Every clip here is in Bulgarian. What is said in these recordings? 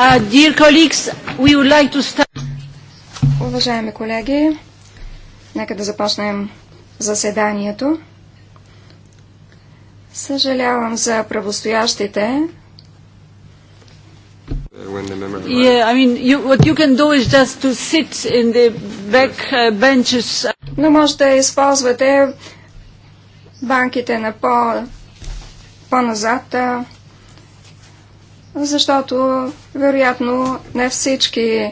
Uh, like to... Уважаеми колеги, нека да започнем заседанието. Съжалявам за правостоящите. Yeah, I mean, you, what you can do is just to sit in the back uh, benches. Но може да използвате банките на по, назад защото вероятно не всички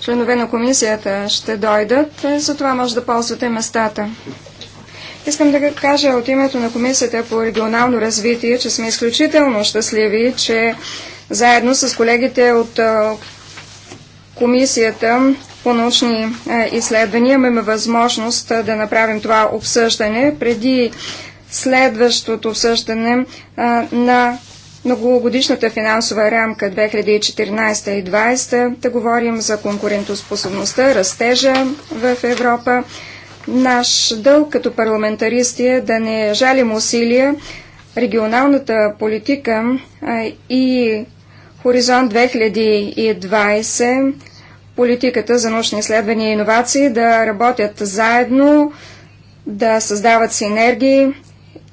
членове на комисията ще дойдат, затова може да ползвате местата. Искам да кажа от името на Комисията по регионално развитие, че сме изключително щастливи, че заедно с колегите от Комисията по научни изследвания имаме възможност да направим това обсъждане преди следващото обсъждане на многогодишната финансова рамка 2014 и 2020, да говорим за конкурентоспособността, растежа в Европа. Наш дълг като парламентаристи е да не жалим усилия регионалната политика и Хоризонт 2020, политиката за научни изследвания и иновации да работят заедно, да създават синергии,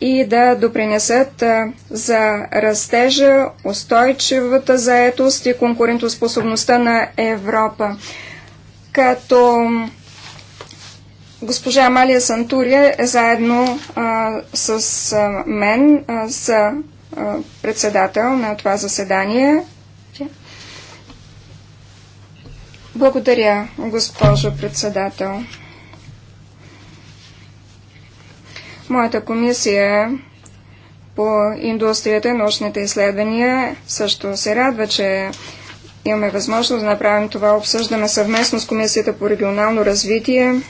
и да допринесат за растежа, устойчивата заетост и конкурентоспособността на Европа. Като госпожа Амалия Сантурия е заедно а, с а, мен, а, с а, председател на това заседание. Благодаря, госпожо председател. Моята комисия по индустрията и научните изследвания също се радва, че имаме възможност да направим това обсъждане съвместно с Комисията по регионално развитие.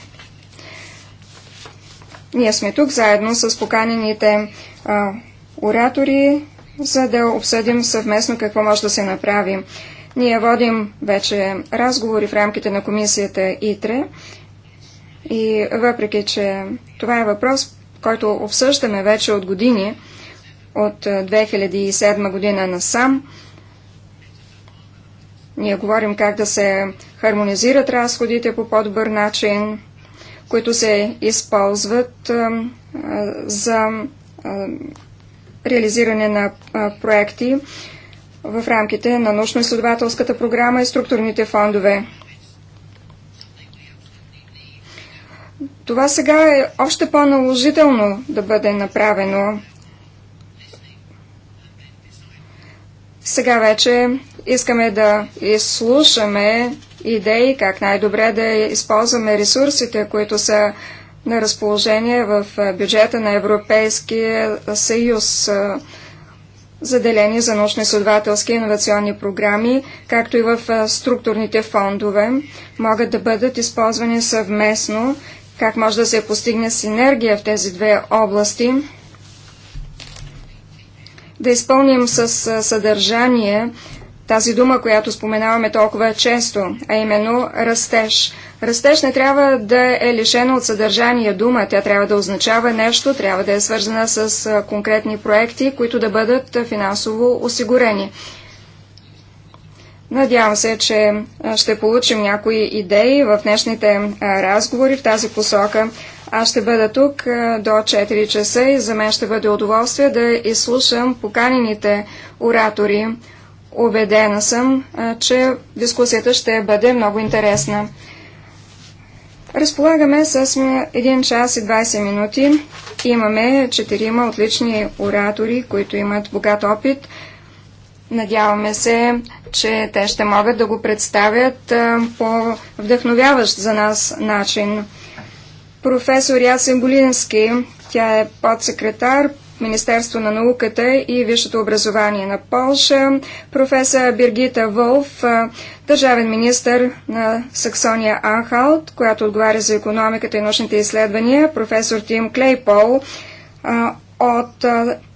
Ние сме тук заедно с поканените а, оратори, за да обсъдим съвместно какво може да се направи. Ние водим вече разговори в рамките на комисията ИТРЕ и въпреки, че това е въпрос, който обсъждаме вече от години, от 2007 е, година насам. Ние говорим как да се хармонизират разходите по по-добър начин, които се използват е, е, за реализиране на проекти в рамките на научно-изследователската програма и структурните фондове. Това сега е още по-наложително да бъде направено. Сега вече искаме да изслушаме идеи как най-добре да използваме ресурсите, които са на разположение в бюджета на Европейския съюз, заделени за научно-изследователски инновационни програми, както и в структурните фондове, могат да бъдат използвани съвместно как може да се постигне синергия в тези две области, да изпълним с съдържание тази дума, която споменаваме толкова често, а именно растеж. Растеж не трябва да е лишена от съдържание дума, тя трябва да означава нещо, трябва да е свързана с конкретни проекти, които да бъдат финансово осигурени. Надявам се, че ще получим някои идеи в днешните разговори в тази посока. Аз ще бъда тук до 4 часа и за мен ще бъде удоволствие да изслушам поканените оратори. Обедена съм, че дискусията ще бъде много интересна. Разполагаме с 1 час и 20 минути. Имаме четирима отлични оратори, които имат богат опит Надяваме се, че те ще могат да го представят по вдъхновяващ за нас начин. Професор Ясен Болински, тя е подсекретар Министерство на науката и висшето образование на Полша, професор Биргита Волф, държавен министр на Саксония Анхалт, която отговаря за економиката и научните изследвания, професор Тим Клейпол от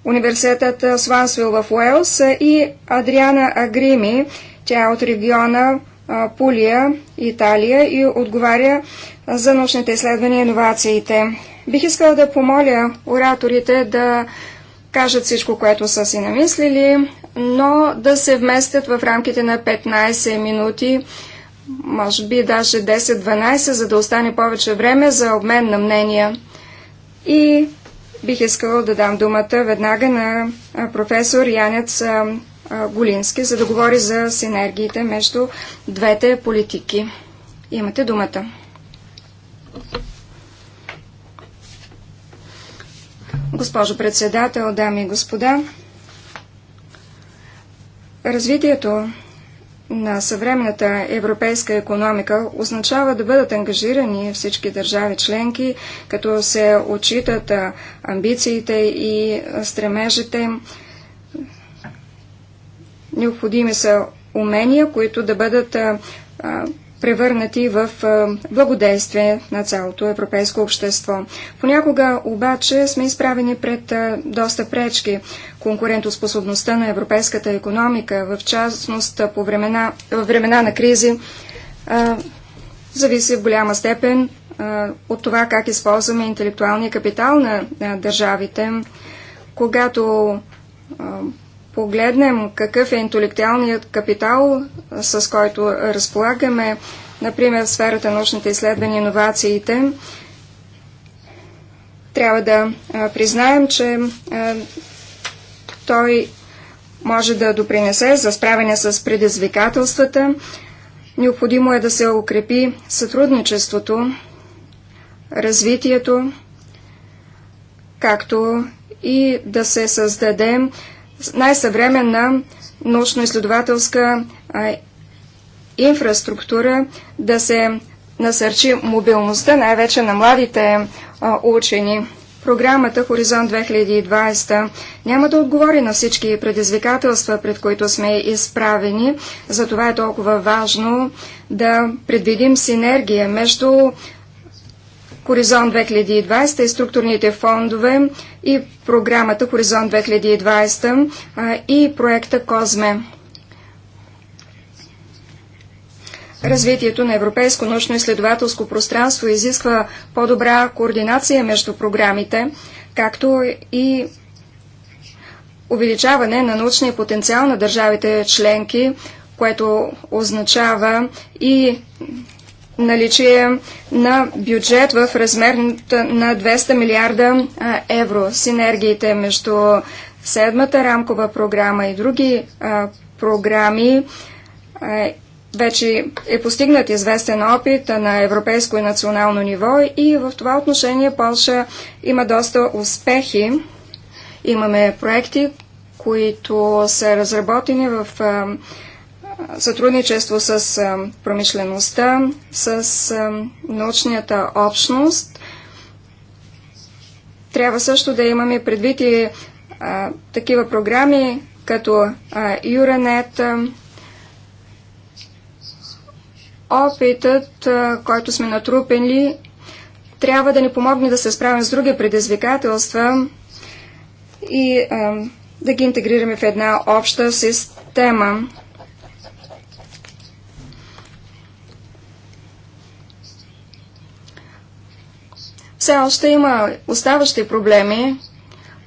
университетът Свансвил в Уелс и Адриана Агрими. Тя е от региона Пулия, Италия и отговаря за научните изследвания и иновациите. Бих искала да помоля ораторите да кажат всичко, което са си намислили, но да се вместят в рамките на 15 минути, може би даже 10-12, за да остане повече време за обмен на мнения. И Бих искала да дам думата веднага на професор Янец Голински, за да говори за синергиите между двете политики. Имате думата. Госпожо председател, дами и господа, развитието на съвременната европейска економика означава да бъдат ангажирани всички държави членки, като се отчитат амбициите и стремежите. Необходими са умения, които да бъдат превърнати в благодействие на цялото европейско общество. Понякога обаче сме изправени пред доста пречки. Конкурентоспособността на европейската економика, в частност по времена, в времена на кризи, зависи в голяма степен от това как използваме интелектуалния капитал на държавите. Когато погледнем какъв е интелектуалният капитал, с който разполагаме, например в сферата научните изследвания и иновациите, трябва да признаем, че той може да допринесе за справяне с предизвикателствата. Необходимо е да се укрепи сътрудничеството, развитието, както и да се създаде най-съвременна научно-изследователска инфраструктура, да се насърчи мобилността, най-вече на младите а, учени. Програмата Хоризонт 2020 няма да отговори на всички предизвикателства, пред които сме изправени. Затова е толкова важно да предвидим синергия между Хоризонт 2020 и структурните фондове и програмата Хоризонт 2020 и проекта Козме. Развитието на европейско научно-изследователско пространство изисква по-добра координация между програмите, както и увеличаване на научния потенциал на държавите членки, което означава и наличие на бюджет в размер на 200 милиарда евро. Синергиите между седмата рамкова програма и други програми вече е постигнат известен опит на европейско и национално ниво и в това отношение Полша има доста успехи. Имаме проекти, които са разработени в а, сътрудничество с промишлеността, с научната общност. Трябва също да имаме предвид и такива програми, като Юранет, опитът, който сме натрупени, трябва да ни помогне да се справим с други предизвикателства и да ги интегрираме в една обща система. Все още има оставащи проблеми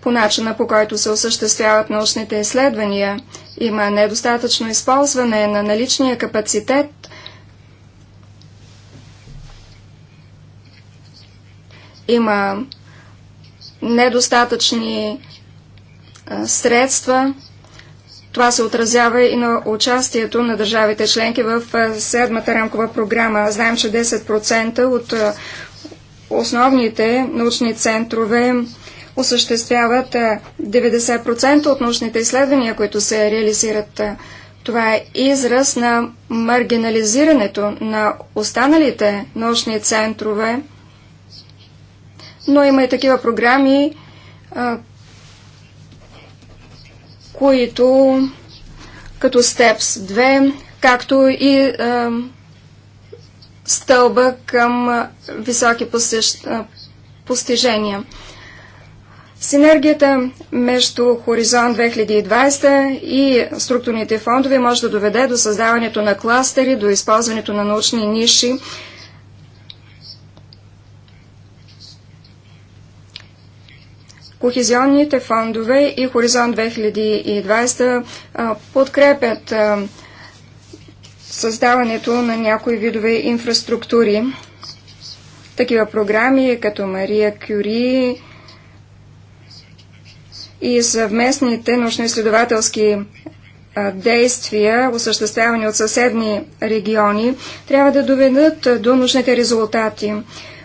по начина по който се осъществяват научните изследвания. Има недостатъчно използване на наличния капацитет има недостатъчни средства. Това се отразява и на участието на държавите членки в седмата рамкова програма. Знаем, че 10% от основните научни центрове осъществяват 90% от научните изследвания, които се реализират. Това е израз на маргинализирането на останалите научни центрове, но има и такива програми, които като STEPS 2, както и стълба към високи постижения. Синергията между Хоризонт 2020 и структурните фондове може да доведе до създаването на кластери, до използването на научни ниши. Кохезионните фондове и Хоризонт 2020 подкрепят създаването на някои видове инфраструктури. Такива програми като Мария Кюри и съвместните научно-изследователски действия, осъществявани от съседни региони, трябва да доведат до нужните резултати.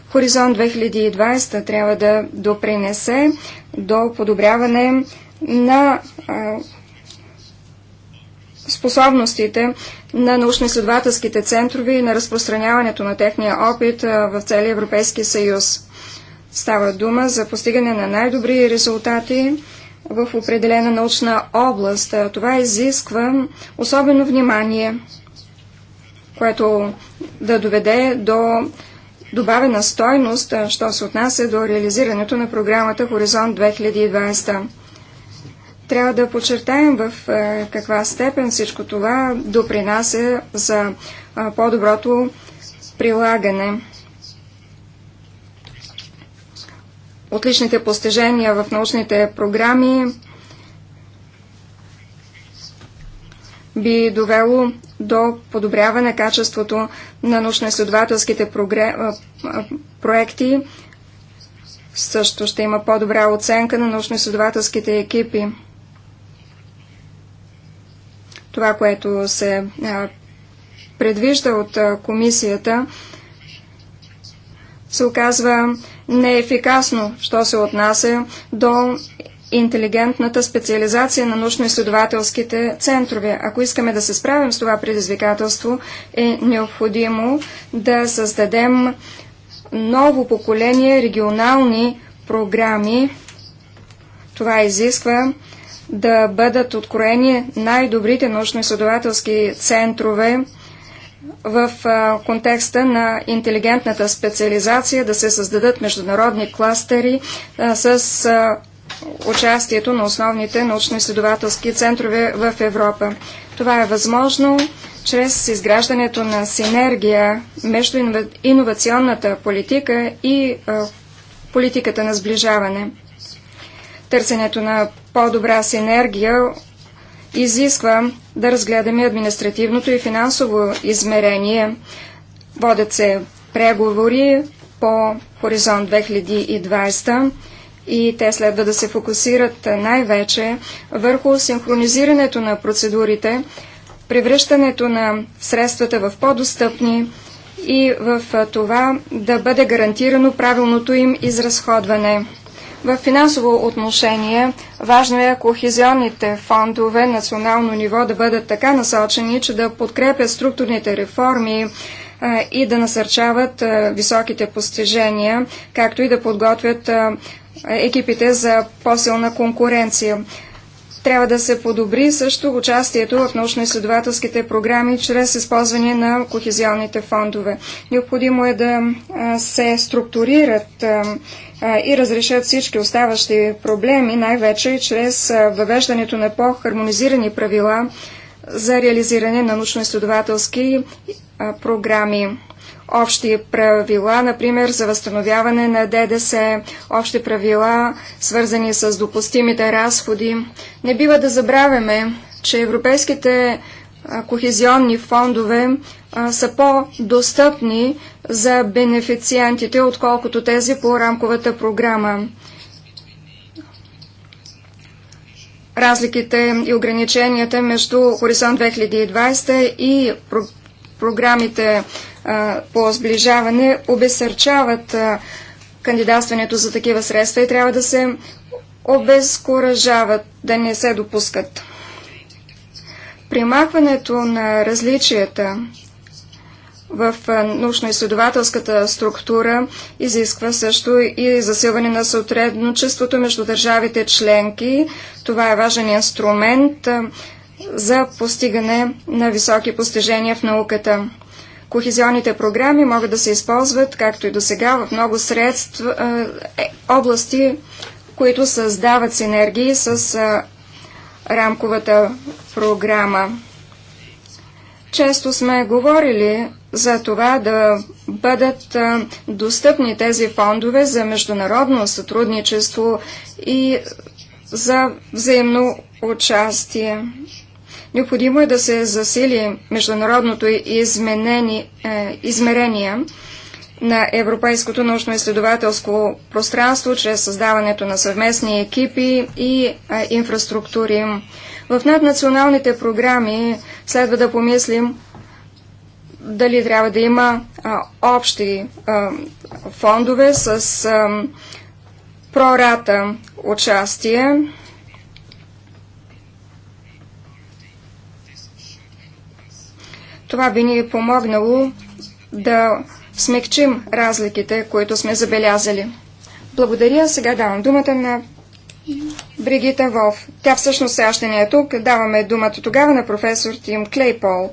Хоризонт 2020 трябва да допринесе до подобряване на способностите на научно-изследователските центрове и на разпространяването на техния опит в целия Европейски съюз. Става дума за постигане на най-добри резултати в определена научна област. Това изисква особено внимание, което да доведе до добавена стойност, що се отнася до реализирането на програмата Хоризонт 2020. Трябва да подчертаем в е, каква степен всичко това допринася за е, по-доброто прилагане. Отличните постижения в научните програми би довело до подобряване качеството на научно-изследователските е, проекти. Също ще има по-добра оценка на научно-изследователските екипи това, което се предвижда от комисията, се оказва неефикасно, що се отнася до интелигентната специализация на научно-изследователските центрове. Ако искаме да се справим с това предизвикателство, е необходимо да създадем ново поколение регионални програми. Това изисква да бъдат откроени най-добрите научно-изследователски центрове в контекста на интелигентната специализация, да се създадат международни кластери с участието на основните научно-изследователски центрове в Европа. Това е възможно чрез изграждането на синергия между иновационната политика и политиката на сближаване. Търсенето на по-добра синергия изисква да разгледаме административното и финансово измерение. Водят се преговори по Хоризонт 2020 и те следва да се фокусират най-вече върху синхронизирането на процедурите, превръщането на средствата в по-достъпни и в това да бъде гарантирано правилното им изразходване. В финансово отношение важно е кохезионните фондове национално ниво да бъдат така насочени, че да подкрепят структурните реформи и да насърчават високите постижения, както и да подготвят екипите за по-силна конкуренция. Трябва да се подобри също участието в научно-изследователските програми чрез използване на кохезионните фондове. Необходимо е да се структурират и разрешат всички оставащи проблеми, най-вече чрез въвеждането на по-хармонизирани правила за реализиране на научно-изследователски програми общи правила, например за възстановяване на ДДС, общи правила, свързани с допустимите разходи. Не бива да забравяме, че европейските кохезионни фондове са по-достъпни за бенефициентите, отколкото тези по рамковата програма. Разликите и ограниченията между Хоризонт 2020 и програмите по сближаване обесърчават кандидатстването за такива средства и трябва да се обезкуражават, да не се допускат. Примахването на различията в научно-изследователската структура изисква също и засилване на съотредничеството между държавите членки. Това е важен инструмент за постигане на високи постижения в науката. Кохезионните програми могат да се използват, както и до сега, в много средства, е, области, които създават синергии с е, рамковата програма. Често сме говорили за това да бъдат достъпни тези фондове за международно сътрудничество и за взаимно участие. Необходимо е да се засили международното изменени, е, измерение на европейското научно-изследователско пространство чрез създаването на съвместни екипи и е, инфраструктури. В наднационалните програми следва да помислим дали трябва да има а, общи а, фондове с а, прората участие Това би ни помогнало да смекчим разликите, които сме забелязали. Благодаря. Сега давам думата на Бригита Вов. Тя всъщност сега ще не е тук. Даваме думата тогава на професор Тим Клейпол.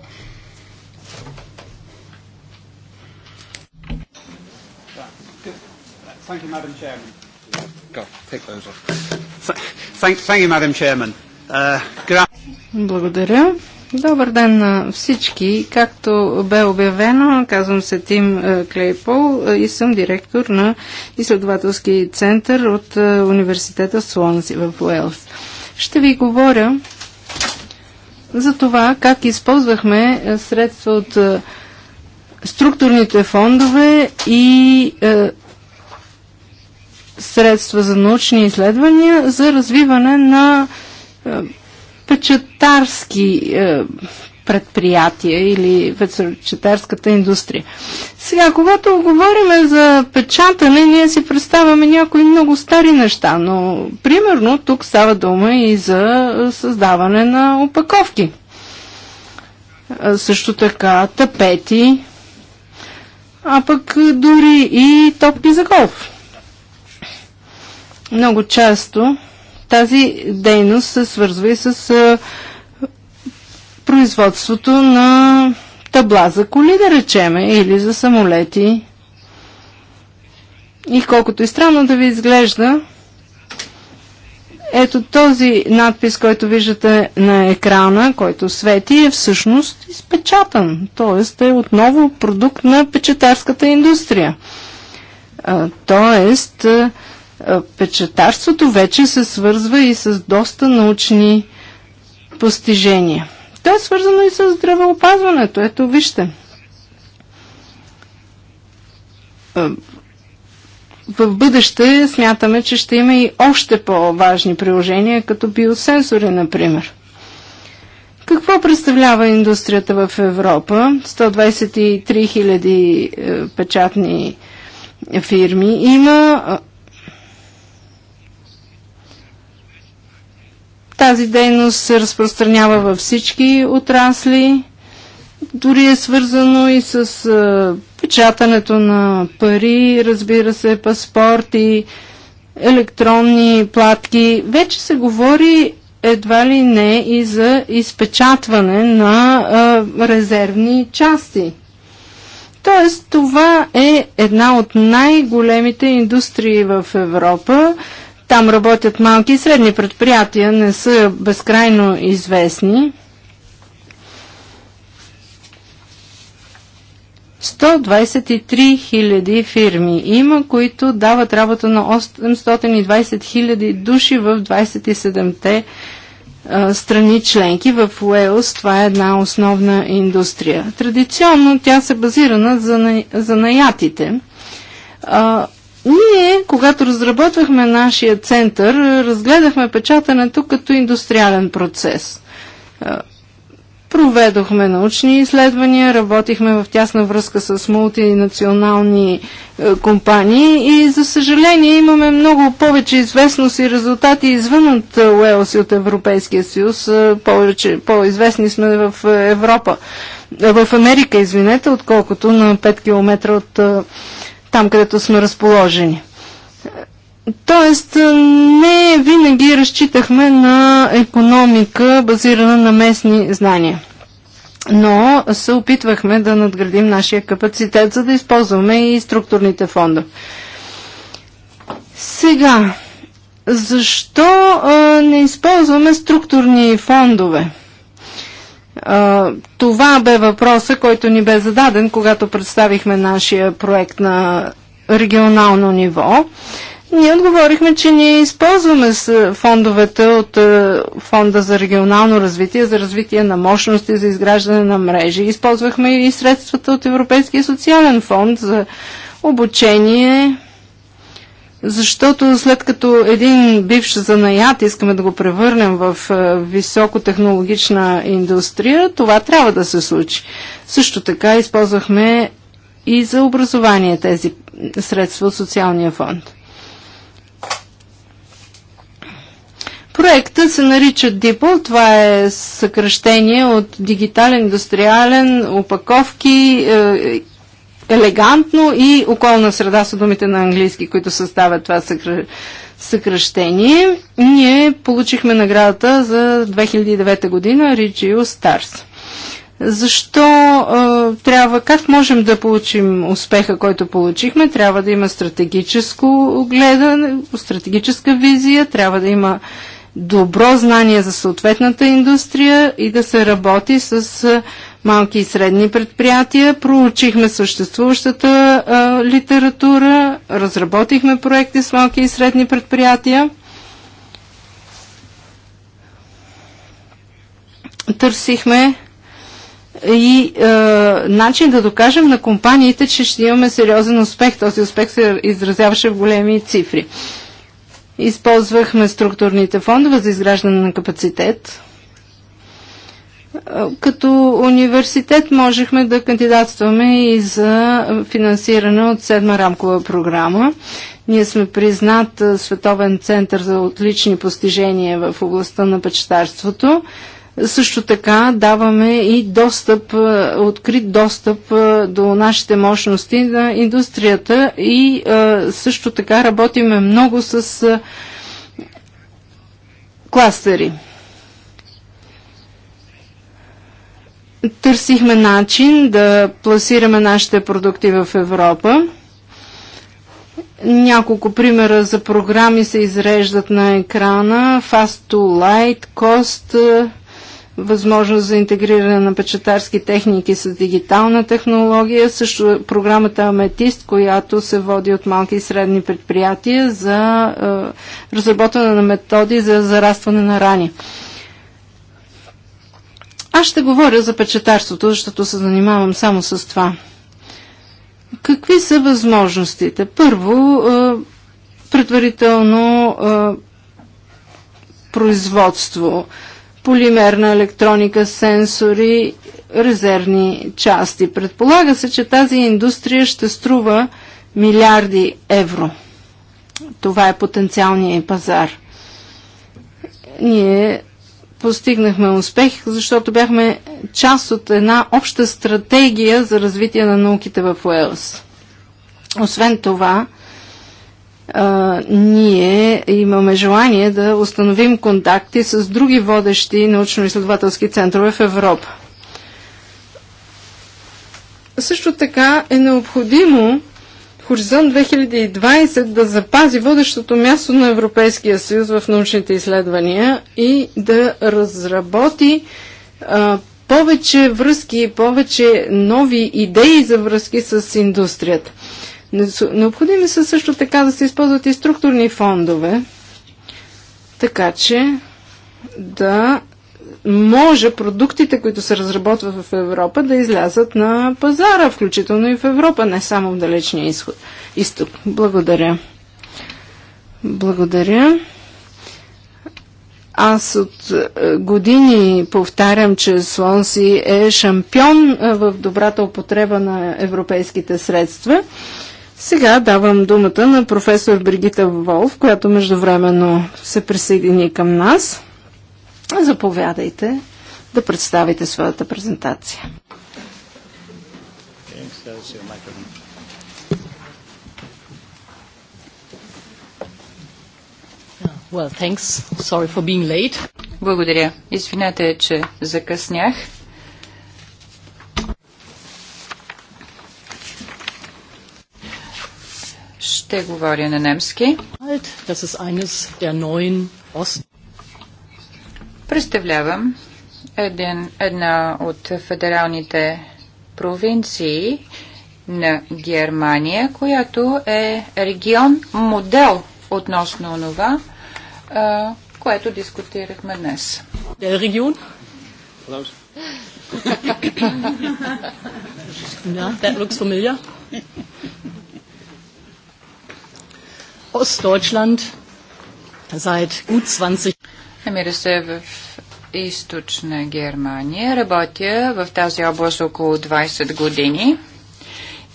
Uh, Благодаря. Добър ден на всички. Както бе обявено, казвам се Тим е, Клейпол е, и съм директор на изследователски център от е, университета Слонси в Уелс. Ще ви говоря за това как използвахме средства от структурните фондове и средства за научни изследвания за развиване на печатарски е, предприятия или печатарската индустрия. Сега, когато говорим за печатане, ние си представяме някои много стари неща, но примерно тук става дума и за създаване на опаковки. Е, също така тапети, а пък дори и топки за голф. Много често тази дейност се свързва и с производството на табла за коли, да речеме, или за самолети. И колкото и странно да ви изглежда, ето този надпис, който виждате на екрана, който свети, е всъщност изпечатан. Тоест е отново продукт на печатарската индустрия. Тоест, е, печатарството вече се свързва и с доста научни постижения. То е свързано и с здравеопазването. Ето, вижте. Е, в бъдеще смятаме, че ще има и още по-важни приложения, като биосенсори, например. Какво представлява индустрията в Европа? 123 000 е, печатни фирми. Има Тази дейност се разпространява във всички отрасли. Дори е свързано и с а, печатането на пари, разбира се, паспорти, електронни платки. Вече се говори едва ли не и за изпечатване на а, резервни части. Тоест, това е една от най-големите индустрии в Европа. Там работят малки и средни предприятия, не са безкрайно известни. 123 хиляди фирми има, които дават работа на 820 хиляди души в 27-те страни членки. В Уелс това е една основна индустрия. Традиционно тя се базира на занаятите. Ние, когато разработвахме нашия център, разгледахме печатането като индустриален процес. Проведохме научни изследвания, работихме в тясна връзка с мултинационални е, компании и за съжаление имаме много повече известност и резултати извън от Уелс и от Европейския съюз. Е, повече, по-известни сме в е, Европа, в Америка, извинете, отколкото на 5 км от там, където сме разположени. Тоест, не винаги разчитахме на економика, базирана на местни знания. Но се опитвахме да надградим нашия капацитет, за да използваме и структурните фонда. Сега, защо а, не използваме структурни фондове? Това бе въпроса, който ни бе зададен, когато представихме нашия проект на регионално ниво. Ние отговорихме, че ние използваме фондовете от е, Фонда за регионално развитие, за развитие на мощности, за изграждане на мрежи. Използвахме и средствата от Европейския социален фонд за обучение, защото след като един бивш занаят искаме да го превърнем в е, високотехнологична индустрия, това трябва да се случи. Също така използвахме и за образование тези средства от социалния фонд. Проектът се нарича DIPL, това е съкръщение от дигитален, индустриален, опаковки, е, елегантно и околна среда са думите на английски, които съставят това съкръщение. Ние получихме наградата за 2009 година Regio Stars. Защо е, трябва, как можем да получим успеха, който получихме? Трябва да има стратегическо гледане, стратегическа визия, трябва да има добро знание за съответната индустрия и да се работи с малки и средни предприятия. Проучихме съществуващата а, литература, разработихме проекти с малки и средни предприятия. Търсихме и е, начин да докажем на компаниите, че ще имаме сериозен успех. Този успех се изразяваше в големи цифри. Използвахме структурните фондове за изграждане на капацитет. Като университет можехме да кандидатстваме и за финансиране от седма рамкова програма. Ние сме признат Световен център за отлични постижения в областта на печатарството. Също така даваме и достъп, открит достъп до нашите мощности на индустрията и също така работиме много с кластери. търсихме начин да пласираме нашите продукти в Европа. Няколко примера за програми се изреждат на екрана. Fast to Light, Cost, е, възможност за интегриране на печатарски техники с дигитална технология, също програмата Аметист, която се води от малки и средни предприятия за е, разработване на методи за зарастване на рани. Аз ще говоря за печатарството, защото се занимавам само с това. Какви са възможностите? Първо, предварително производство, полимерна електроника, сенсори, резервни части. Предполага се, че тази индустрия ще струва милиарди евро. Това е потенциалният пазар. Ние постигнахме успех, защото бяхме част от една обща стратегия за развитие на науките в Уелс. Освен това, а, ние имаме желание да установим контакти с други водещи научно-изследователски центрове в Европа. Също така е необходимо Хоризонт 2020 да запази водещото място на Европейския съюз в научните изследвания и да разработи а, повече връзки, повече нови идеи за връзки с индустрията. Необходими са също така да се използват и структурни фондове, така че да може продуктите, които се разработват в Европа, да излязат на пазара, включително и в Европа, не само в далечния изход, изток. Благодаря. Благодаря. Аз от е, години повтарям, че Слонси е шампион е, в добрата употреба на европейските средства. Сега давам думата на професор Бригита Волф, която междувременно се присъедини към нас. Заповядайте да представите своята презентация. Well, thanks. Sorry for being late. Благодаря. Извинете, че закъснях. Ще говоря на немски. Das ist eines der neuen Osten. Представлявам един, една от федералните провинции на Германия, която е регион модел относно това, което дискутирахме днес. Е, регион? yeah, that looks familiar. Ostdeutschland seit gut 20 Намира се в източна Германия. Работя в тази област около 20 години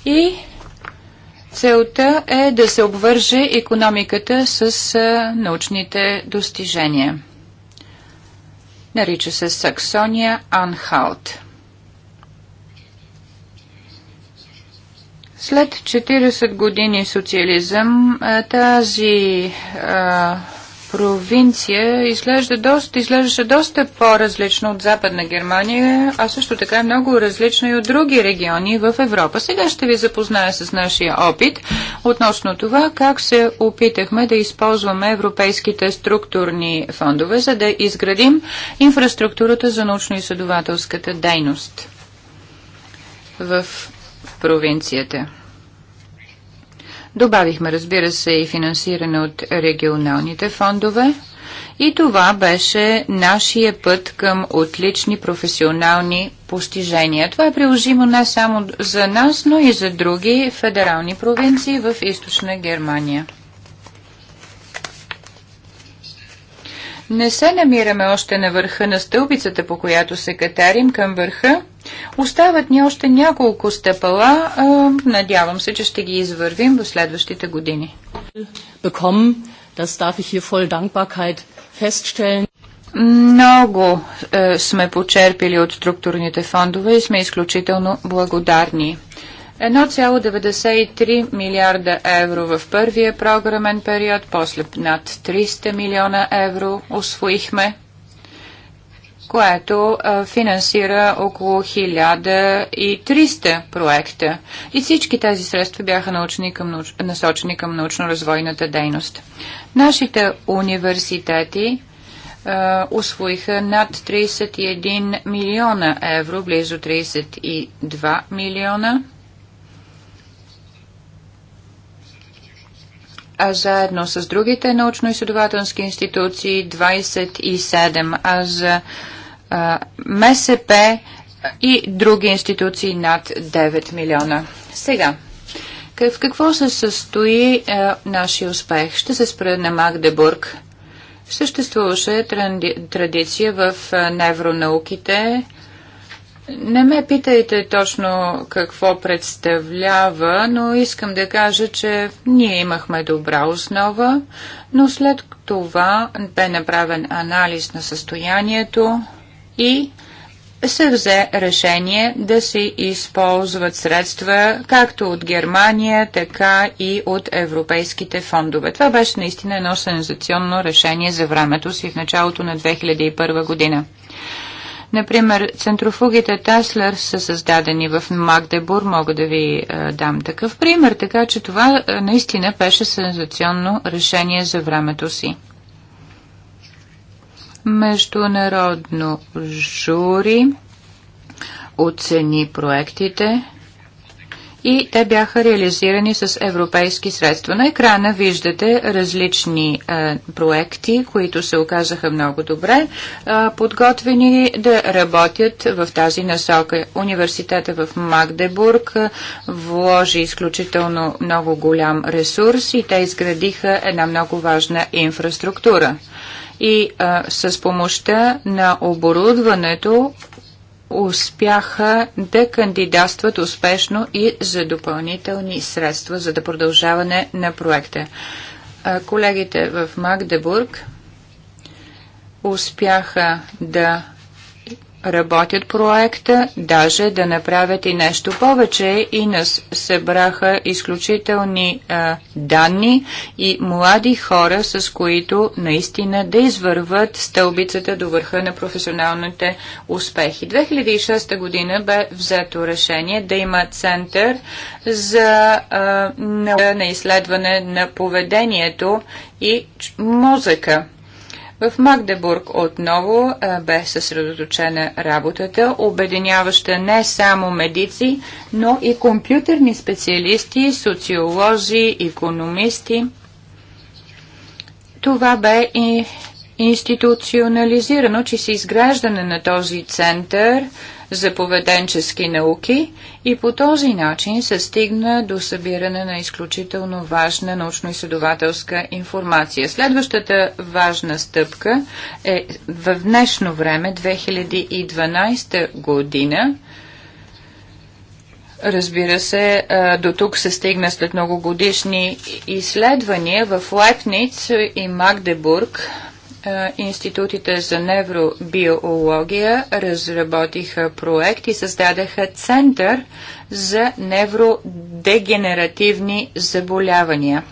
и целта е да се обвърже економиката с научните достижения. Нарича се Саксония Анхалт. След 40 години социализъм тази а, провинция изглежда доста, изглеждаше доста по-различно от Западна Германия, а също така е много различно и от други региони в Европа. Сега ще ви запозная с нашия опит относно това как се опитахме да използваме европейските структурни фондове, за да изградим инфраструктурата за научно-изследователската дейност в провинцията. Добавихме, разбира се, и финансиране от регионалните фондове. И това беше нашия път към отлични професионални постижения. Това е приложимо не само за нас, но и за други федерални провинции в източна Германия. Не се намираме още на върха на стълбицата, по която се катерим към върха – Остават ни още няколко стъпала. Надявам се, че ще ги извървим в следващите години. Много е, сме почерпили от структурните фондове и сме изключително благодарни. 1,93 милиарда евро в първия програмен период, после над 300 милиона евро освоихме което а, финансира около 1300 проекта. И всички тези средства бяха научни към, науч... насочени към научно-развойната дейност. Нашите университети а, освоиха над 31 милиона евро, близо 32 милиона а заедно с другите научно-изследователски институции 27, а за МСП и други институции над 9 милиона. Сега, в какво се състои нашия успех? Ще се спре на Магдебург. Съществуваше традиция в невронауките. Не ме питайте точно какво представлява, но искам да кажа, че ние имахме добра основа, но след това бе направен анализ на състоянието, и се взе решение да се използват средства както от Германия, така и от европейските фондове. Това беше наистина едно сензационно решение за времето си в началото на 2001 година. Например, центрофугите Таслер са създадени в Магдебур, мога да ви е, дам такъв пример, така че това е, наистина беше сензационно решение за времето си. Международно жури оцени проектите и те бяха реализирани с европейски средства. На екрана виждате различни е, проекти, които се оказаха много добре е, подготвени да работят в тази насока. Университета в Магдебург е, вложи изключително много голям ресурс и те изградиха една много важна инфраструктура и а, с помощта на оборудването успяха да кандидатстват успешно и за допълнителни средства за да продължаване на проекта. А, колегите в Магдебург успяха да работят проекта, даже да направят и нещо повече и нас събраха изключителни а, данни и млади хора, с които наистина да извърват стълбицата до върха на професионалните успехи. 2006 година бе взето решение да има център за а, на изследване на поведението и мозъка. В Магдебург отново бе съсредоточена работата, обединяваща не само медици, но и компютърни специалисти, социолози, економисти. Това бе и институционализирано, че се изграждане на този център – за поведенчески науки и по този начин се стигна до събиране на изключително важна научно-изследователска информация. Следващата важна стъпка е в днешно време, 2012 година, Разбира се, до тук се стигна след многогодишни изследвания в Лепниц и Магдебург институтите за невробиология разработиха проект и създадаха Център за невродегенеративни заболявания.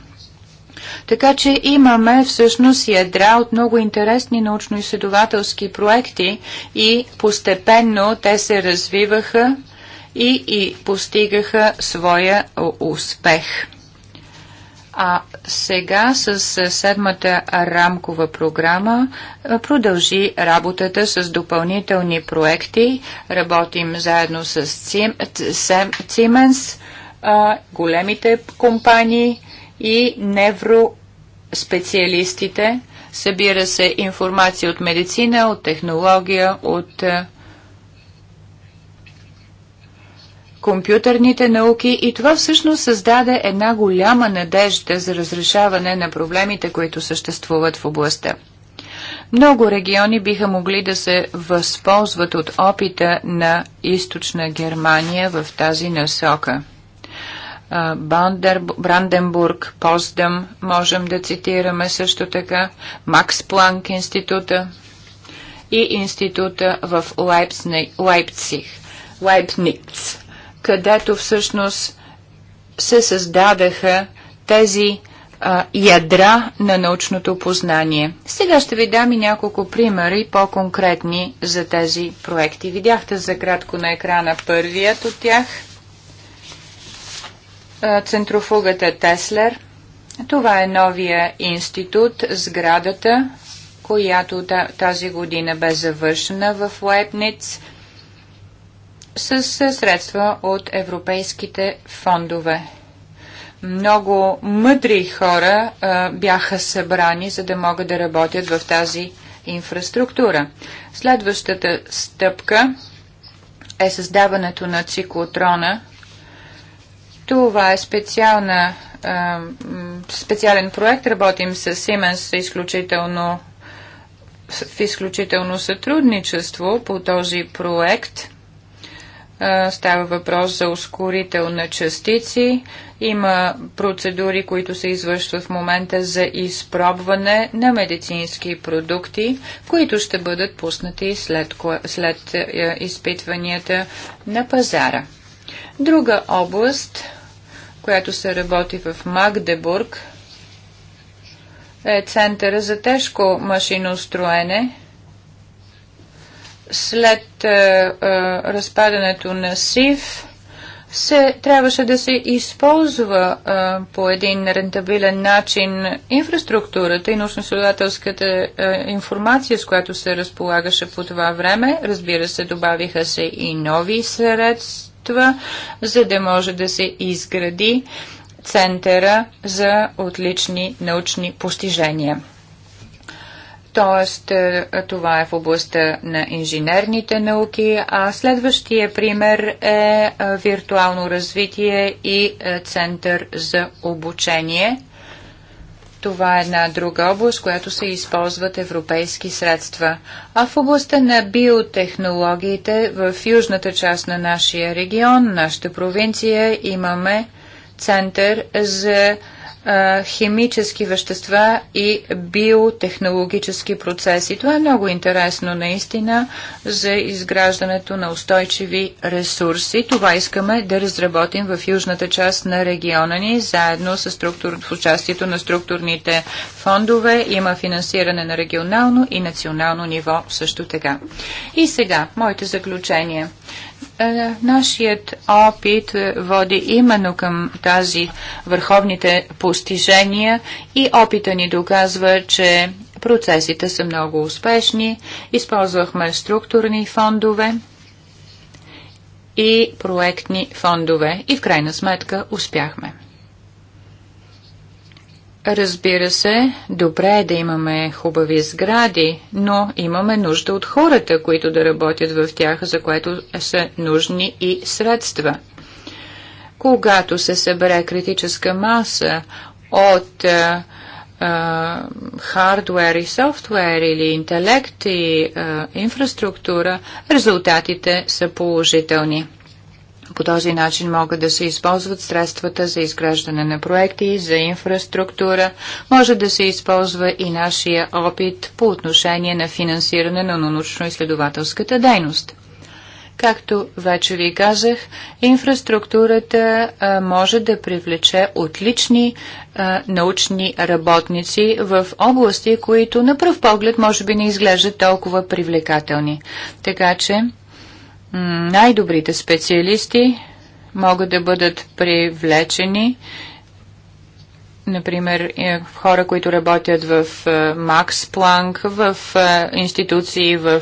Така че имаме всъщност ядра от много интересни научно-изследователски проекти и постепенно те се развиваха и, и постигаха своя успех. А сега с седмата рамкова програма продължи работата с допълнителни проекти. Работим заедно с Siemens, големите компании и невроспециалистите. Събира се информация от медицина, от технология, от компютърните науки и това всъщност създаде една голяма надежда за разрешаване на проблемите, които съществуват в областта. Много региони биха могли да се възползват от опита на източна Германия в тази насока. Бандер, Бранденбург, Поздъм, можем да цитираме също така, Макс Планк института и института в Лайпциг, Лайпциг, Лайпниц където всъщност се създадаха тези а, ядра на научното познание. Сега ще ви дам и няколко примери по-конкретни за тези проекти. Видяхте за кратко на екрана първият от тях. центрофугата Теслер. Това е новия институт, сградата, която тази година бе завършена в Лепниц – с средства от европейските фондове. Много мъдри хора а, бяха събрани, за да могат да работят в тази инфраструктура. Следващата стъпка е създаването на циклотрона. Това е специална, а, специален проект. Работим с Siemens изключително, в изключително сътрудничество по този проект – Става въпрос за ускорител на частици. Има процедури, които се извършват в момента за изпробване на медицински продукти, които ще бъдат пуснати след, след е, изпитванията на пазара. Друга област, която се работи в Магдебург, е Центъра за тежко машиностроене след а, е, е, разпадането на СИВ се, трябваше да се използва а, е, по един рентабилен начин инфраструктурата и научно-следователската информация, с която се разполагаше по това време. Разбира се, добавиха се и нови средства, за да може да се изгради Центъра за отлични научни постижения. Т.е. това е в областта на инженерните науки, а следващия пример е, е виртуално развитие и е, център за обучение. Това е една друга област, която се използват европейски средства. А в областта на биотехнологиите в южната част на нашия регион, нашата провинция, имаме център за химически вещества и биотехнологически процеси. Това е много интересно наистина за изграждането на устойчиви ресурси. Това искаме да разработим в южната част на региона ни, заедно с, структур... с участието на структурните фондове. Има финансиране на регионално и национално ниво също така. И сега, моите заключения. Е, нашият опит води именно към тази върховните постижения и опита ни доказва, че процесите са много успешни. Използвахме структурни фондове и проектни фондове и в крайна сметка успяхме. Разбира се, добре е да имаме хубави сгради, но имаме нужда от хората, които да работят в тях, за което са нужни и средства. Когато се събере критическа маса от хардвер и софтуер или интелект и а, инфраструктура, резултатите са положителни. По този начин могат да се използват средствата за изграждане на проекти, за инфраструктура. Може да се използва и нашия опит по отношение на финансиране на научно-изследователската дейност. Както вече ви казах, инфраструктурата а, може да привлече отлични а, научни работници в области, които на пръв поглед може би не изглеждат толкова привлекателни. Така че най-добрите специалисти могат да бъдат привлечени например, е, хора, които работят в Макс е, Планк, в е, институции в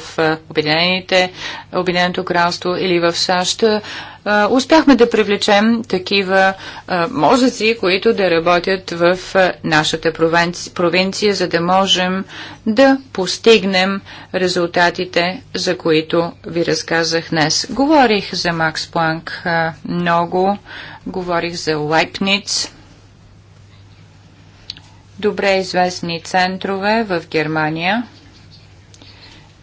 Обединените, Обединеното кралство или в САЩ, успяхме да привлечем такива мозъци, които да работят в нашата провинция, за да можем да постигнем резултатите, за които ви разказах днес. Говорих за Макс Планк много, говорих за Лайпниц, добре известни центрове в Германия –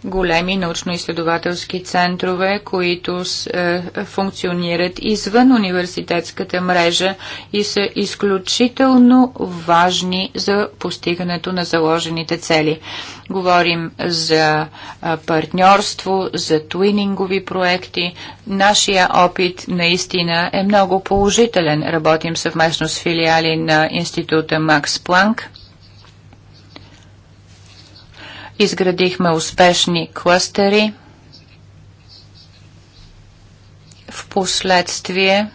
големи научно-изследователски центрове, които е, функционират извън университетската мрежа и са изключително важни за постигането на заложените цели. Говорим за е, партньорство, за твинингови проекти. Нашия опит наистина е много положителен. Работим съвместно с филиали на Института Макс Планк Изградихме успешни клъстери. В последствие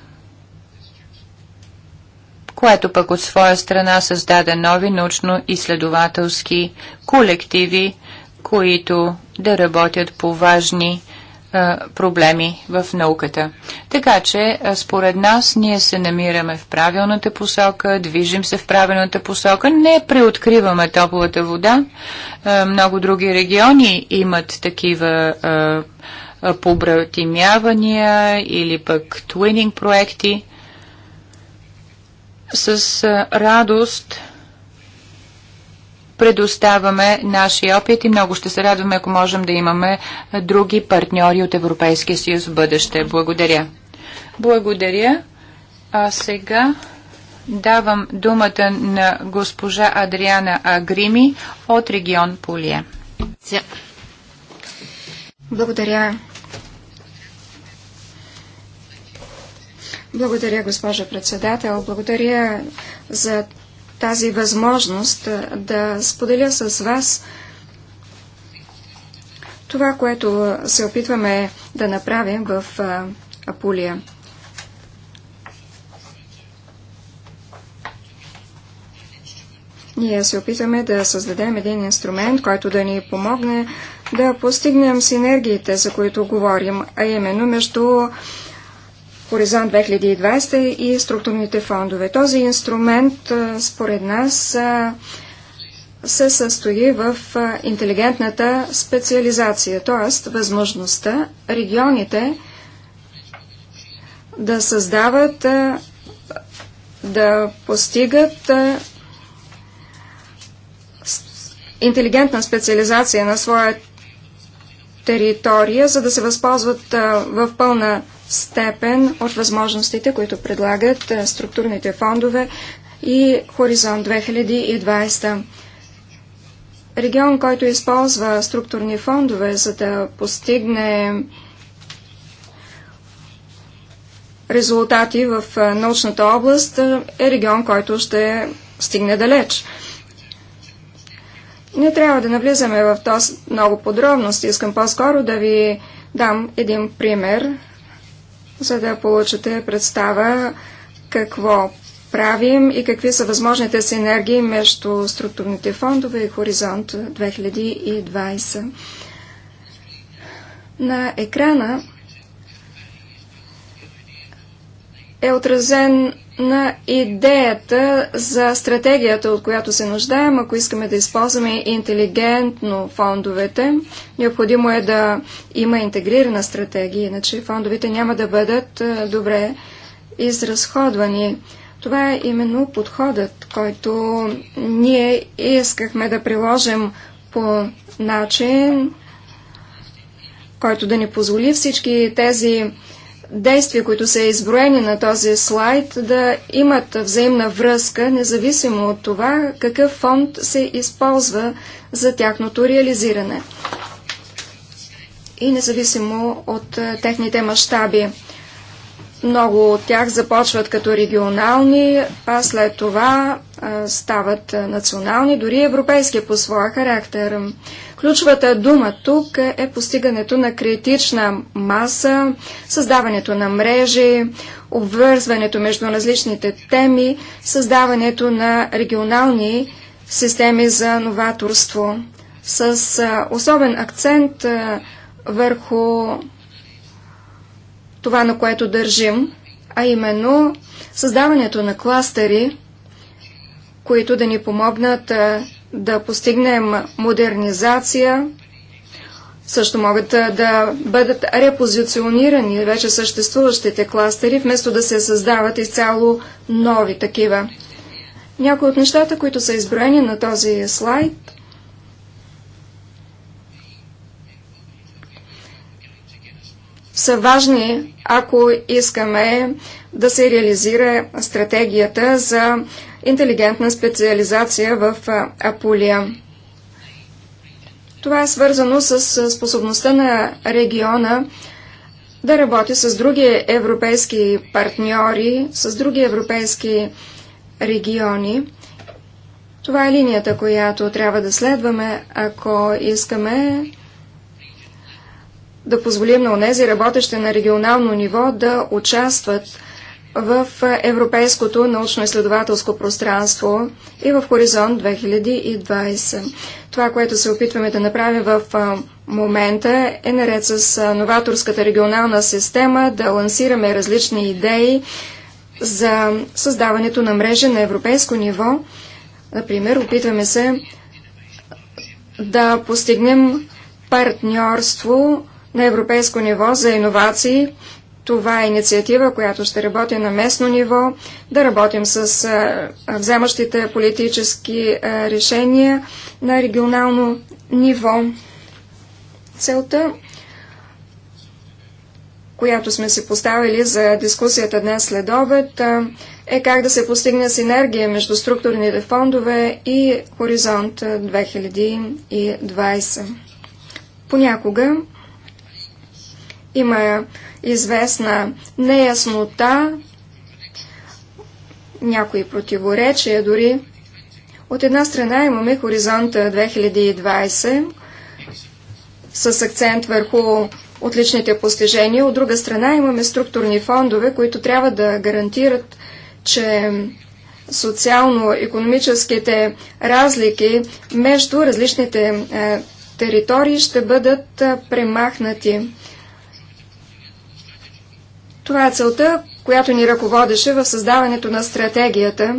което пък от своя страна създаде нови научно-изследователски колективи, които да работят по важни проблеми в науката. Така че, според нас, ние се намираме в правилната посока, движим се в правилната посока, не преоткриваме топлата вода. Много други региони имат такива побратимявания или пък твининг проекти. С радост предоставяме нашия опит и много ще се радваме, ако можем да имаме други партньори от Европейския съюз в бъдеще. Благодаря. Благодаря. А сега давам думата на госпожа Адриана Агрими от регион Полия. Благодаря. Благодаря, госпожа председател. Благодаря за тази възможност да споделя с вас това, което се опитваме да направим в Апулия. Ние се опитваме да създадем един инструмент, който да ни помогне да постигнем синергиите, за които говорим, а именно между Хоризонт 2020 и структурните фондове. Този инструмент, според нас, се състои в интелигентната специализация, т.е. възможността регионите да създават, да постигат интелигентна специализация на своя територия, за да се възползват в пълна степен от възможностите, които предлагат е, структурните фондове и Хоризонт 2020. Регион, който използва структурни фондове, за да постигне резултати в е, научната област, е, е регион, който ще стигне далеч. Не трябва да навлизаме в този много подробности. Искам по-скоро да ви дам един пример за да получите представа какво правим и какви са възможните синергии между структурните фондове и Хоризонт 2020. На екрана е отразен на идеята за стратегията, от която се нуждаем, ако искаме да използваме интелигентно фондовете. Необходимо е да има интегрирана стратегия, иначе фондовете няма да бъдат е, добре изразходвани. Това е именно подходът, който ние искахме да приложим по начин, който да ни позволи всички тези действия, които са изброени на този слайд, да имат взаимна връзка, независимо от това какъв фонд се използва за тяхното реализиране и независимо от е, техните мащаби. Много от тях започват като регионални, а след това а, е, стават е, национални, дори европейски по своя характер. Ключовата дума тук е постигането на критична маса, създаването на мрежи, обвързването между различните теми, създаването на регионални системи за новаторство с особен акцент върху това, на което държим, а именно създаването на кластери, които да ни помогнат да постигнем модернизация, също могат да бъдат репозиционирани вече съществуващите кластери, вместо да се създават изцяло нови такива. Някои от нещата, които са изброени на този слайд, са важни, ако искаме да се реализира стратегията за интелигентна специализация в Аполия. Това е свързано с способността на региона да работи с други европейски партньори, с други европейски региони. Това е линията, която трябва да следваме, ако искаме да позволим на онези работещи на регионално ниво да участват в европейското научно-изследователско пространство и в Хоризонт 2020. Това, което се опитваме да направим в момента е наред с новаторската регионална система да лансираме различни идеи за създаването на мрежа на европейско ниво. Например, опитваме се да постигнем партньорство на европейско ниво за иновации това е инициатива, която ще работи на местно ниво, да работим с вземащите политически решения на регионално ниво. Целта, която сме си поставили за дискусията днес след обед, е как да се постигне синергия между структурните фондове и Хоризонт 2020. Понякога има известна неяснота, някои противоречия дори. От една страна имаме хоризонта 2020 с акцент върху отличните постижения, от друга страна имаме структурни фондове, които трябва да гарантират, че социално-економическите разлики между различните е, територии ще бъдат е, премахнати. Това е целта, която ни ръководеше в създаването на стратегията.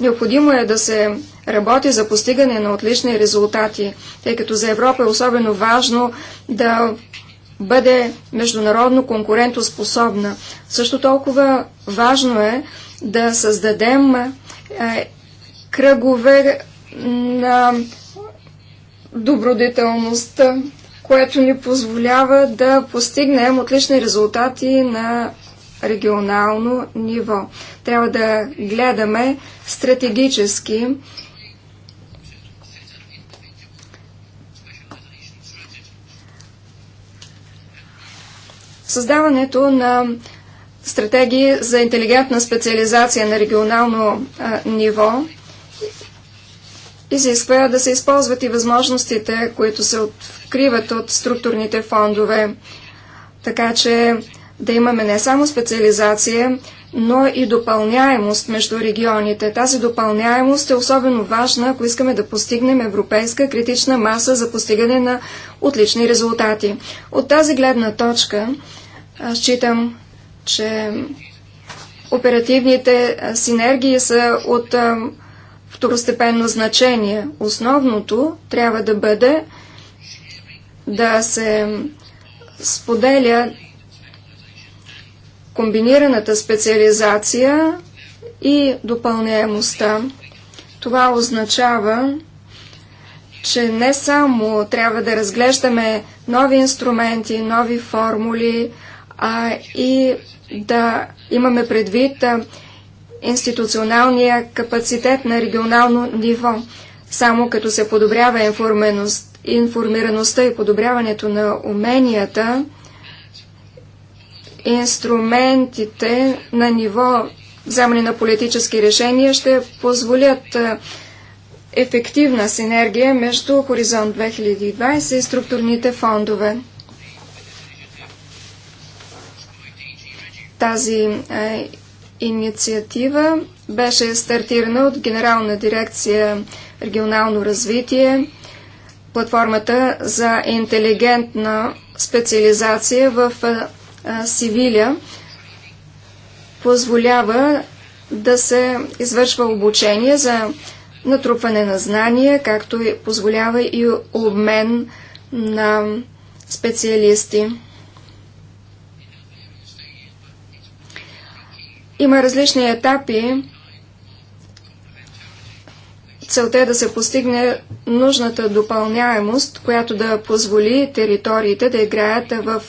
Необходимо е да се работи за постигане на отлични резултати, тъй като за Европа е особено важно да бъде международно конкурентоспособна. Също толкова важно е да създадем е, кръгове на добродетелността което ни позволява да постигнем отлични резултати на регионално ниво. Трябва да гледаме стратегически създаването на стратегии за интелигентна специализация на регионално а, ниво изисква да се използват и възможностите, които се откриват от структурните фондове. Така че да имаме не само специализация, но и допълняемост между регионите. Тази допълняемост е особено важна, ако искаме да постигнем европейска критична маса за постигане на отлични резултати. От тази гледна точка аз считам, че оперативните синергии са от второстепенно значение. Основното трябва да бъде да се споделя комбинираната специализация и допълняемостта. Това означава, че не само трябва да разглеждаме нови инструменти, нови формули, а и да имаме предвид институционалния капацитет на регионално ниво. Само като се подобрява информираността и подобряването на уменията, инструментите на ниво вземане на политически решения ще позволят ефективна синергия между Хоризонт 2020 и структурните фондове. Тази е, инициатива беше стартирана от Генерална дирекция регионално развитие, платформата за интелигентна специализация в Севиля позволява да се извършва обучение за натрупване на знания, както и позволява и обмен на специалисти. Има различни етапи. Целта е да се постигне нужната допълняемост, която да позволи териториите да играят в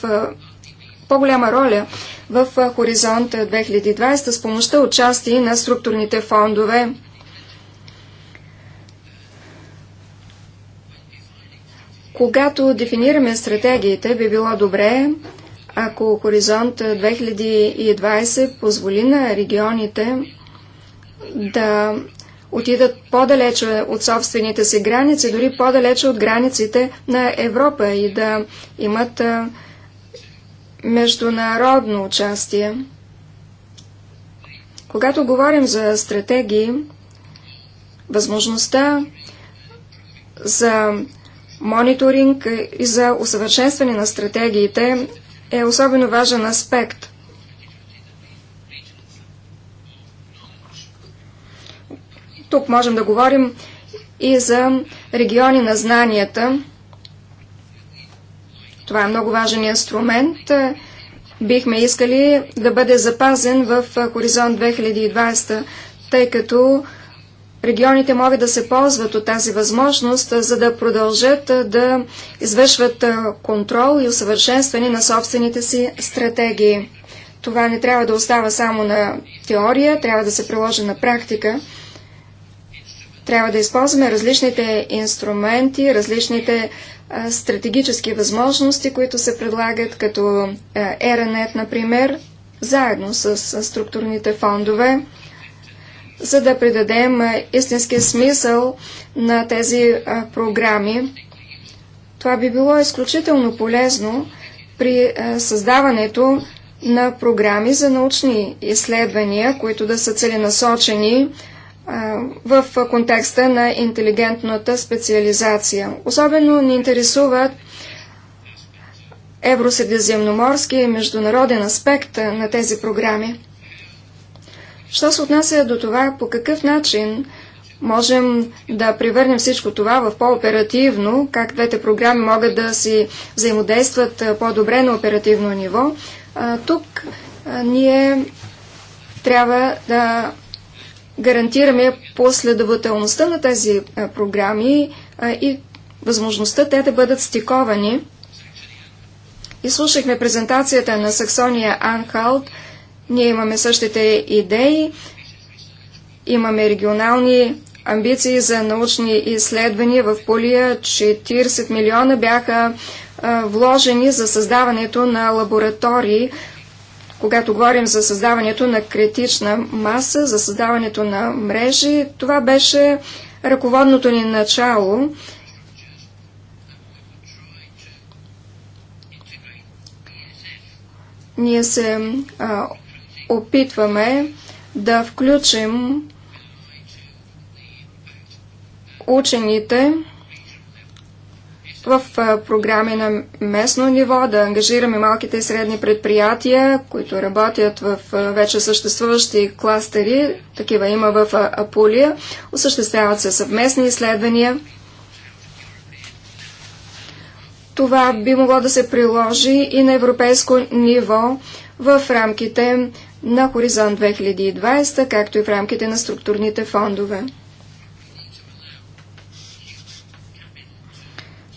по-голяма роля в Хоризонт 2020 с помощта участие на структурните фондове. Когато дефинираме стратегиите, би било добре ако Хоризонт 2020 е, позволи на регионите да отидат по-далече от собствените си граници, дори по-далече от границите на Европа и да имат е, международно участие. Когато говорим за стратегии, възможността за мониторинг и за усъвършенстване на стратегиите е особено важен аспект. Тук можем да говорим и за региони на знанията. Това е много важен инструмент. Бихме искали да бъде запазен в Хоризонт 2020, тъй като регионите могат да се ползват от тази възможност, за да продължат да извършват контрол и усъвършенстване на собствените си стратегии. Това не трябва да остава само на теория, трябва да се приложи на практика. Трябва да използваме различните инструменти, различните стратегически възможности, които се предлагат, като ЕРНЕТ, например, заедно с структурните фондове за да придадем истински смисъл на тези програми. Това би било изключително полезно при създаването на програми за научни изследвания, които да са целенасочени в контекста на интелигентната специализация. Особено ни интересуват евросредиземноморски и международен аспект на тези програми. Що се отнася до това, по какъв начин можем да превърнем всичко това в по-оперативно, как двете програми могат да си взаимодействат по-добре на оперативно ниво, тук ние трябва да гарантираме последователността на тези програми и възможността те да бъдат стиковани. И слушахме презентацията на Саксония Анхалт – ние имаме същите идеи, имаме регионални амбиции за научни изследвания в полия. 40 милиона бяха вложени за създаването на лаборатории, когато говорим за създаването на критична маса, за създаването на мрежи. Това беше ръководното ни начало. Ние се а, опитваме да включим учените в програми на местно ниво, да ангажираме малките и средни предприятия, които работят в вече съществуващи кластери, такива има в Апулия, осъществяват се съвместни изследвания. Това би могло да се приложи и на европейско ниво в рамките на Хоризонт 2020, както и в рамките на структурните фондове.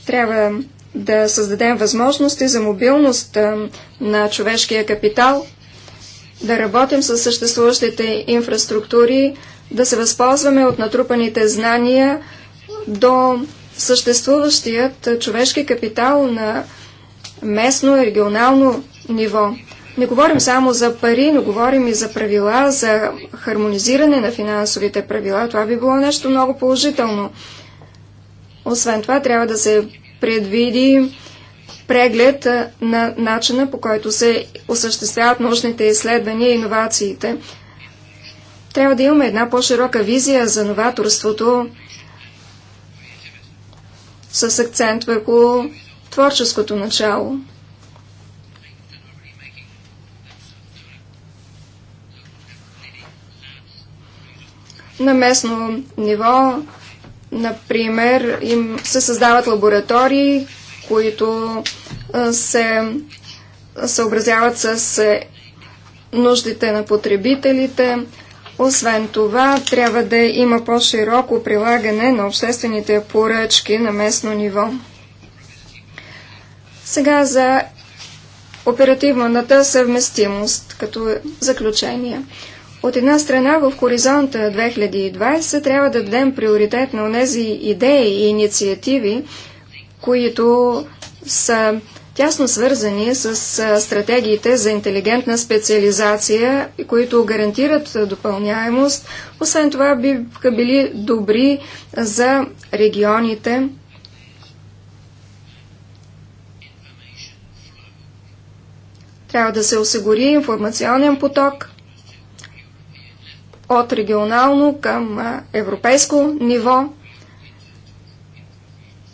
Трябва да създадем възможности за мобилност на човешкия капитал, да работим с съществуващите инфраструктури, да се възползваме от натрупаните знания до съществуващият човешки капитал на местно и регионално ниво. Не говорим само за пари, но говорим и за правила, за хармонизиране на финансовите правила. Това би било нещо много положително. Освен това, трябва да се предвиди преглед на начина по който се осъществяват научните изследвания и иновациите. Трябва да имаме една по-широка визия за новаторството с акцент върху творческото начало. На местно ниво, например, им се създават лаборатории, които се съобразяват с е, нуждите на потребителите. Освен това, трябва да има по-широко прилагане на обществените поръчки на местно ниво. Сега за оперативната съвместимост като заключение. От една страна в хоризонта 2020 трябва да дадем приоритет на тези идеи и инициативи, които са тясно свързани с стратегиите за интелигентна специализация, които гарантират допълняемост. Освен това биха били добри за регионите. Трябва да се осигури информационен поток от регионално към европейско ниво,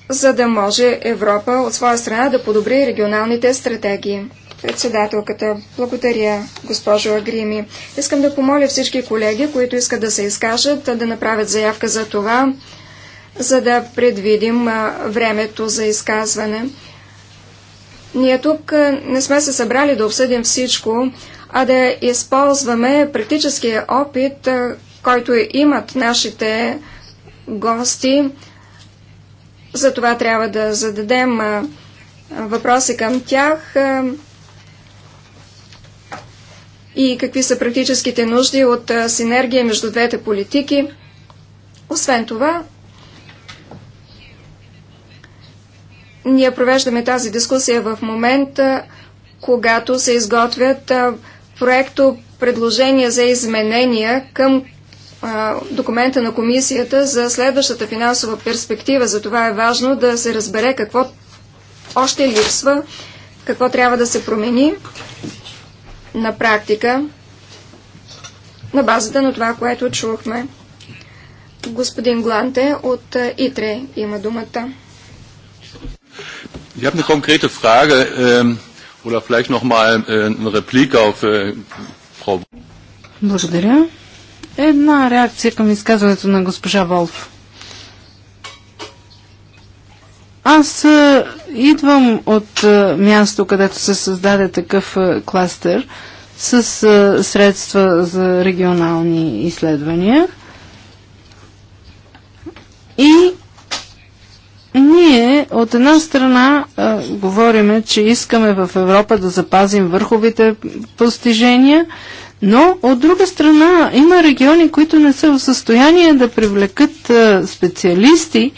за да може Европа от своя страна да подобри регионалните стратегии. Председателката, благодаря, госпожо Агрими. Искам да помоля всички колеги, които искат да се изкажат, да направят заявка за това, за да предвидим времето за изказване. Ние тук не сме се събрали да обсъдим всичко, а да използваме практическия опит, който имат нашите гости. За това трябва да зададем въпроси към тях и какви са практическите нужди от синергия между двете политики. Освен това, ние провеждаме тази дискусия в момента, когато се изготвят проекто предложения за изменения към документа на комисията за следващата финансова перспектива. За това е важно да се разбере какво още липсва, какво трябва да се промени на практика на базата на това, което чухме. Господин Гланте от ИТРЕ има думата. Я habe eine konkrete ähm, Oder vielleicht äh, eine Replik auf äh, Frau. Благодаря. Една реакция към изказването на госпожа Волф. Аз е, идвам от е, място, където се създаде такъв е, кластер с средства за регионални изследвания. И ние от една страна а, говориме, че искаме в Европа да запазим върховите постижения, но от друга страна има региони, които не са в състояние да привлекат а, специалисти,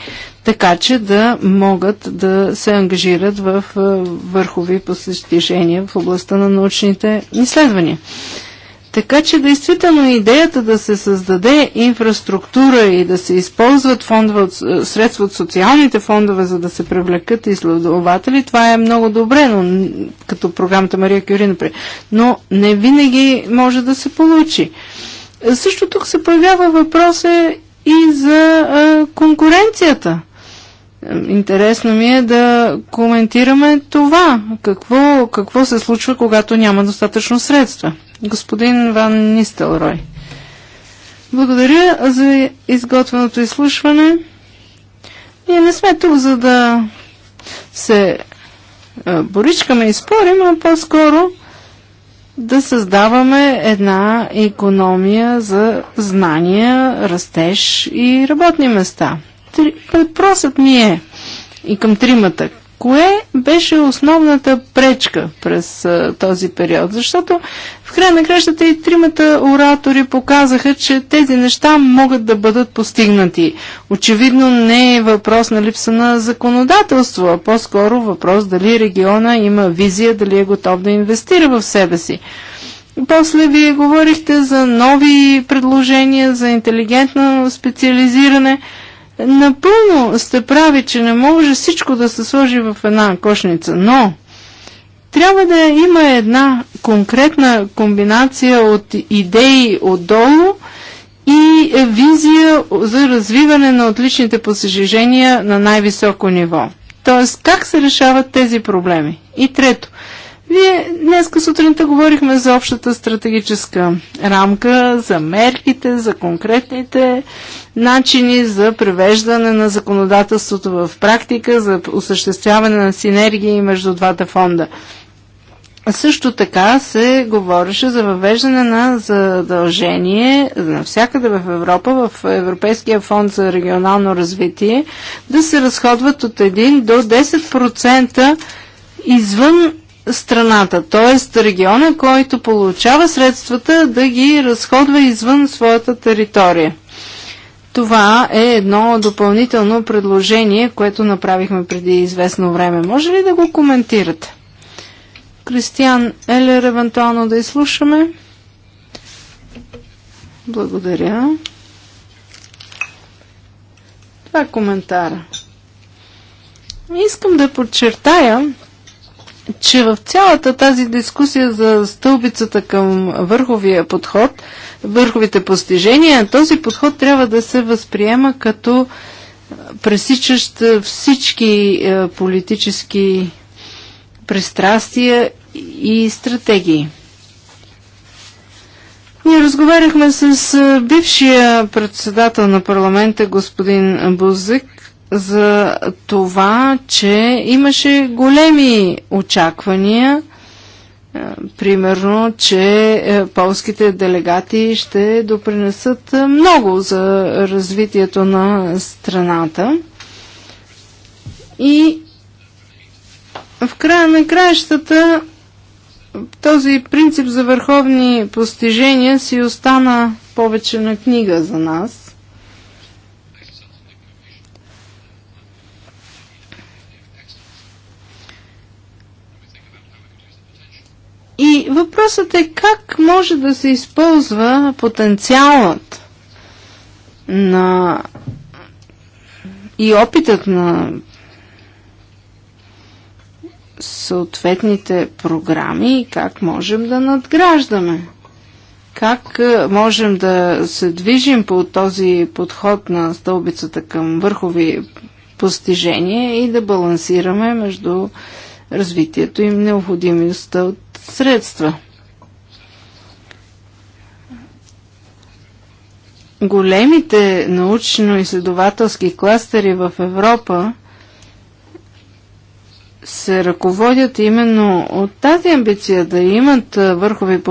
така че да могат да се ангажират в а, върхови постижения в областта на научните изследвания. Така че действително идеята да се създаде инфраструктура и да се използват фондове е, средства от социалните фондове, за да се привлекат изследователи, това е много добре, но, като програмата Мария Кюри, например. Но не винаги може да се получи. Е, също тук се появява въпроса е, и за а, конкуренцията. Интересно ми е да коментираме това. Какво, какво се случва, когато няма достатъчно средства? господин Ван Нистелрой. Благодаря за изготвеното изслушване. Ние не сме тук, за да се боричкаме и спорим, а по-скоро да създаваме една економия за знания, растеж и работни места. Въпросът ми е и към тримата. Кое беше основната пречка през а, този период? Защото в края на кращата и тримата оратори показаха, че тези неща могат да бъдат постигнати. Очевидно не е въпрос на липса на законодателство, а по-скоро въпрос дали региона има визия, дали е готов да инвестира в себе си. После вие говорихте за нови предложения, за интелигентно специализиране – Напълно сте прави, че не може всичко да се сложи в една кошница, но трябва да има една конкретна комбинация от идеи отдолу и визия за развиване на отличните посежения на най-високо ниво. Тоест, как се решават тези проблеми? И трето, вие днес сутринта говорихме за общата стратегическа рамка, за мерките, за конкретните начини за превеждане на законодателството в практика, за осъществяване на синергии между двата фонда. Също така се говореше за въвеждане на задължение навсякъде в Европа, в Европейския фонд за регионално развитие, да се разходват от 1 до 10% извън страната, т.е. региона, който получава средствата да ги разходва извън своята територия. Това е едно допълнително предложение, което направихме преди известно време. Може ли да го коментирате? Кристиан Елер, евентуално да изслушаме. Благодаря. Това е коментара. Искам да подчертая, че в цялата тази дискусия за стълбицата към върховия подход, върховите постижения, този подход трябва да се възприема като пресичащ всички е, политически пристрастия и стратегии. Ние разговаряхме с е, бившия председател на парламента господин Бузик за това, че имаше големи очаквания, примерно, че полските делегати ще допринесат много за развитието на страната. И в края на краищата този принцип за върховни постижения си остана повече на книга за нас. И въпросът е как може да се използва потенциалът на и опитът на съответните програми и как можем да надграждаме. Как е, можем да се движим по този подход на стълбицата към върхови постижения и да балансираме между развитието и необходимостта от средства. Големите научно-изследователски кластери в Европа се ръководят именно от тази амбиция да имат върхови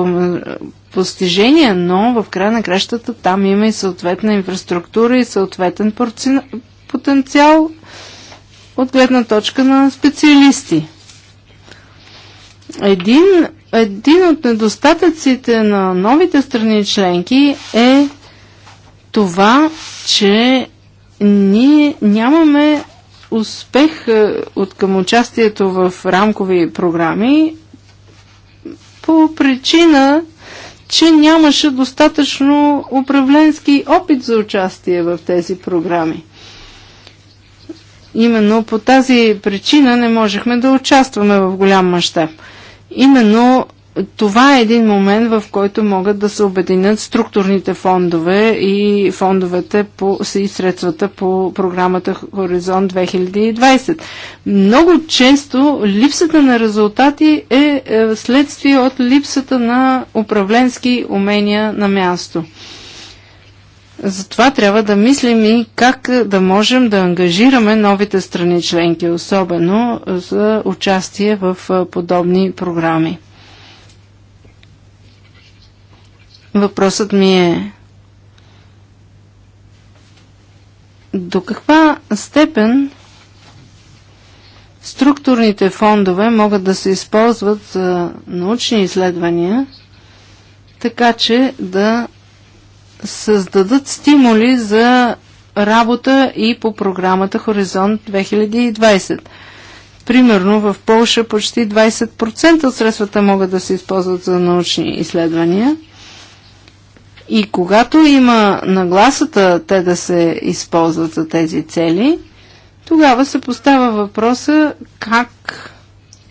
постижения, но в края на кращата там има и съответна инфраструктура и съответен потенциал от гледна точка на специалисти. Един, един от недостатъците на новите страни членки е това, че ние нямаме успех е, от към участието в рамкови програми по причина, че нямаше достатъчно управленски опит за участие в тези програми. Именно по тази причина не можехме да участваме в голям мащаб. Именно това е един момент, в който могат да се обединят структурните фондове и фондовете по, и средствата по програмата Хоризонт 2020. Много често липсата на резултати е, е следствие от липсата на управленски умения на място. Затова трябва да мислим и как да можем да ангажираме новите страни членки, особено за участие в подобни програми. Въпросът ми е до каква степен структурните фондове могат да се използват за научни изследвания, така че да създадат стимули за работа и по програмата Хоризонт 2020. Примерно в Полша почти 20% от средствата могат да се използват за научни изследвания. И когато има нагласата те да се използват за тези цели, тогава се поставя въпроса как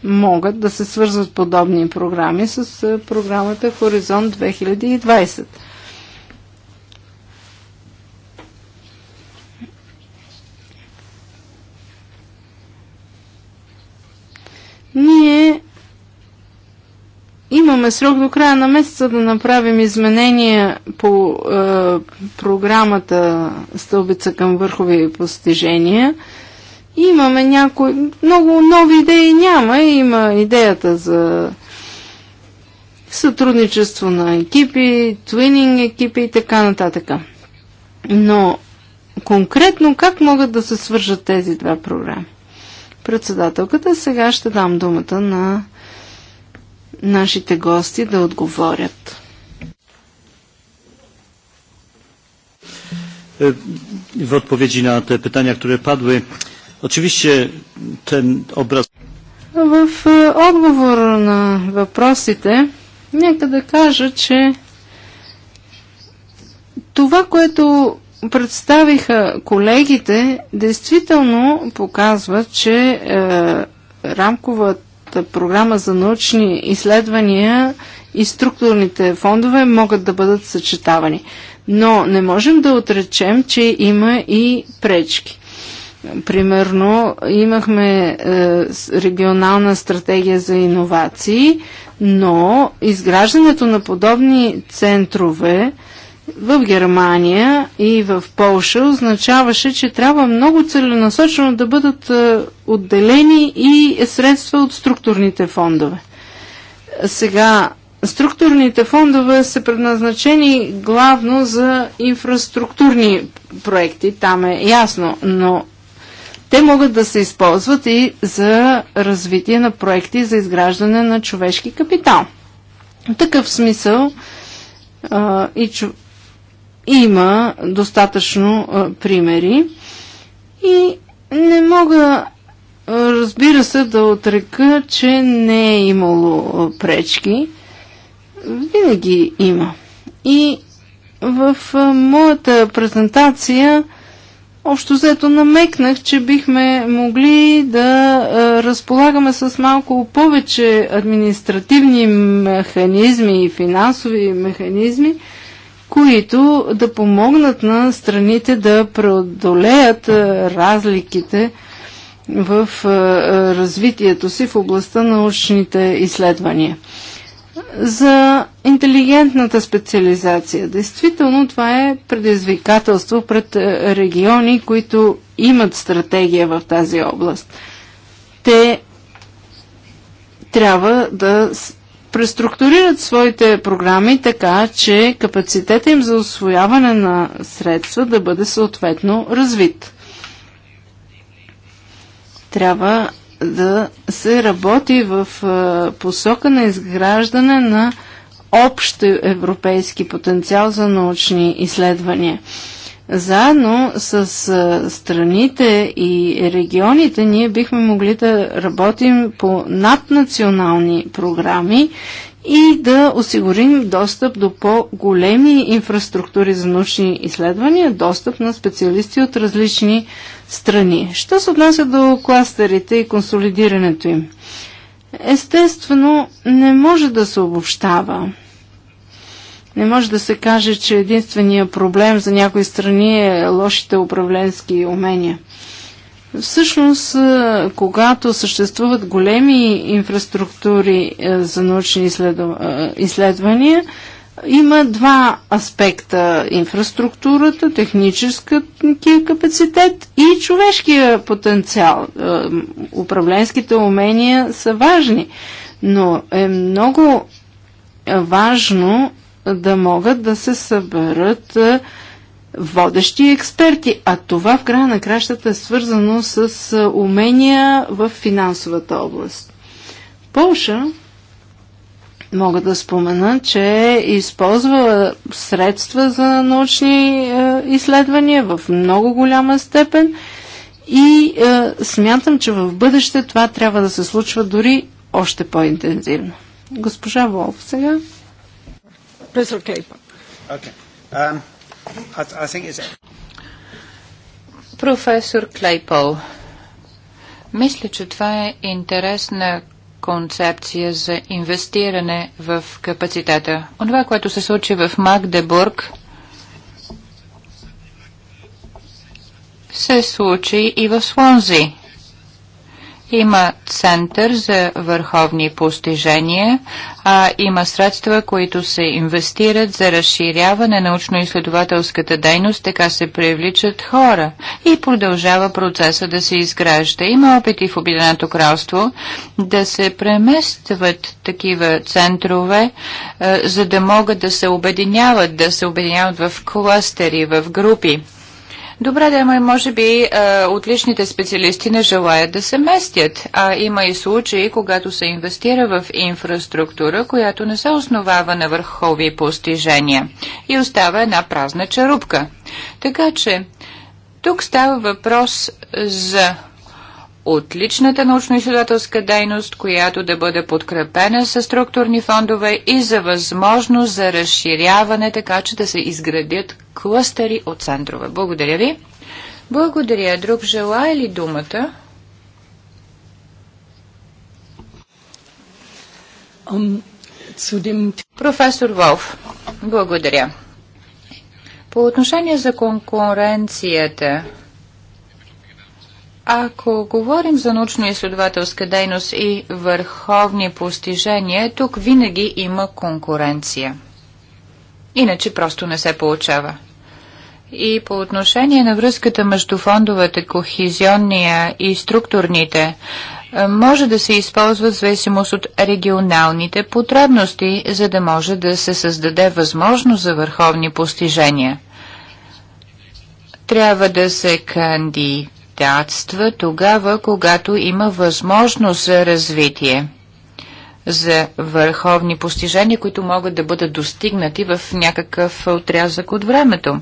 могат да се свързват подобни програми с програмата Хоризонт 2020. Ние имаме срок до края на месеца да направим изменения по е, програмата Стълбица към върхови постижения. Имаме някои... Много нови идеи няма. Има идеята за сътрудничество на екипи, твининг екипи и така нататък. Но конкретно как могат да се свържат тези два програми? председателката. Сега ще дам думата на нашите гости да отговорят. Е, в отповеди на те питания, които падли, очевидно, тен образ. В е, отговор на въпросите, нека да кажа, че това, което представиха колегите, действително показва, че е, рамковата програма за научни изследвания и структурните фондове могат да бъдат съчетавани. Но не можем да отречем, че има и пречки. Примерно, имахме е, регионална стратегия за иновации, но изграждането на подобни центрове в Германия и в Полша означаваше, че трябва много целенасочено да бъдат е, отделени и средства от структурните фондове. Сега, структурните фондове са предназначени главно за инфраструктурни проекти, там е ясно, но те могат да се използват и за развитие на проекти за изграждане на човешки капитал. В такъв смисъл а, и има достатъчно а, примери и не мога, разбира се, да отрека, че не е имало пречки. Винаги има. И в а, моята презентация общо взето намекнах, че бихме могли да а, разполагаме с малко повече административни механизми и финансови механизми, които да помогнат на страните да преодолеят е, разликите в е, е, развитието си в областта на научните изследвания. За интелигентната специализация. Действително това е предизвикателство пред региони, които имат стратегия в тази област. Те трябва да преструктурират своите програми така, че капацитета им за освояване на средства да бъде съответно развит. Трябва да се работи в посока на изграждане на общ европейски потенциал за научни изследвания. Заедно с страните и регионите ние бихме могли да работим по наднационални програми и да осигурим достъп до по-големи инфраструктури за научни изследвания, достъп на специалисти от различни страни. Що се отнася до кластерите и консолидирането им? Естествено, не може да се обобщава. Не може да се каже, че единствения проблем за някои страни е лошите управленски умения. Всъщност, когато съществуват големи инфраструктури за научни изследвания, има два аспекта. Инфраструктурата, техническия капацитет и човешкия потенциал. Управленските умения са важни, но е много важно да могат да се съберат е, водещи експерти, а това в края на кращата е свързано с е, умения в финансовата област. Полша мога да спомена, че е използва средства за научни изследвания в много голяма степен и смятам, че в бъдеще това трябва да се случва дори още по-интензивно. Госпожа Волф сега. Professor Claypool. Okay. Um, I, I think it's... Професор Клейпол, мисля, че това е интересна концепция за инвестиране в капацитета. Онова, което се случи в Магдебург, се случи и в Слонзи. Има център за върховни постижения, а има средства, които се инвестират за разширяване на научно-изследователската дейност, така се привличат хора и продължава процеса да се изгражда. Има опити в Обединеното кралство да се преместват такива центрове, за да могат да се обединяват, да се обединяват в кластери, в групи Добре, да, и може би е, отличните специалисти не желаят да се местят. А има и случаи, когато се инвестира в инфраструктура, която не се основава на върхови постижения и остава една празна черупка. Така че, тук става въпрос за отличната научно-изследователска дейност, която да бъде подкрепена със структурни фондове и за възможност за разширяване, така че да се изградят клъстери от центрове. Благодаря ви. Благодаря. Друг желая ли думата? Um, Професор Волф, благодаря. По отношение за конкуренцията, ако говорим за научно-изследователска дейност и върховни постижения, тук винаги има конкуренция. Иначе просто не се получава. И по отношение на връзката между фондовете, кохизионния и структурните, е, може да се използва в зависимост от регионалните потребности, за да може да се създаде възможност за върховни постижения. Трябва да се канди кандидатства тогава, когато има възможност за развитие, за върховни постижения, които могат да бъдат достигнати в някакъв отрязък от времето.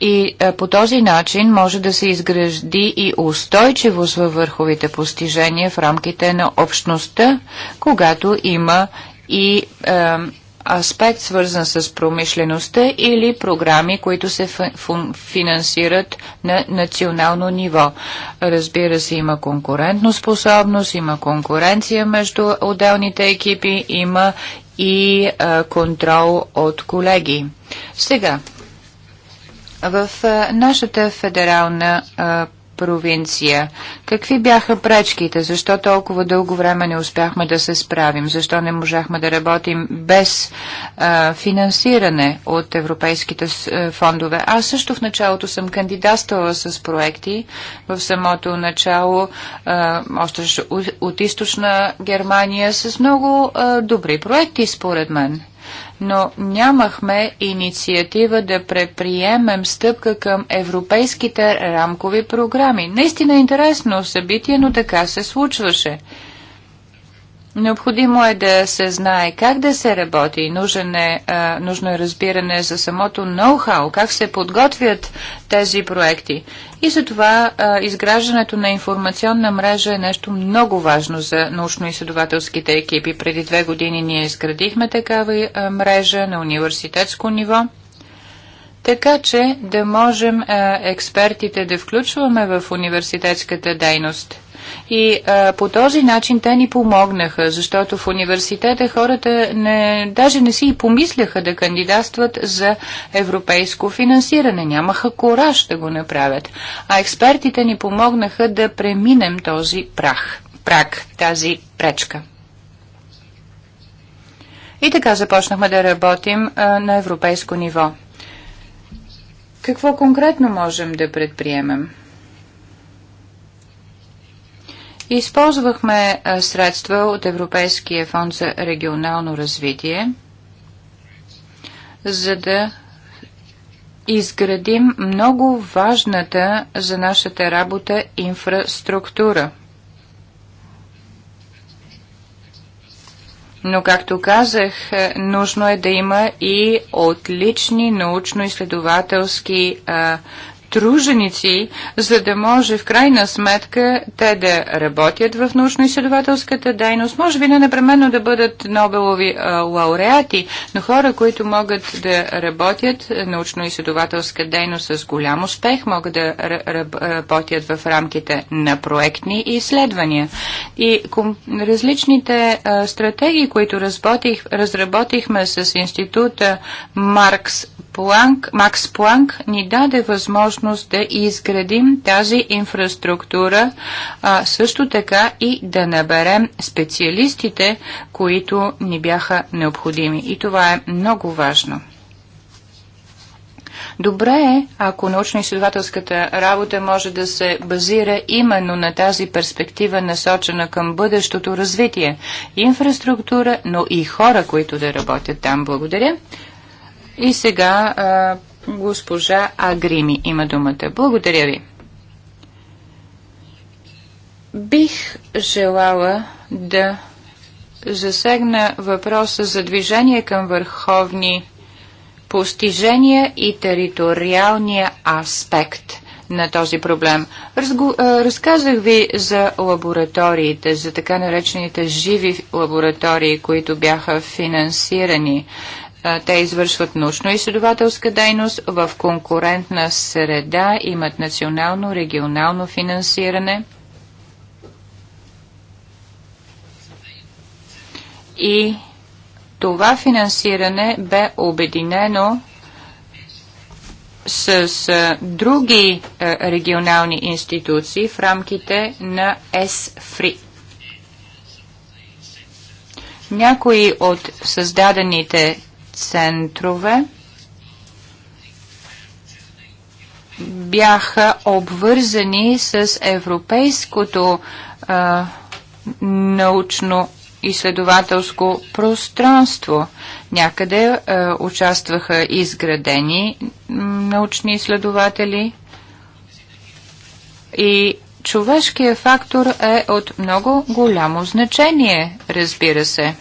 И а, по този начин може да се изгради и устойчивост във върховите постижения в рамките на общността, когато има и а, аспект, свързан с промишлеността или програми, които се финансират на национално ниво. Разбира се, има конкурентно способност, има конкуренция между отделните екипи, има и а, контрол от колеги. Сега, в а, нашата федерална а, провинция. Какви бяха пречките? Защо толкова дълго време не успяхме да се справим? Защо не можахме да работим без а, финансиране от европейските а, фондове? Аз също в началото съм кандидатствала с проекти. В самото начало, а, още от източна Германия, с много а, добри проекти, според мен но нямахме инициатива да предприемем стъпка към европейските рамкови програми. Наистина е интересно събитие, но така се случваше. Необходимо е да се знае как да се работи. Нужен е, а, нужно е разбиране за самото ноу-хау, как се подготвят тези проекти. И затова а, изграждането на информационна мрежа е нещо много важно за научно-изследователските екипи. Преди две години ние изградихме такава а, мрежа на университетско ниво така че да можем а, експертите да включваме в университетската дейност. И а, по този начин те ни помогнаха, защото в университета хората не, даже не си и помисляха да кандидатстват за европейско финансиране. Нямаха кораж да го направят. А експертите ни помогнаха да преминем този прах, прак, тази пречка. И така започнахме да работим а, на европейско ниво. Какво конкретно можем да предприемем? Използвахме средства от Европейския фонд за регионално развитие, за да изградим много важната за нашата работа инфраструктура. Но, както казах, нужно е да има и отлични научно-изследователски труженици, за да може в крайна сметка те да работят в научно-изследователската дейност. Може би не непременно да бъдат Нобелови а, лауреати, но хора, които могат да работят научно-изследователска дейност с голям успех, могат да работят в рамките на проектни изследвания. И различните а, стратегии, които разработих, разработихме с института Маркс Планк, Макс Планк ни даде възможност да изградим тази инфраструктура, а също така и да наберем специалистите, които ни бяха необходими. И това е много важно. Добре е, ако научно-изследователската работа може да се базира именно на тази перспектива, насочена към бъдещото развитие. Инфраструктура, но и хора, които да работят там. Благодаря. И сега а, госпожа Агрими има думата. Благодаря ви. Бих желала да засегна въпроса за движение към върховни постижения и териториалния аспект на този проблем. Разго... Разказах ви за лабораториите, за така наречените живи лаборатории, които бяха финансирани. Те извършват научно-изследователска дейност в конкурентна среда, имат национално, регионално финансиране и това финансиране бе обединено с други регионални институции в рамките на ЕСФРИ. Някои от създадените центрове бяха обвързани с европейското а, научно изследователско пространство. Някъде а, участваха изградени научни изследователи и човешкият фактор е от много голямо значение, разбира се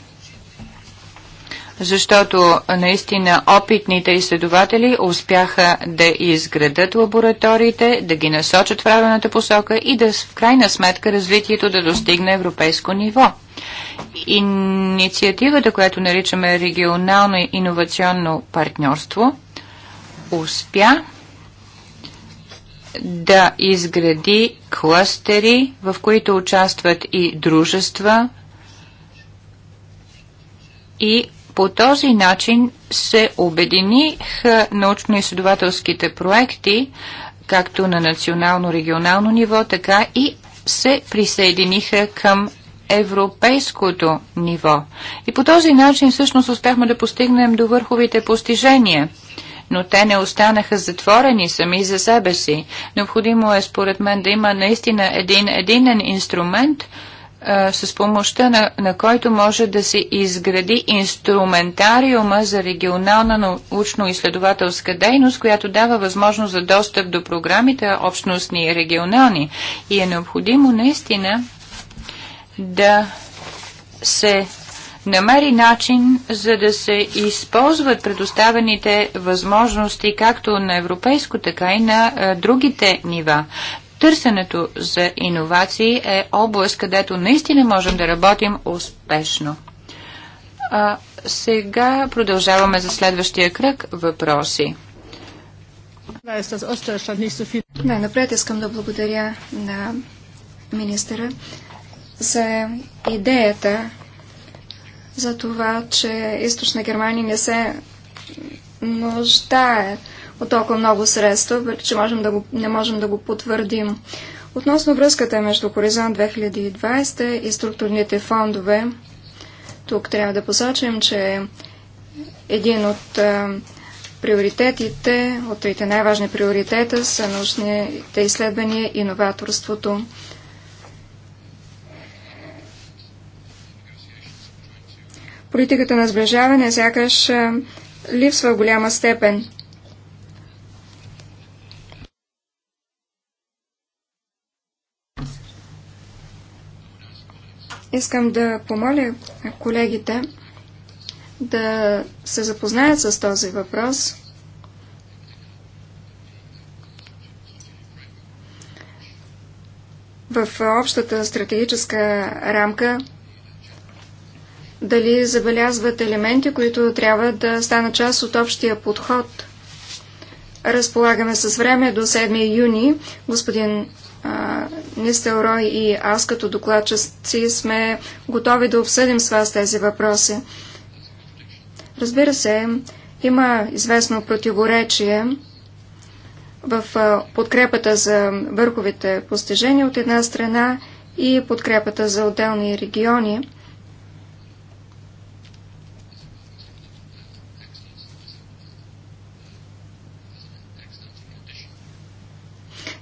защото наистина опитните изследователи успяха да изградат лабораториите, да ги насочат в правилната посока и да в крайна сметка развитието да достигне европейско ниво. Инициативата, която наричаме регионално иновационно партньорство, успя да изгради клъстери, в които участват и дружества, и по този начин се обединиха научно-изследователските проекти, както на национално-регионално ниво, така и се присъединиха към европейското ниво. И по този начин всъщност успяхме да постигнем до върховите постижения. Но те не останаха затворени сами за себе си. Необходимо е, според мен, да има наистина един единен инструмент – с помощта на, на който може да се изгради инструментариума за регионална научно-изследователска дейност, която дава възможност за достъп до програмите общностни и регионални. И е необходимо наистина да се намери начин за да се използват предоставените възможности както на европейско, така и на а, другите нива търсенето за иновации е област, където наистина можем да работим успешно. А, сега продължаваме за следващия кръг въпроси. Най-напред искам да благодаря на министъра за идеята за това, че източна Германия не се нуждае от толкова много средства, че можем да го, не можем да го потвърдим. Относно връзката между Хоризонт 2020 и структурните фондове, тук трябва да посочим, че един от приоритетите, от трите най-важни приоритета са научните изследвания и новаторството. Политиката на сближаване сякаш липсва в голяма степен. Искам да помоля колегите да се запознаят с този въпрос. В общата стратегическа рамка дали забелязват елементи, които трябва да станат част от общия подход. Разполагаме с време до 7 юни. Господин Рой и аз като докладчици сме готови да обсъдим с вас тези въпроси. Разбира се, има известно противоречие в подкрепата за върховите постижения от една страна и подкрепата за отделни региони.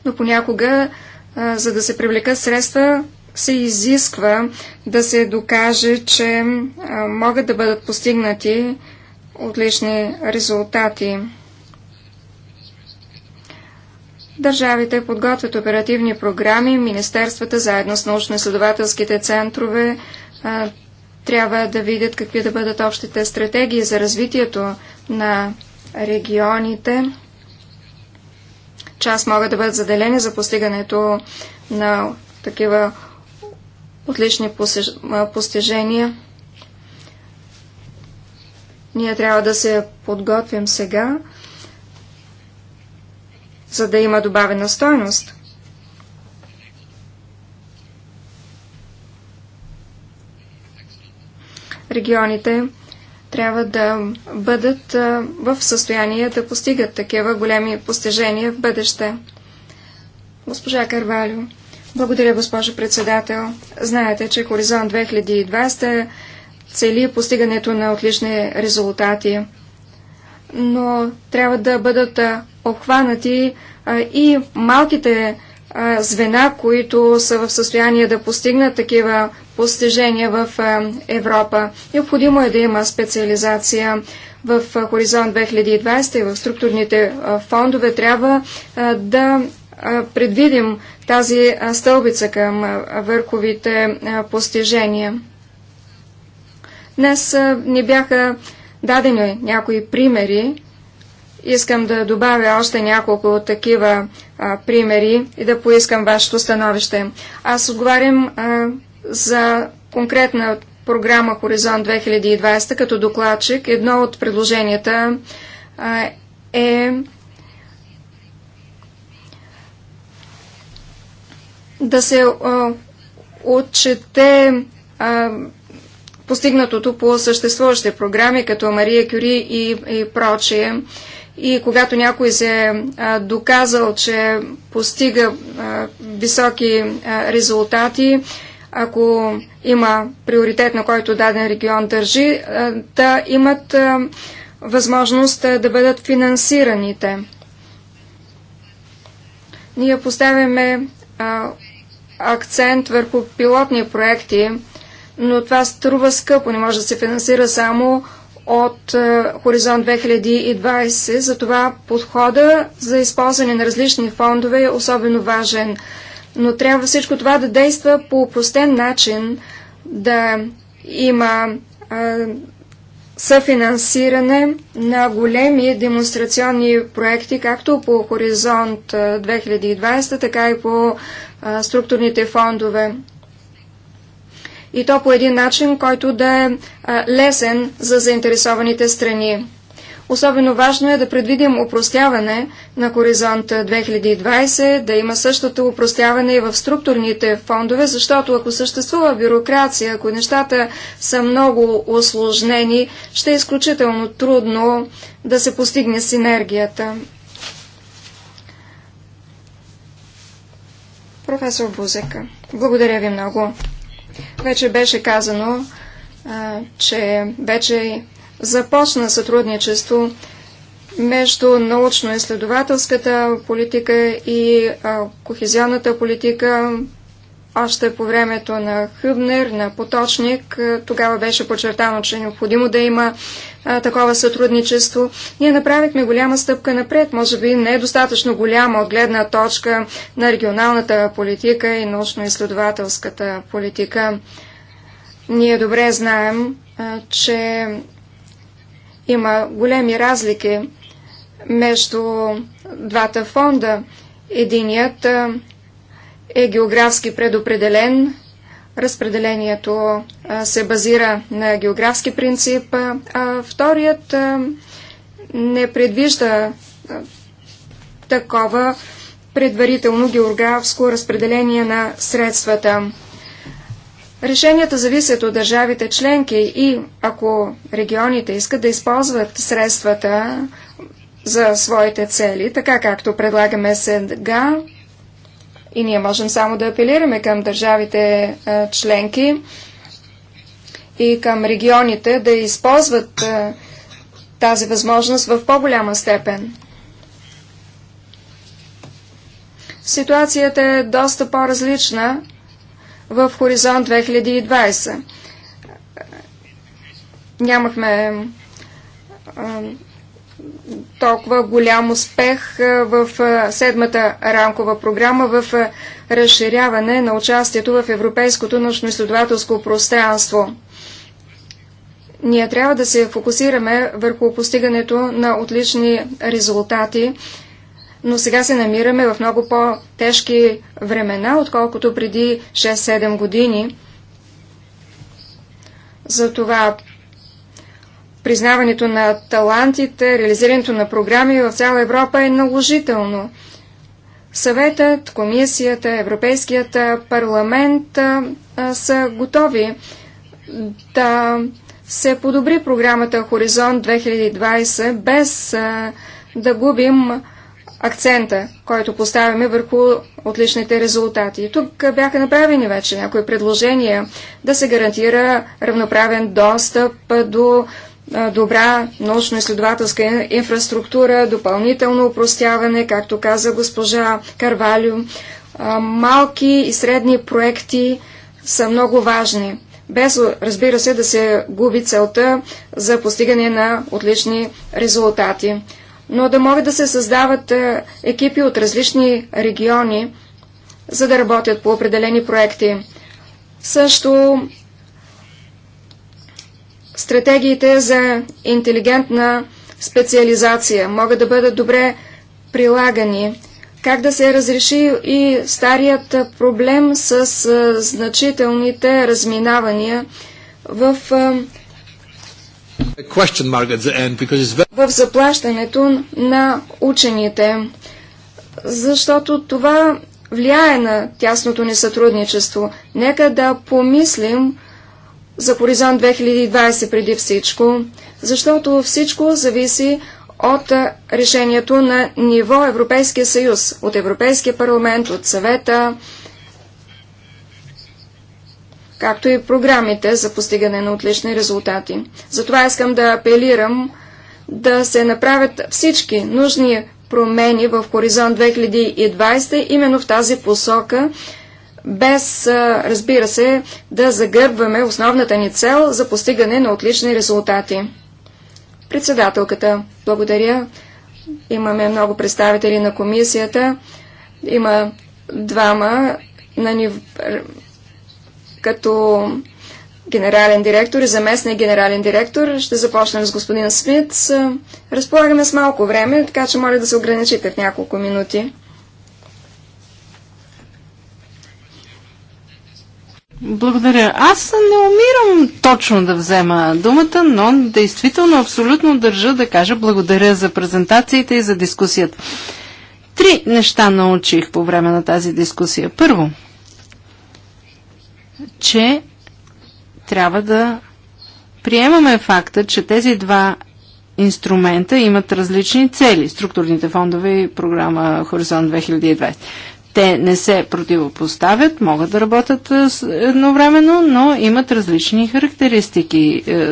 но понякога, за да се привлекат средства, се изисква да се докаже, че могат да бъдат постигнати отлични резултати. Държавите подготвят оперативни програми, министерствата заедно с научно-изследователските центрове трябва да видят какви да бъдат общите стратегии за развитието на регионите част могат да бъдат заделени за постигането на такива отлични постижения. Ние трябва да се подготвим сега, за да има добавена стойност. Регионите трябва да бъдат в състояние да постигат такива големи постижения в бъдеще. Госпожа Карвалю. Благодаря, госпожо председател. Знаете, че Хоризонт 2020 цели постигането на отлични резултати, но трябва да бъдат обхванати и малките звена, които са в състояние да постигнат такива постижения в Европа. Необходимо е да има специализация в Хоризонт 2020 и в структурните фондове. Трябва да предвидим тази стълбица към върховите постижения. Днес ни бяха дадени някои примери Искам да добавя още няколко такива а, примери и да поискам вашето становище. Аз отговарям а, за конкретна програма Хоризонт 2020 като докладчик. Едно от предложенията а, е да се а, отчете а, постигнатото по съществуващи програми, като Мария Кюри и, и прочие. И когато някой се е доказал, че постига високи резултати, ако има приоритет, на който даден регион държи, да имат възможност да бъдат финансираните. Ние поставяме акцент върху пилотни проекти, но това струва скъпо, не може да се финансира само от е, Хоризонт 2020, затова подхода за използване на различни фондове е особено важен. Но трябва всичко това да действа по простен начин, да има е, съфинансиране на големи демонстрационни проекти, както по Хоризонт 2020, е, така и по структурните фондове и то по един начин, който да е лесен за заинтересованите страни. Особено важно е да предвидим упростяване на хоризонт 2020, да има същото упростяване и в структурните фондове, защото ако съществува бюрокрация, ако нещата са много осложнени, ще е изключително трудно да се постигне синергията. Професор Бузека, благодаря ви много. Вече беше казано, че вече започна сътрудничество между научно-изследователската политика и кохезионната политика, още по времето на Хъбнер, на Поточник, е, тогава беше подчертано, че е необходимо да има а, е, такова сътрудничество. Ние направихме голяма стъпка напред, може би не е достатъчно голяма от гледна точка на регионалната политика и научно-изследователската политика. Ние добре знаем, а, е, че има големи разлики между двата фонда. Единият е географски предопределен. Разпределението се базира на географски принцип. А вторият не предвижда такова предварително географско разпределение на средствата. Решенията зависят от държавите членки и ако регионите искат да използват средствата за своите цели, така както предлагаме сега, и ние можем само да апелираме към държавите членки и към регионите да използват тази възможност в по-голяма степен. Ситуацията е доста по-различна в Хоризонт 2020. Нямахме толкова голям успех в седмата рамкова програма в разширяване на участието в европейското научно-изследователско пространство. Ние трябва да се фокусираме върху постигането на отлични резултати, но сега се намираме в много по-тежки времена, отколкото преди 6-7 години. Затова признаването на талантите, реализирането на програми в цяла Европа е наложително. Съветът, комисията, Европейският парламент а, са готови да се подобри програмата Хоризонт 2020 без а, да губим акцента, който поставяме върху отличните резултати. Тук бяха направени вече някои предложения да се гарантира равноправен достъп до добра научно-изследователска инфраструктура, допълнително упростяване, както каза госпожа Карвалю. Малки и средни проекти са много важни, без, разбира се, да се губи целта за постигане на отлични резултати. Но да могат да се създават екипи от различни региони, за да работят по определени проекти. Също стратегиите за интелигентна специализация могат да бъдат добре прилагани. Как да се разреши и старият проблем с значителните разминавания в, в заплащането на учените, защото това влияе на тясното ни сътрудничество. Нека да помислим за Хоризонт 2020 преди всичко, защото всичко зависи от решението на ниво Европейския съюз, от Европейския парламент, от съвета, както и програмите за постигане на отлични резултати. Затова искам да апелирам да се направят всички нужни промени в Хоризонт 2020, именно в тази посока – без, разбира се, да загърбваме основната ни цел за постигане на отлични резултати. Председателката, благодаря. Имаме много представители на комисията. Има двама на ни... като генерален директор и заместник генерален директор. Ще започнем с господин Смит. Разполагаме с малко време, така че моля да се ограничите в няколко минути. Благодаря. Аз не умирам точно да взема думата, но действително абсолютно държа да кажа благодаря за презентациите и за дискусията. Три неща научих по време на тази дискусия. Първо, че трябва да приемаме факта, че тези два инструмента имат различни цели. Структурните фондове и програма Хоризонт 2020. Те не се противопоставят, могат да работят е, едновременно, но имат различни характеристики. Е,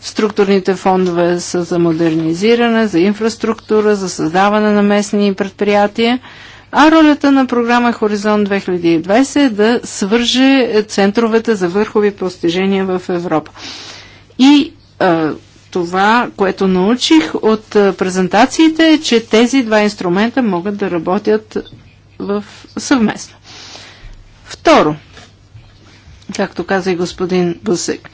структурните фондове са за модернизиране, за инфраструктура, за създаване на местни предприятия. А ролята на програма Хоризонт 2020 е да свърже центровете за върхови постижения в Европа. И а, е, това, което научих от презентациите е, че тези два инструмента могат да работят в съвместно. Второ, както каза и господин Бусек,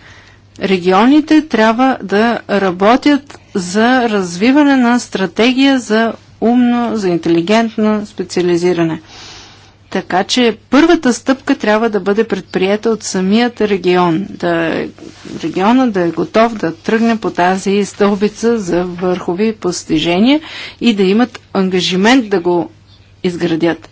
регионите трябва да работят за развиване на стратегия за умно, за интелигентно специализиране. Така че първата стъпка трябва да бъде предприета от самият регион. Да е, региона да е готов да тръгне по тази стълбица за върхови постижения и да имат ангажимент да го изградят.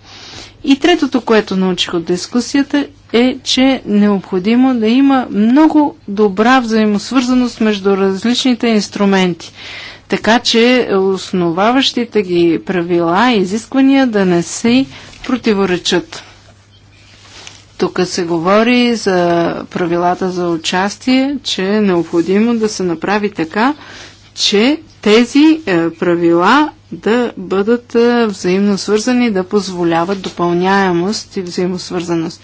И третото, което научих от дискусията е, че е необходимо да има много добра взаимосвързаност между различните инструменти. Така че основаващите ги правила и изисквания да не се противоречат. Тук се говори за правилата за участие, че е необходимо да се направи така, че тези е, правила да бъдат взаимно свързани, да позволяват допълняемост и взаимосвързаност.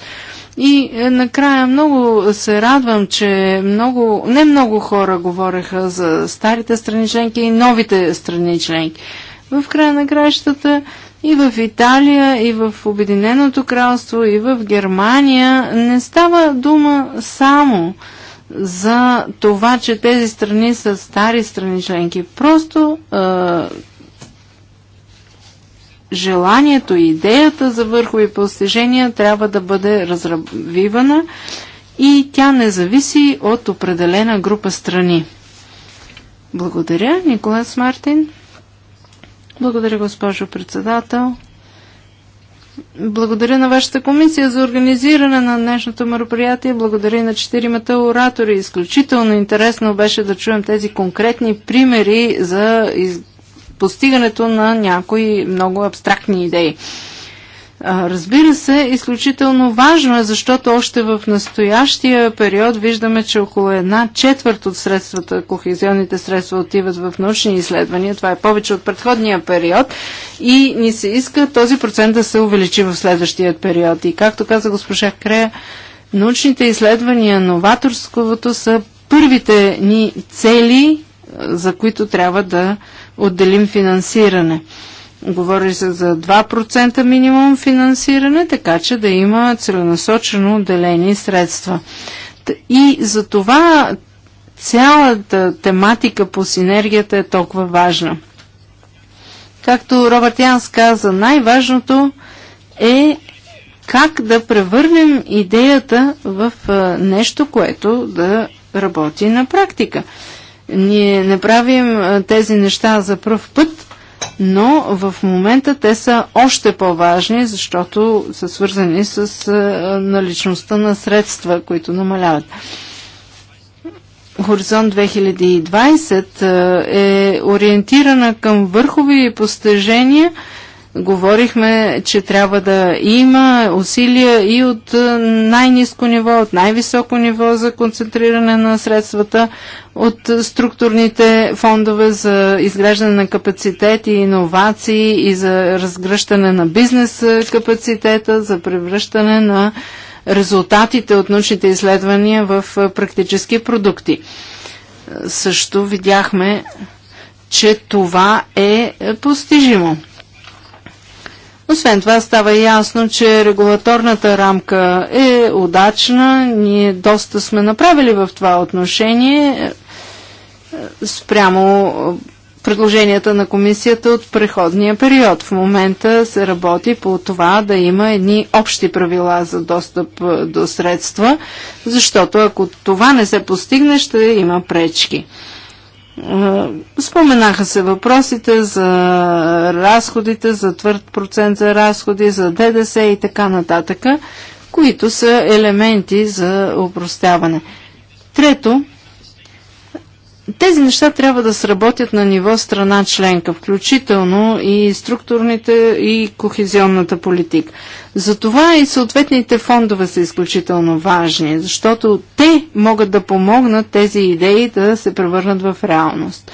И е, накрая много се радвам, че много, не много хора говореха за старите страни членки и новите страни членки. В края на краищата и в Италия, и в Обединеното кралство, и в Германия не става дума само за това, че тези страни са стари страни членки. Просто е, желанието и идеята за върхови постижения трябва да бъде разравивана и тя не зависи от определена група страни. Благодаря, Николас Мартин. Благодаря, госпожо председател. Благодаря на вашата комисия за организиране на днешното мероприятие. Благодаря и на четиримата оратори. Изключително интересно беше да чуем тези конкретни примери за из постигането на някои много абстрактни идеи. Разбира се, изключително важно е, защото още в настоящия период виждаме, че около една четвърт от средствата, кохезионните средства отиват в научни изследвания. Това е повече от предходния период и ни се иска този процент да се увеличи в следващия период. И както каза госпожа Крея, научните изследвания, новаторството са първите ни цели за които трябва да отделим финансиране. Говори се за 2% минимум финансиране, така че да има целенасочено отделени средства. И за това цялата тематика по синергията е толкова важна. Както Робърт Янс каза, най-важното е как да превърнем идеята в нещо, което да работи на практика. Ние не правим тези неща за пръв път, но в момента те са още по-важни, защото са свързани с наличността на средства, които намаляват. Хоризонт 2020 е ориентирана към върхови постижения – Говорихме, че трябва да има усилия и от е, най-низко ниво, от най-високо ниво за концентриране на средствата, от структурните фондове за изграждане на капацитет и иновации и за разгръщане на бизнес е, капацитета, за превръщане на резултатите от научните изследвания в е, практически продукти. Също видяхме, че това е постижимо. Освен това става ясно, че регулаторната рамка е удачна. Ние доста сме направили в това отношение е, е, спрямо е, предложенията на комисията от преходния период. В момента се работи по това да има едни общи правила за достъп до средства, защото ако това не се постигне, ще има пречки. Споменаха се въпросите за разходите, за твърд процент за разходи, за ДДС и така нататък, които са елементи за упростяване. Трето, тези неща трябва да сработят на ниво страна членка, включително и структурните и кохезионната политика. Затова и съответните фондове са изключително важни, защото те могат да помогнат тези идеи да се превърнат в реалност.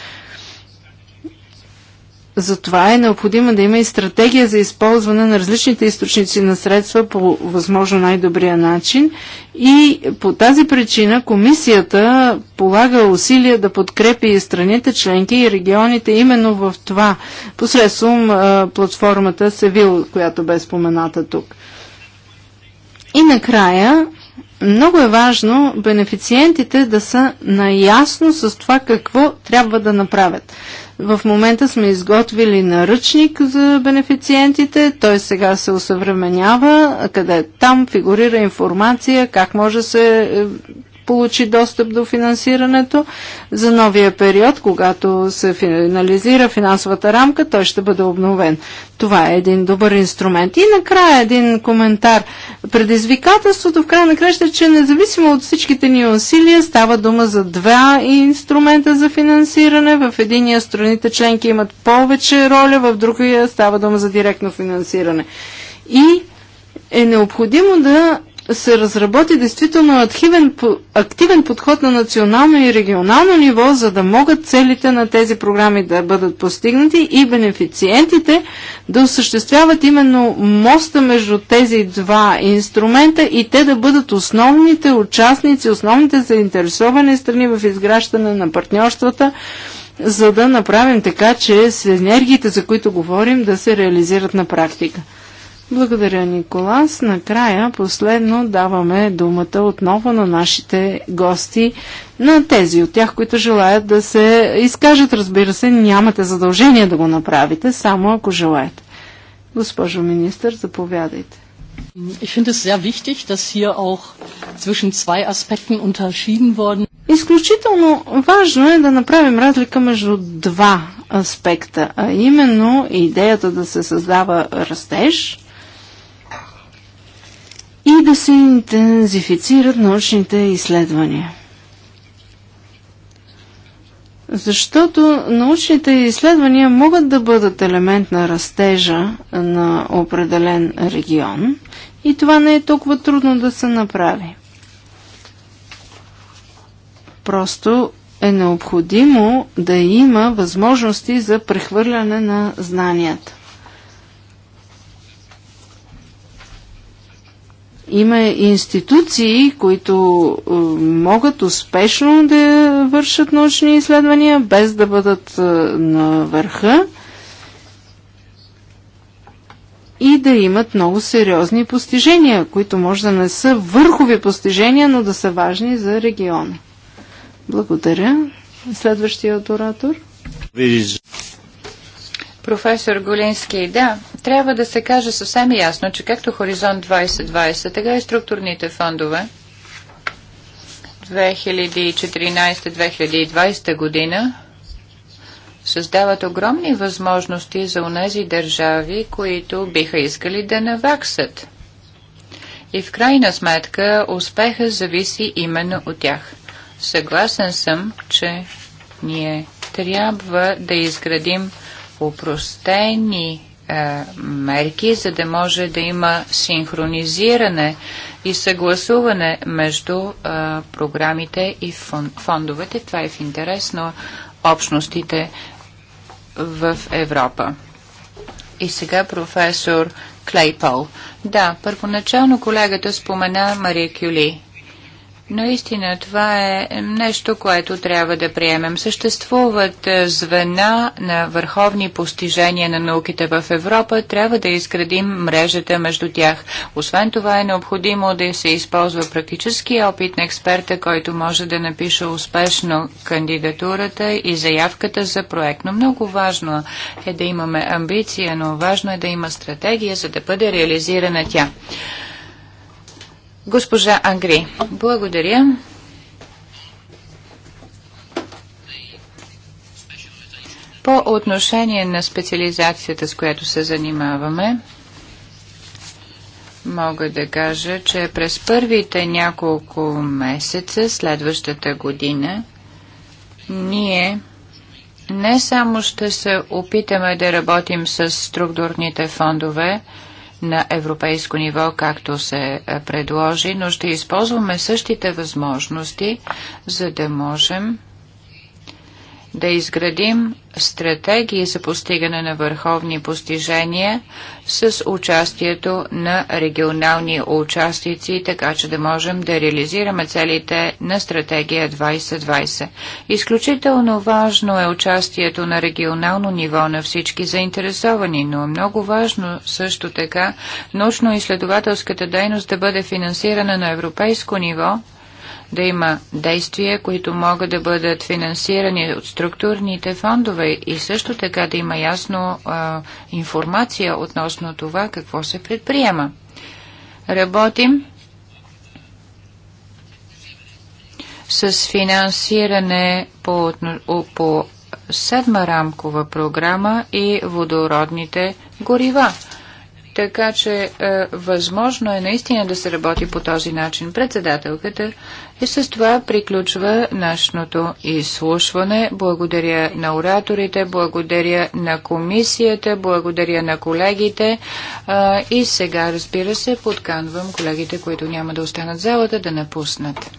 Затова е необходимо да има и стратегия за използване на различните източници на средства по възможно най-добрия начин и по тази причина комисията полага усилия да подкрепи и страните членки и регионите именно в това, посредством а, платформата Севил, която бе спомената тук. И накрая, много е важно бенефициентите да са наясно с това какво трябва да направят. В момента сме изготвили наръчник за бенефициентите, той сега се усъвременява, къде там фигурира информация как може да се е, получи достъп до финансирането. За новия период, когато се финализира финансовата рамка, той ще бъде обновен. Това е един добър инструмент. И накрая един коментар. Предизвикателството в края на краща, е, че независимо от всичките ни усилия, става дума за два инструмента за финансиране. В единия страните членки имат повече роля, в другия става дума за директно финансиране. И е необходимо да се разработи действително активен, активен подход на национално и регионално ниво, за да могат целите на тези програми да бъдат постигнати и бенефициентите да осъществяват именно моста между тези два инструмента и те да бъдат основните участници, основните заинтересовани страни в изграждане на партньорствата, за да направим така, че енергиите, за които говорим, да се реализират на практика. Благодаря, Николас. Накрая, последно, даваме думата отново на нашите гости, на тези от тях, които желаят да се изкажат. Разбира се, нямате задължение да го направите, само ако желаете. Госпожо министър, заповядайте. Ich finde es sehr wichtig, dass hier auch zwischen zwei Aspekten unterschieden worden. Изключително важно е да направим разлика между два аспекта, а именно идеята да се създава растеж и да се интензифицират научните изследвания. Защото научните изследвания могат да бъдат елемент на растежа на определен регион и това не е толкова трудно да се направи. Просто е необходимо да има възможности за прехвърляне на знанията. Има институции, които е, могат успешно да вършат научни изследвания, без да бъдат е, на върха и да имат много сериозни постижения, които може да не са върхови постижения, но да са важни за региона. Благодаря. Следващият оратор. Професор Голински, да, трябва да се каже съвсем ясно, че както Хоризонт 2020, така и структурните фондове 2014-2020 година създават огромни възможности за унези държави, които биха искали да наваксат. И в крайна сметка успеха зависи именно от тях. Съгласен съм, че ние трябва да изградим упростени е, мерки, за да може да има синхронизиране и съгласуване между е, програмите и фон, фондовете. Това е в интерес на общностите в Европа. И сега професор Клейпол. Да, първоначално колегата спомена Мария Кюли. Наистина, това е нещо, което трябва да приемем. Съществуват е, звена на върховни постижения на науките в Европа. Трябва да изградим мрежата между тях. Освен това е необходимо да се използва практически опит на експерта, който може да напише успешно кандидатурата и заявката за проект. Но много важно е да имаме амбиция, но важно е да има стратегия, за да бъде реализирана тя. Госпожа Ангри, благодаря. По отношение на специализацията, с която се занимаваме, мога да кажа, че през първите няколко месеца следващата година ние не само ще се опитаме да работим с структурните фондове, на европейско ниво, както се е, предложи, но ще използваме същите възможности, за да можем да изградим стратегии за постигане на върховни постижения с участието на регионални участници, така че да можем да реализираме целите на стратегия 2020. Изключително важно е участието на регионално ниво на всички заинтересовани, но е много важно също така научно-изследователската дейност да бъде финансирана на европейско ниво, да има действия, които могат да бъдат финансирани от структурните фондове и също така да има ясно а, информация относно това какво се предприема. Работим с финансиране по, по седма рамкова програма и водородните горива така че е, възможно е наистина да се работи по този начин председателката. И с това приключва нашното изслушване. Благодаря на ораторите, благодаря на комисията, благодаря на колегите. Е, и сега, разбира се, подканвам колегите, които няма да останат залата, да напуснат.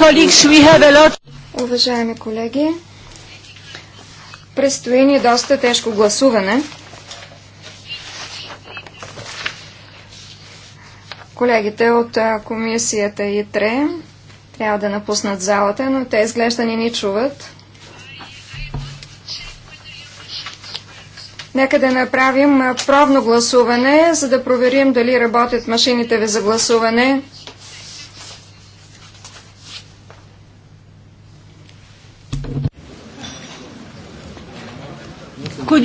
lot... Уважаеми колеги, предстои ни доста тежко гласуване. Колегите от комисията ИТРЕ трябва да напуснат залата, но те изглежда ни ни чуват. Нека да направим пробно гласуване, за да проверим дали работят машините ви за гласуване.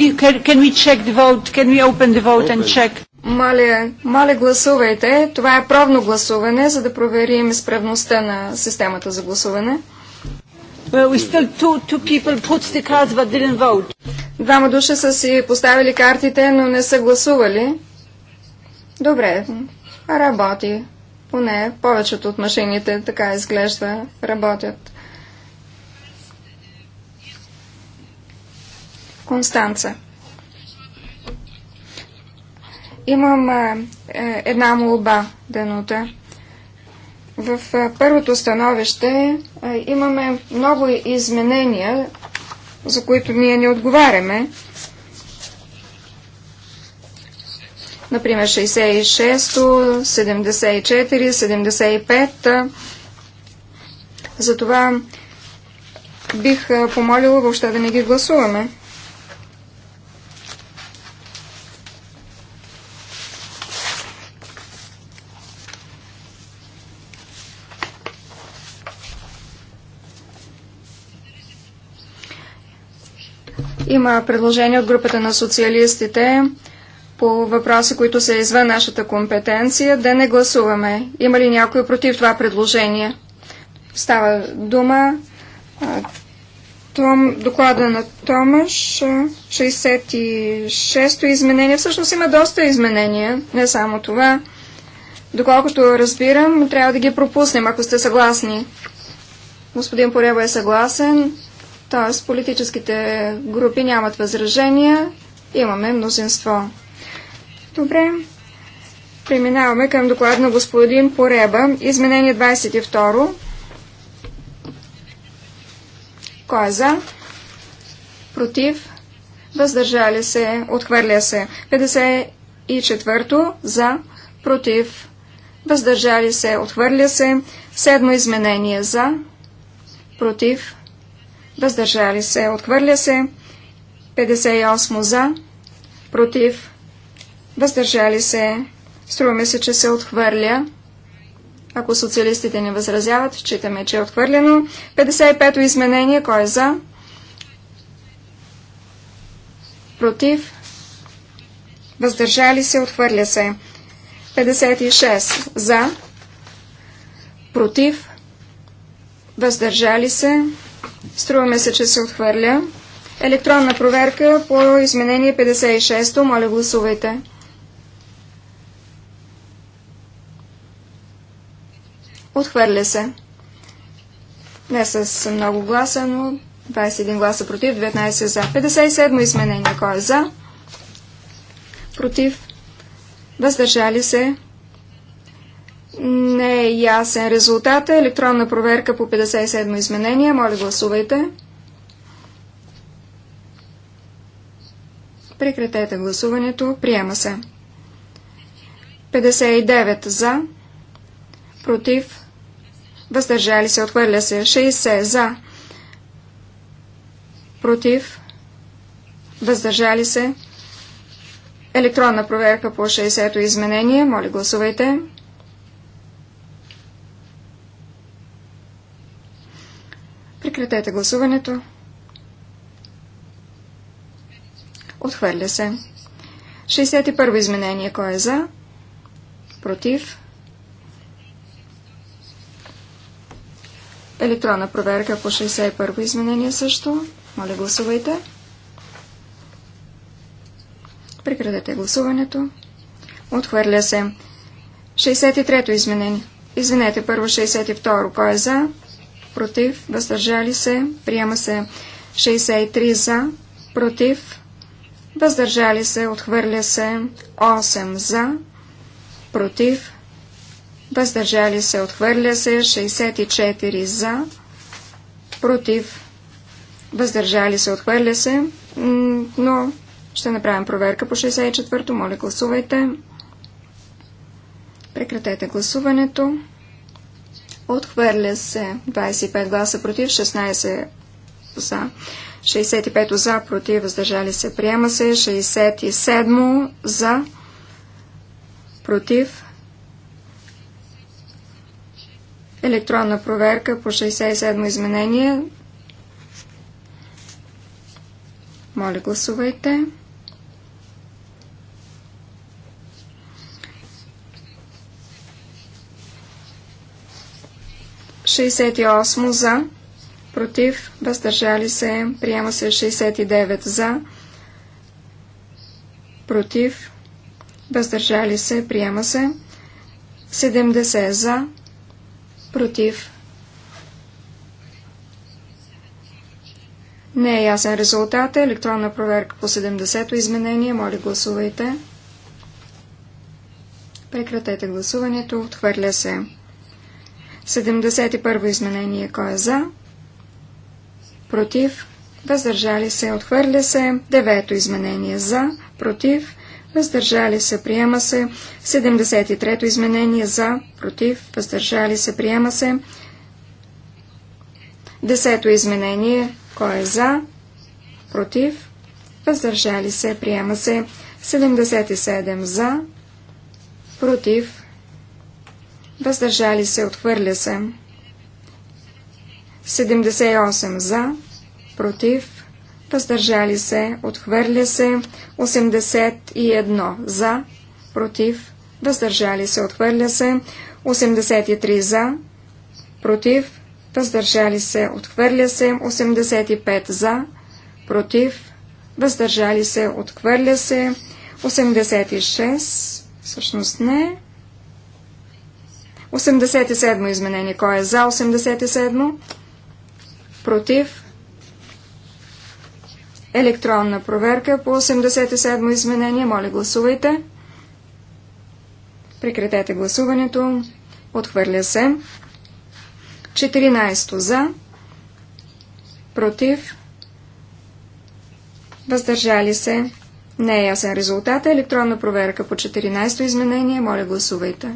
already? Can, can we check the vote? Can we open the vote open. and check? Мале, мале гласувайте. Това е правно гласуване, за да проверим изправността на системата за гласуване. Well, we still two, two people put the cards but didn't vote. Двама души са си поставили картите, но не са гласували. Добре, работи. Поне повечето от машините така изглежда работят. Констанца. Имам е, една молба, Данута. В е, първото становище е, имаме много изменения, за които ние не отговаряме. Например, 66, 74, 75. Затова бих помолила въобще да не ги гласуваме. Има предложение от групата на социалистите по въпроси, които са извън нашата компетенция, да не гласуваме. Има ли някой против това предложение? Става дума том, доклада на Томаш, 66-то изменение. Всъщност има доста изменения, не само това. Доколкото разбирам, трябва да ги пропуснем, ако сте съгласни. Господин Порева е съгласен. Т.е. политическите групи нямат възражения, имаме мнозинство. Добре. Преминаваме към доклад на господин Пореба. Изменение 22. Кой е за? Против? Въздържали се? Отхвърля се. 54. За? Против? Въздържали се? Отхвърля се. Седмо изменение. За? Против? въздържали се, отхвърля се, 58 за, против, въздържали се, струваме се, че се отхвърля. Ако социалистите не възразяват, считаме, че е отхвърлено. 55-то изменение, кой е за? Против, въздържали се, отхвърля се. 56 за, против, въздържали се, Струваме се, че се отхвърля. Електронна проверка по изменение 56. Моля, гласувайте. Отхвърля се. Не с много гласа, но 21 гласа против, 19 за. 57 изменение. Кой е за? Против. Въздържали се. Не е ясен резултат. Електронна проверка по 57 изменения, Моля гласувайте. Прекратете гласуването. Приема се. 59 за. Против. Въздържали се. Отхвърля се. 60 за. Против. Въздържали се. Електронна проверка по 60-то изменение. Моля гласувайте. Прекратете гласуването. Отхвърля се. 61 изменение. Кой е за? Против? Електронна проверка по 61 изменение също. Моля, гласувайте. Прекратете гласуването. Отхвърля се. 63-то изменение. Извинете, първо 62-ро. Кой е за? против, въздържали се, приема се 63 за, против, въздържали се, отхвърля се 8 за, против, въздържали се, отхвърля се 64 за, против, въздържали се, отхвърля се, но ще направим проверка по 64-то, моля гласувайте. Прекратете гласуването. Отхвърля се 25 гласа против, 16 за. 65 за, против, въздържали се, приема се. 67 за, против. Електронна проверка по 67 изменение. Моля, гласувайте. 68 за, против, въздържали се, приема се 69 за, против, въздържали се, приема се 70 за, против. Не е ясен резултат. Електронна проверка по 70-то изменение. Моля, гласувайте. Прекратете гласуването. Отхвърля се. 71 изменение. Кой е за? Против. Въздържали се. Отхвърля се. Девето изменение. За. Против. Въздържали се. Приема се. 73 изменение. За. Против. Въздържали се. Приема се. Десето изменение. Кой е за? Против. Въздържали се. Приема се. 77 за. Против въздържали се, отхвърля се. 78 за, против, въздържали се, отхвърля се. 81 за, против, въздържали се, отхвърля се. 83 за, против, въздържали се, отхвърля се. 85 за, против, въздържали се, отхвърля се. 86, всъщност не, 87 изменение. Кой е за 87? Против? Електронна проверка по 87 изменение. Моля, гласувайте. Прекратете гласуването. Отхвърля се. 14 за. Против. Въздържали се. Не е ясен резултат. Електронна проверка по 14 изменение. Моля, гласувайте.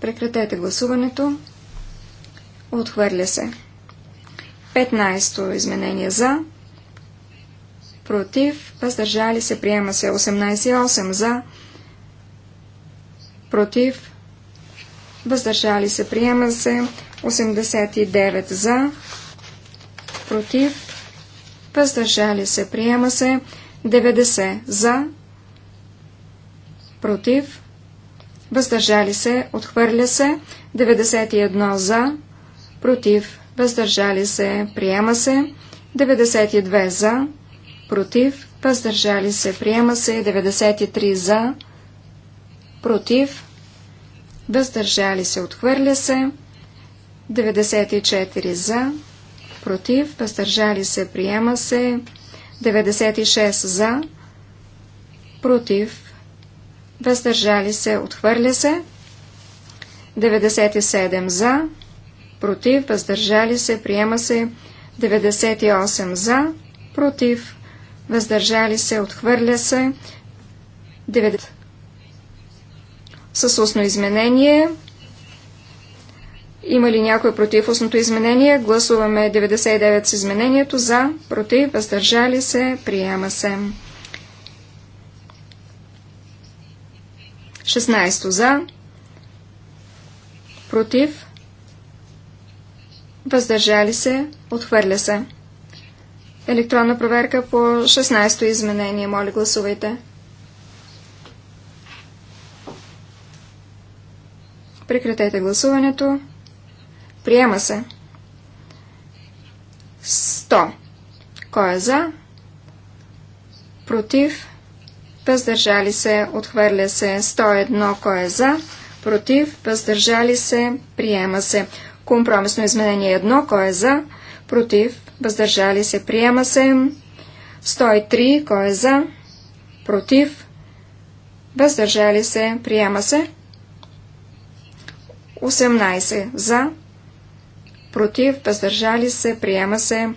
Прекратете гласуването. Отхвърля се. 15-то изменение за. Против. Въздържали се. Приема се. 18-8 за. Против. Въздържали се. Приема се. 89 за. Против. Въздържали се. Приема се. 90 за. Против въздържали се, отхвърля се, 91 за, против, въздържали се, приема се, 92 за, против, въздържали се, приема се, 93 за, против, въздържали се, отхвърля се, 94 за, против, въздържали се, приема се, 96 за, против, въздържали се, отхвърля се. 97 за, против, въздържали се, приема се. 98 за, против, въздържали се, отхвърля се. 9. С устно изменение. Има ли някой против устното изменение? Гласуваме 99 с изменението за, против, въздържали се, приема се. 16 за, против, въздържали се, отхвърля се. Електронна проверка по 16-то изменение. Моля, гласувайте. Прекратете гласуването. Приема се. 100. Кой е за? Против? въздържали се, отхвърля се 101, кой е за, против, въздържали се, приема се. Компромисно изменение 1, кой е за, против, въздържали се, приема се. 103, кой е за, против, въздържали се, приема се. 18 за, против, въздържали се, приема се.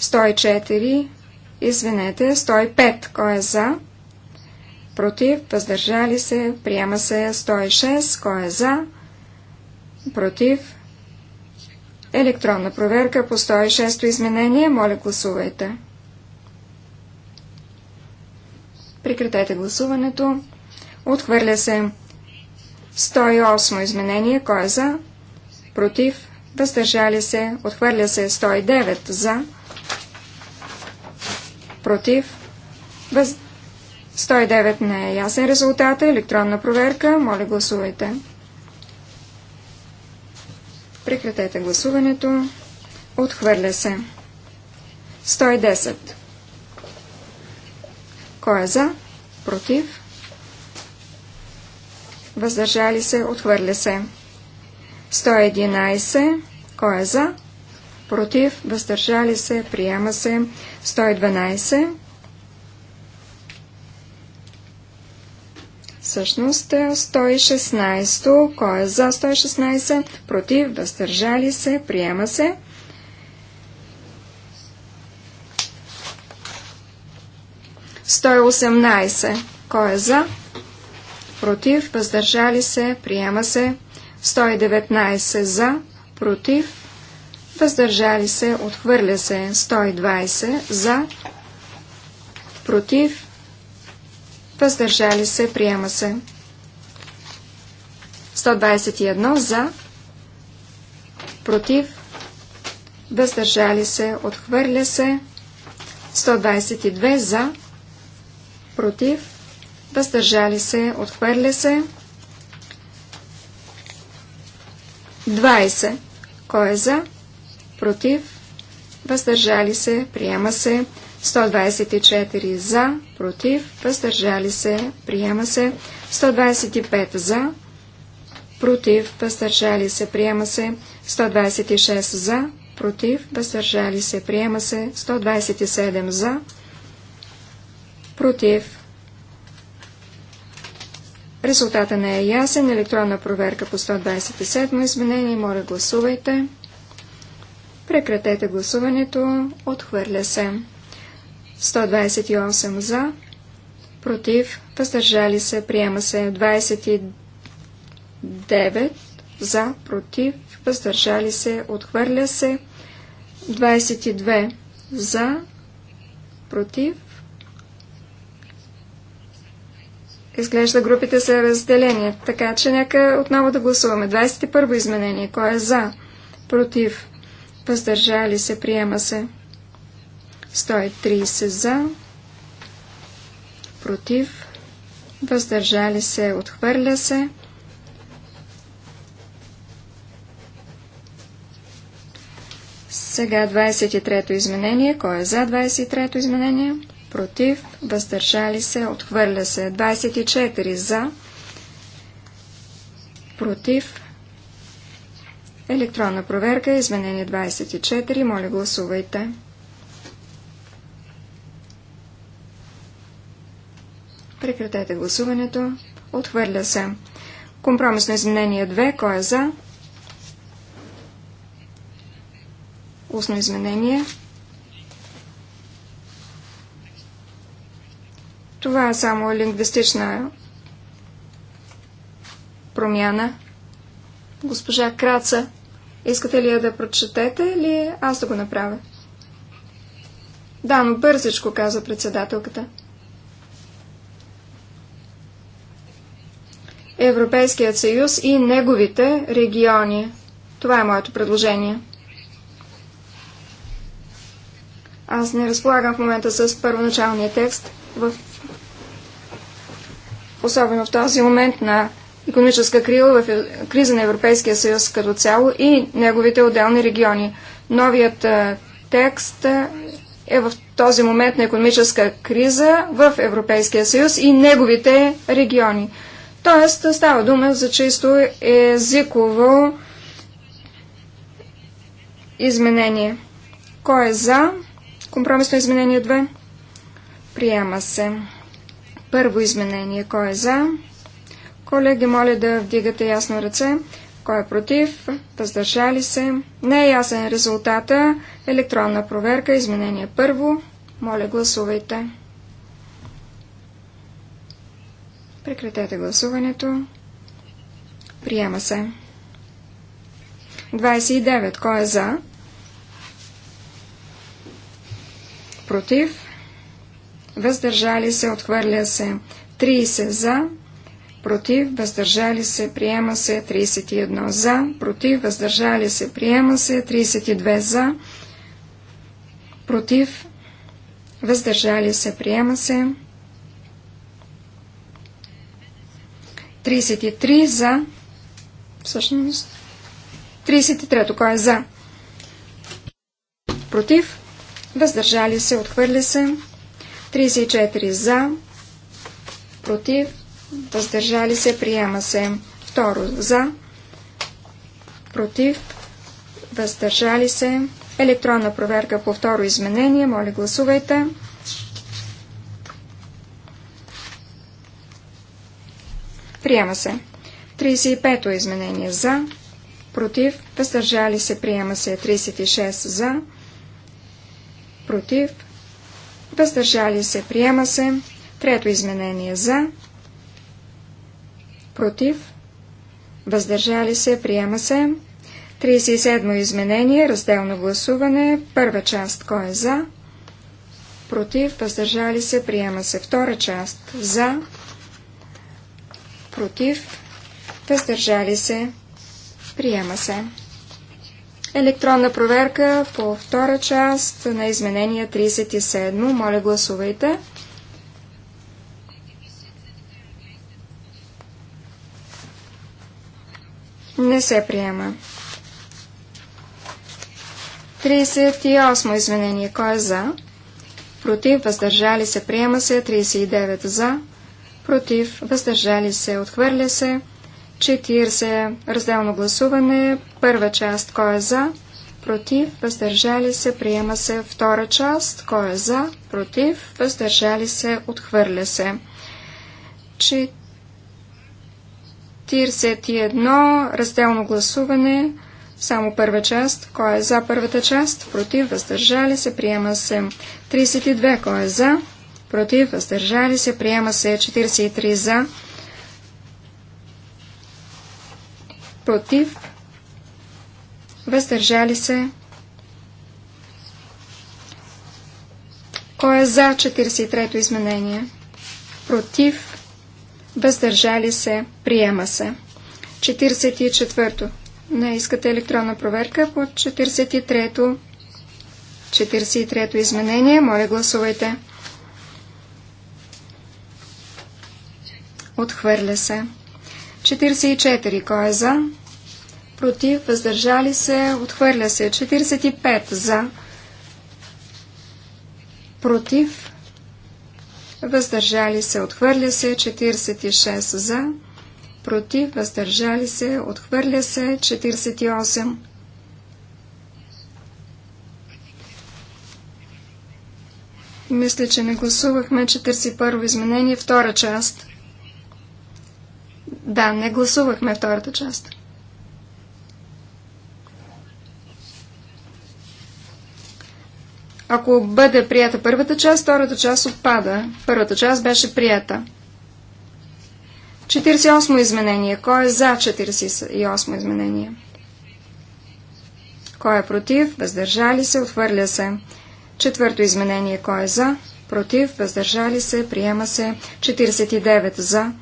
104, извинете, 105, кой е за, против, въздържали се, приема се 106, кой е за, против, електронна проверка по 106-то изменение, моля гласувайте. Прекратете гласуването. Отхвърля се 108 изменение, кой е за, против, въздържали се, отхвърля се 109 за, против, въздържали 109 не е ясен резултата. Електронна проверка. Моля гласувайте. Прекратете гласуването. Отхвърля се. 110. Кой е за? Против? Въздържали се? Отхвърля се. 111. Кой е за? Против? Въздържали се? Приема се. 112. Всъщност 116. Е, Кой е за 116? Против? Въздържали се? Приема се. Сто Кой е за? Против? Въздържали се? Приема се. 119 за, против, въздържали се, отхвърля се 120 за, против, въздържали се, приема се. 121 за, против, въздържали се, отхвърля се. 122 за, против, въздържали се, отхвърля се. 20. Кой е за? Против? Въздържали се? Приема се. 124 за, против, въздържали се, приема се. 125 за, против, въздържали се, приема се. 126 за, против, въздържали се, приема се. 127 за, против. Резултата не е ясен. Електронна проверка по 127 изменение. Моля, гласувайте. Прекратете гласуването. Отхвърля се. 128 за, против, въздържали се, приема се 29 за, против, въздържали се, отхвърля се 22 за, против. Изглежда групите са разделени, така че нека отново да гласуваме. 21 изменение. Кой е за? Против. Въздържали се. Приема се. 130 за, против, въздържали се, отхвърля се. Сега 23-то изменение. Кой е за 23-то изменение? Против, въздържали се, отхвърля се. 24 за, против, електронна проверка, изменение 24. Моля гласувайте. Прекратете гласуването. Отхвърля се. Компромисно изменение 2. Кой е за? Устно изменение. Това е само лингвистична промяна. Госпожа Краца, искате ли я да прочетете или аз да го направя? Да, но бързичко, каза председателката. Европейският съюз и неговите региони. Това е моето предложение. Аз не разполагам в момента с първоначалния текст, в... особено в този момент на економическа крила в криза на Европейския съюз като цяло и неговите отделни региони. Новият текст е в този момент на економическа криза в Европейския съюз и неговите региони. Тоест, става дума за чисто езиково изменение. Кой е за? Компромисно изменение 2. Приема се. Първо изменение. Кой е за? Колеги, моля да вдигате ясно ръце. Кой е против? Въздържали се? Не е ясен резултата. Електронна проверка. Изменение първо. Моля, гласувайте. Прекратете гласуването. Приема се. 29. Кой е за? Против. Въздържали се. Отхвърля се. 30 за. Против. Въздържали се. Приема се. 31 за. Против. Въздържали се. Приема се. 32 за. Против. Въздържали се. Приема се. 33 за. Всъщност. 33-то. Кой е за? Против. Въздържали се. Отхвърли се. 34 за. Против. Въздържали се. Приема се. Второ. За. Против. Въздържали се. Електронна проверка по второ изменение. Моля, гласувайте. Гласувайте. Приема се. 35-то изменение за. Против. Въздържали се. Приема се. 36 за. Против. Въздържали се. Приема се. Трето изменение за. Против. Въздържали се. Приема се. 37 изменение. Разделно гласуване. Първа част. Кой е за? Против. Въздържали се. Приема се. Втора част. За против, въздържали се, приема се. Електронна проверка по втора част на изменение 37. Моля гласувайте. Не се приема. 38 изменение. Кой е за? Против, въздържали се, приема се. 39 за против, въздържали се, отхвърля се. 40. Разделно гласуване. Първа част. Кой е за? Против. Въздържали се. Приема се. Втора част. Кой е за? Против. Въздържали се. Отхвърля се. 41. Разделно гласуване. Само първа част. Кой е за първата част? Против. Въздържали се. Приема се. 32. Кой е за? против, въздържали се, приема се 43 за, против, въздържали се. Кой е за 43-то изменение? Против, въздържали се, приема се. 44-то. Не искате електронна проверка по 43-то. 43-то изменение. Моля гласувайте. Отхвърля се. 44. Кой е за? Против. Въздържали се. Отхвърля се. 45. За. Против. Въздържали се. Отхвърля се. 46. За. Против. Въздържали се. Отхвърля се. 48. Мисля, че не гласувахме 41-во изменение, втора част. Да, не гласувахме втората част. Ако бъде прията първата част, втората част отпада. Първата част беше прията. 48 изменение. Кой е за 48 изменение? Кой е против? Въздържали се? отвърля се. Четвърто изменение. Кой е за? Против? Въздържали се? Приема се. 49 за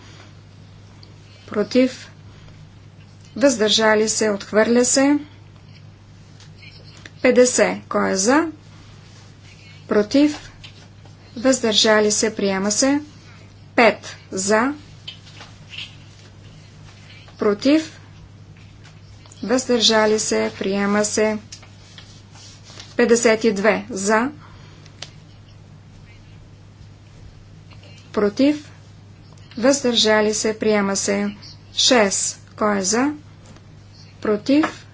против, въздържали се, отхвърля се. 50. Кой е за? Против, въздържали се, приема се. 5. За, против, въздържали се, приема се. 52. За, против, въздържали се, приема се. 6. Кой е за? Против,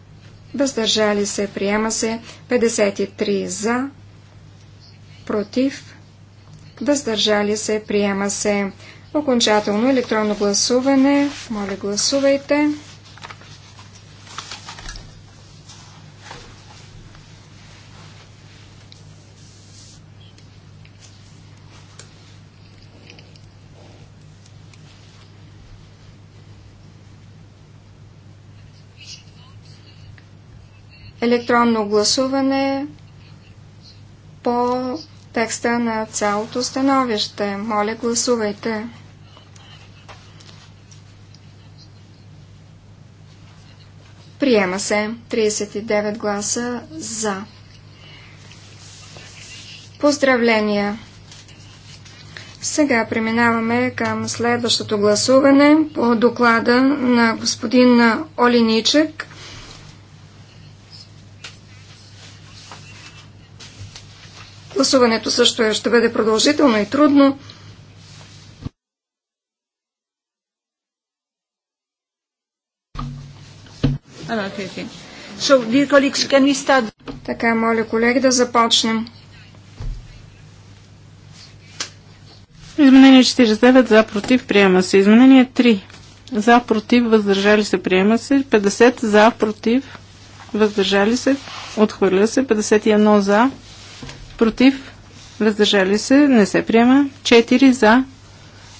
въздържали се, приема се. 53 за, против, въздържали се, приема се. Окончателно електронно гласуване. Моля, гласувайте. електронно гласуване по текста на цялото становище. Моля, гласувайте. Приема се 39 гласа за. Поздравления! Сега преминаваме към следващото гласуване по доклада на господин Олиничек Гласуването също е- ще бъде продължително и трудно. Ah, така, моля колеги да започнем. Изменение 49 за против приема се. Изменение 3 за против въздържали се приема се. 50 за против въздържали се отхвърля се. 51 за против, въздържали се, не се приема. 4 за,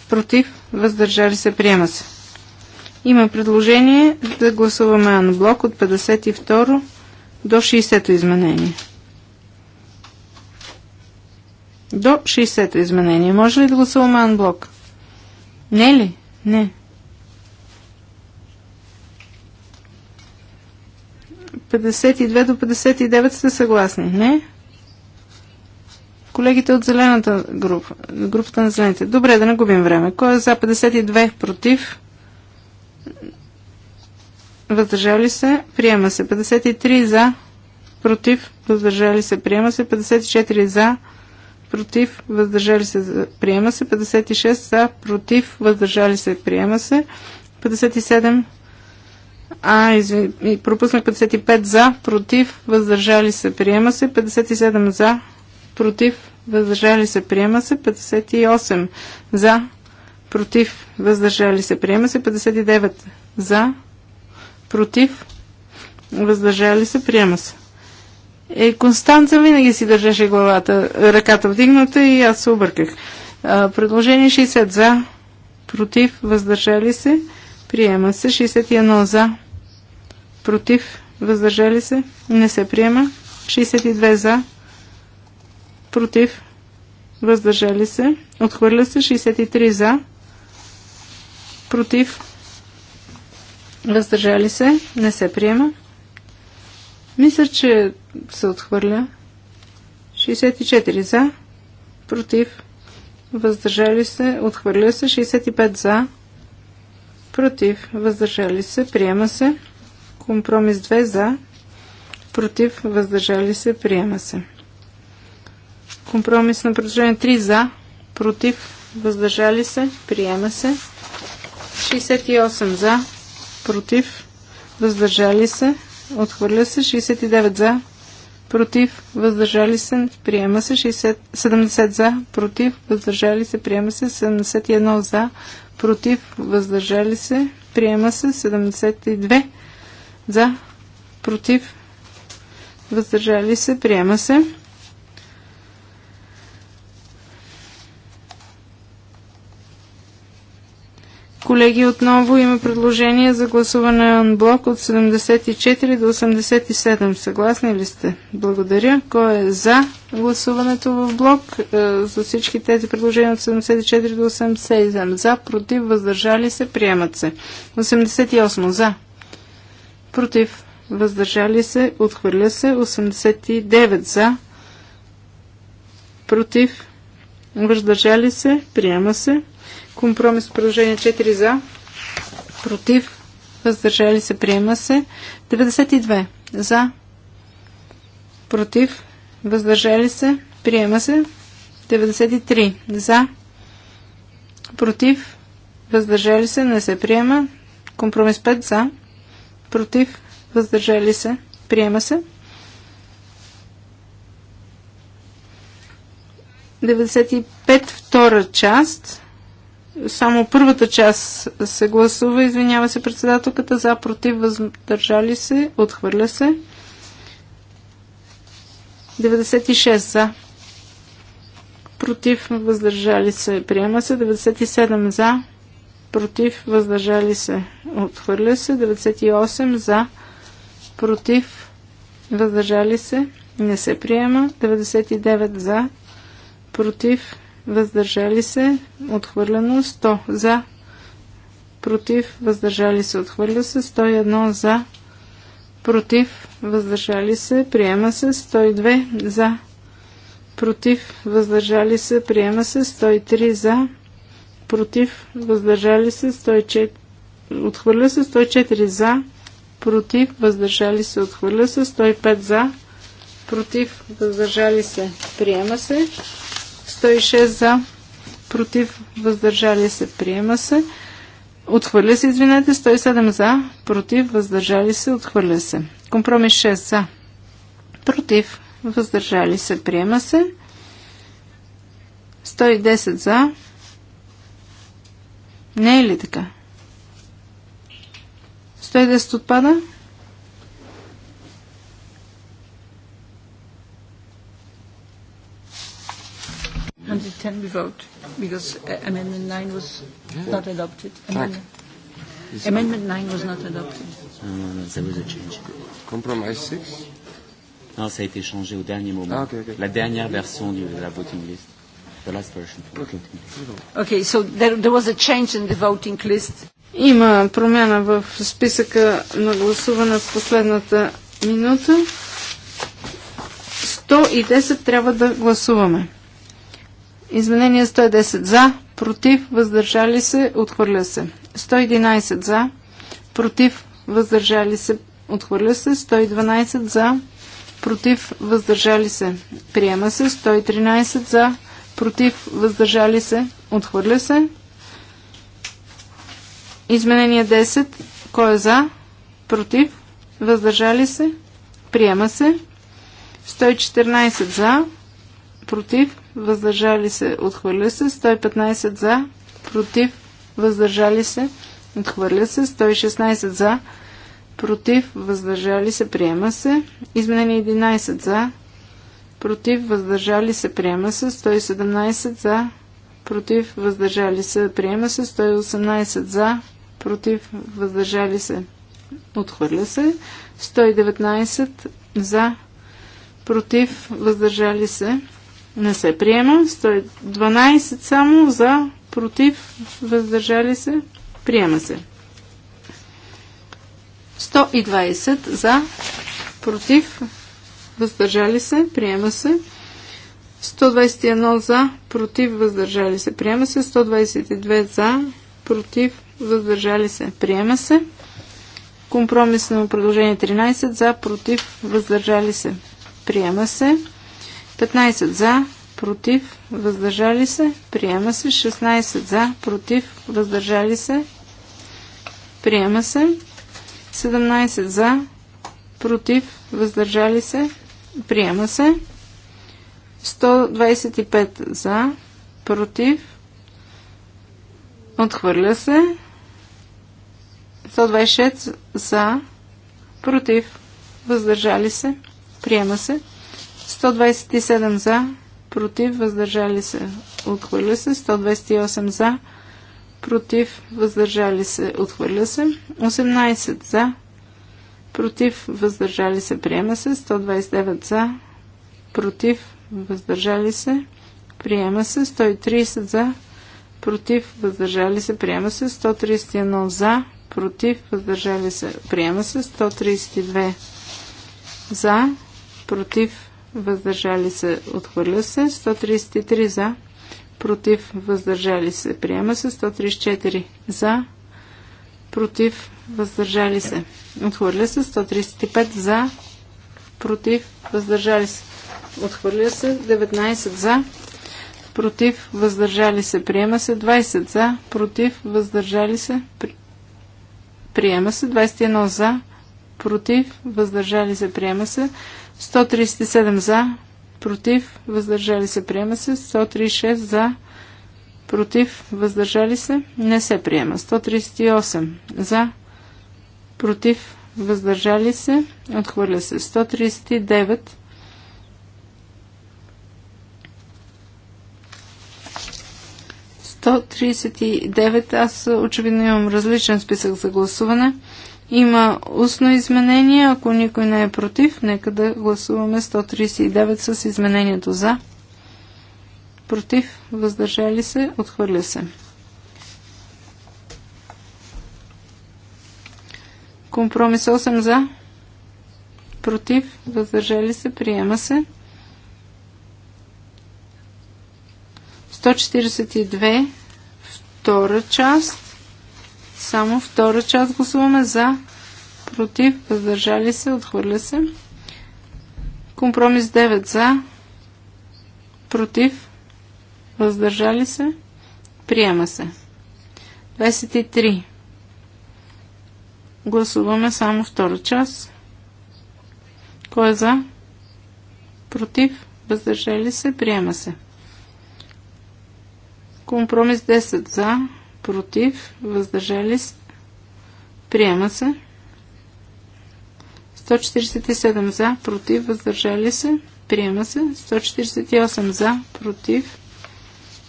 против, въздържали се, приема се. Има предложение да гласуваме анблок от 52 до 60 изменение. До 60 изменение. Може ли да гласуваме анблок? Не ли? Не. 52 до 59 сте съгласни, не? Колегите от зелената група, групата на зелените. Добре, да не губим време. Кой е за 52 против? Въздържали се? Приема се. 53 за против? Въздържали се? Приема се. 54 за против? Въздържали се? Приема се. 56 за против? Въздържали се? Приема се. 57 а, извин, пропуснах 55 за, против, въздържали се, приема се, 57 за, против, въздържали се, приема се 58 за, против, въздържали се, приема се 59 за, против, въздържали се, приема се. Е, Констанца винаги си държеше главата, ръката вдигната и аз се обърках. предложение 60 за, против, въздържали се, приема се 61 за, против, въздържали се, не се приема, 62 за, против, въздържали се, отхвърля се 63 за, против, въздържали се, не се приема. Мисля, че се отхвърля. 64 за, против, въздържали се, отхвърля се, 65 за, против, въздържали се, приема се, компромис 2 за, против, въздържали се, приема се. Компромисно предложение 3 за, против, въздържали се, приема се. 68 за, против, въздържали се, отхвърля се. 69 за, против, въздържали се, приема се. 60, 70 за, против, въздържали се, приема се. 71 за, против, въздържали се, приема се. 72 за, против, въздържали се, приема се. Колеги, отново има предложение за гласуване на блок от 74 до 87. Съгласни ли сте? Благодаря. Кой е за гласуването в блок е, за всички тези предложения от 74 до 87? За, против, въздържали се, приемат се. 88 за, против, въздържали се, отхвърля се. 89 за, против, въздържали се, приема се. Компромис приложение 4 за. Против. Въздържали се. Приема се. 92 за. Против. Въздържали се. Приема се. 93 за. Против. Въздържали се. Не се приема. Компромис 5 за. Против. Въздържали се. Приема се. 95 втора част само първата част се гласува, извинява се председателката, за, против, въздържали се, отхвърля се. 96 за. Против, въздържали се, приема се. 97 за. Против, въздържали се, отхвърля се. 98 за. Против, въздържали се, не се приема. 99 за. Против, въздържали се, отхвърлено 100 за, против, въздържали се, отхвърля се 101 за, против, въздържали се, приема се 102 за, против, въздържали се, приема се 103 за, против, въздържали се 104, отхвърля се 104 за, против, въздържали се, отхвърля се 105 за, против, въздържали се, приема се 106 за, против, въздържали се, приема се. Отхвърля се, извинете, 107 за, против, въздържали се, отхвърля се. Компромис 6 за, против, въздържали се, приема се. 110 за. Не е ли така? 110 отпада? 110 we vote because uh, Amendment 9 was not adopted. Amendment, amendment 9 was not adopted. No, no, no, there was a change. Compromise 6 Non, ça a été changé au dernier moment. Ah, okay, okay. La dernière version de la voting list. The last version. Okay. okay, so there, there was a change in the voting list. Има промяна в списъка на гласуване в последната минута. 110 трябва да гласуваме. Изменение 110 за, против, въздържали се, отхвърля се. 111 за, против, въздържали се, отхвърля се. 112 за, против, въздържали се, приема се. 113 за, против, въздържали се, отхвърля се. Изменение 10. Кой е за? Против? Въздържали се? Приема се. 114 за против, въздържали се, отхвърля се. 115 за, против, въздържали се, отхвърля се. 116 за, против, въздържали се, приема се. Изменение 11 за, против, въздържали се, приема се. 117 за, против, въздържали се, приема се. 118 за, против, въздържали се, отхвърля се. 119 за, против, въздържали се, не се приема. 112 само за, против, въздържали се. Приема се. 120 за, против, въздържали се. Приема се. 121 за, против, въздържали се. Приема се. 122 за, против, въздържали се. Приема се. Компромисно предложение 13 за, против, въздържали се. Приема се. 15 за, против, въздържали се, приема се. 16 за, против, въздържали се, приема се. 17 за, против, въздържали се, приема се. 125 за, против, отхвърля се. 126 за, против, въздържали се, приема се. 127 за, против, въздържали се, отхвърля се. 128 за, против, въздържали се, отхвърля се. 18 за, против, въздържали се, приема се. 129 за, против, въздържали се, приема се. 130 за, против, въздържали се, приема се. 131 за, против, въздържали се, приема се. 132 за, против, въздържали се, отхвърля се. 133 за, против, въздържали се, приема се. 134 за, против, въздържали се, отхвърля се. 135 за, против, въздържали се, отхвърля се. 19 за, против, въздържали се, приема се. 20 за, против, въздържали се, приема се. 21 за, против, въздържали се, приема се. 137 за, против, въздържали се, приема се. 136 за, против, въздържали се, не се приема. 138 за, против, въздържали се, отхвърля се. 139 139. Аз очевидно имам различен списък за гласуване. Има устно изменение. Ако никой не е против, нека да гласуваме 139 с изменението за. Против, въздържали се, отхвърля се. Компромис 8 за. Против, въздържали се, приема се. 142, втора част. Само втора част гласуваме за, против, въздържали се, отхвърля се. Компромис 9 за, против, въздържали се, приема се. 23. Гласуваме само втора част. Кой е за? Против? Въздържали се? Приема се. Компромис 10 за против, въздържали се, приема се. 147 за, против, въздържали се, приема се. 148 за, против,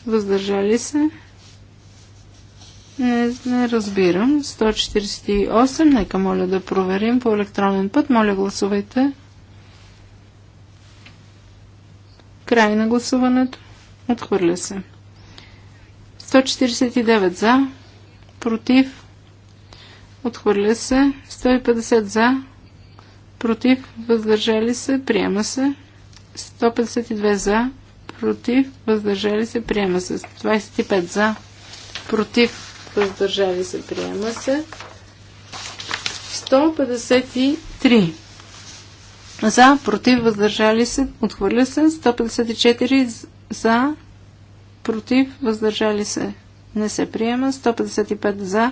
въздържали се. Не, не разбирам. 148, нека моля да проверим по електронен път. Моля гласувайте. Край на гласуването. Отхвърля се. 149 за, против, отхвърля се, 150 за, против, въздържали се, приема се, 152 за, против, въздържали се, приема се, 25 за, против, въздържали се, приема се, 153 за, против, въздържали се, отхвърля се, 154 за, против, въздържали се, не се приема. 155 за,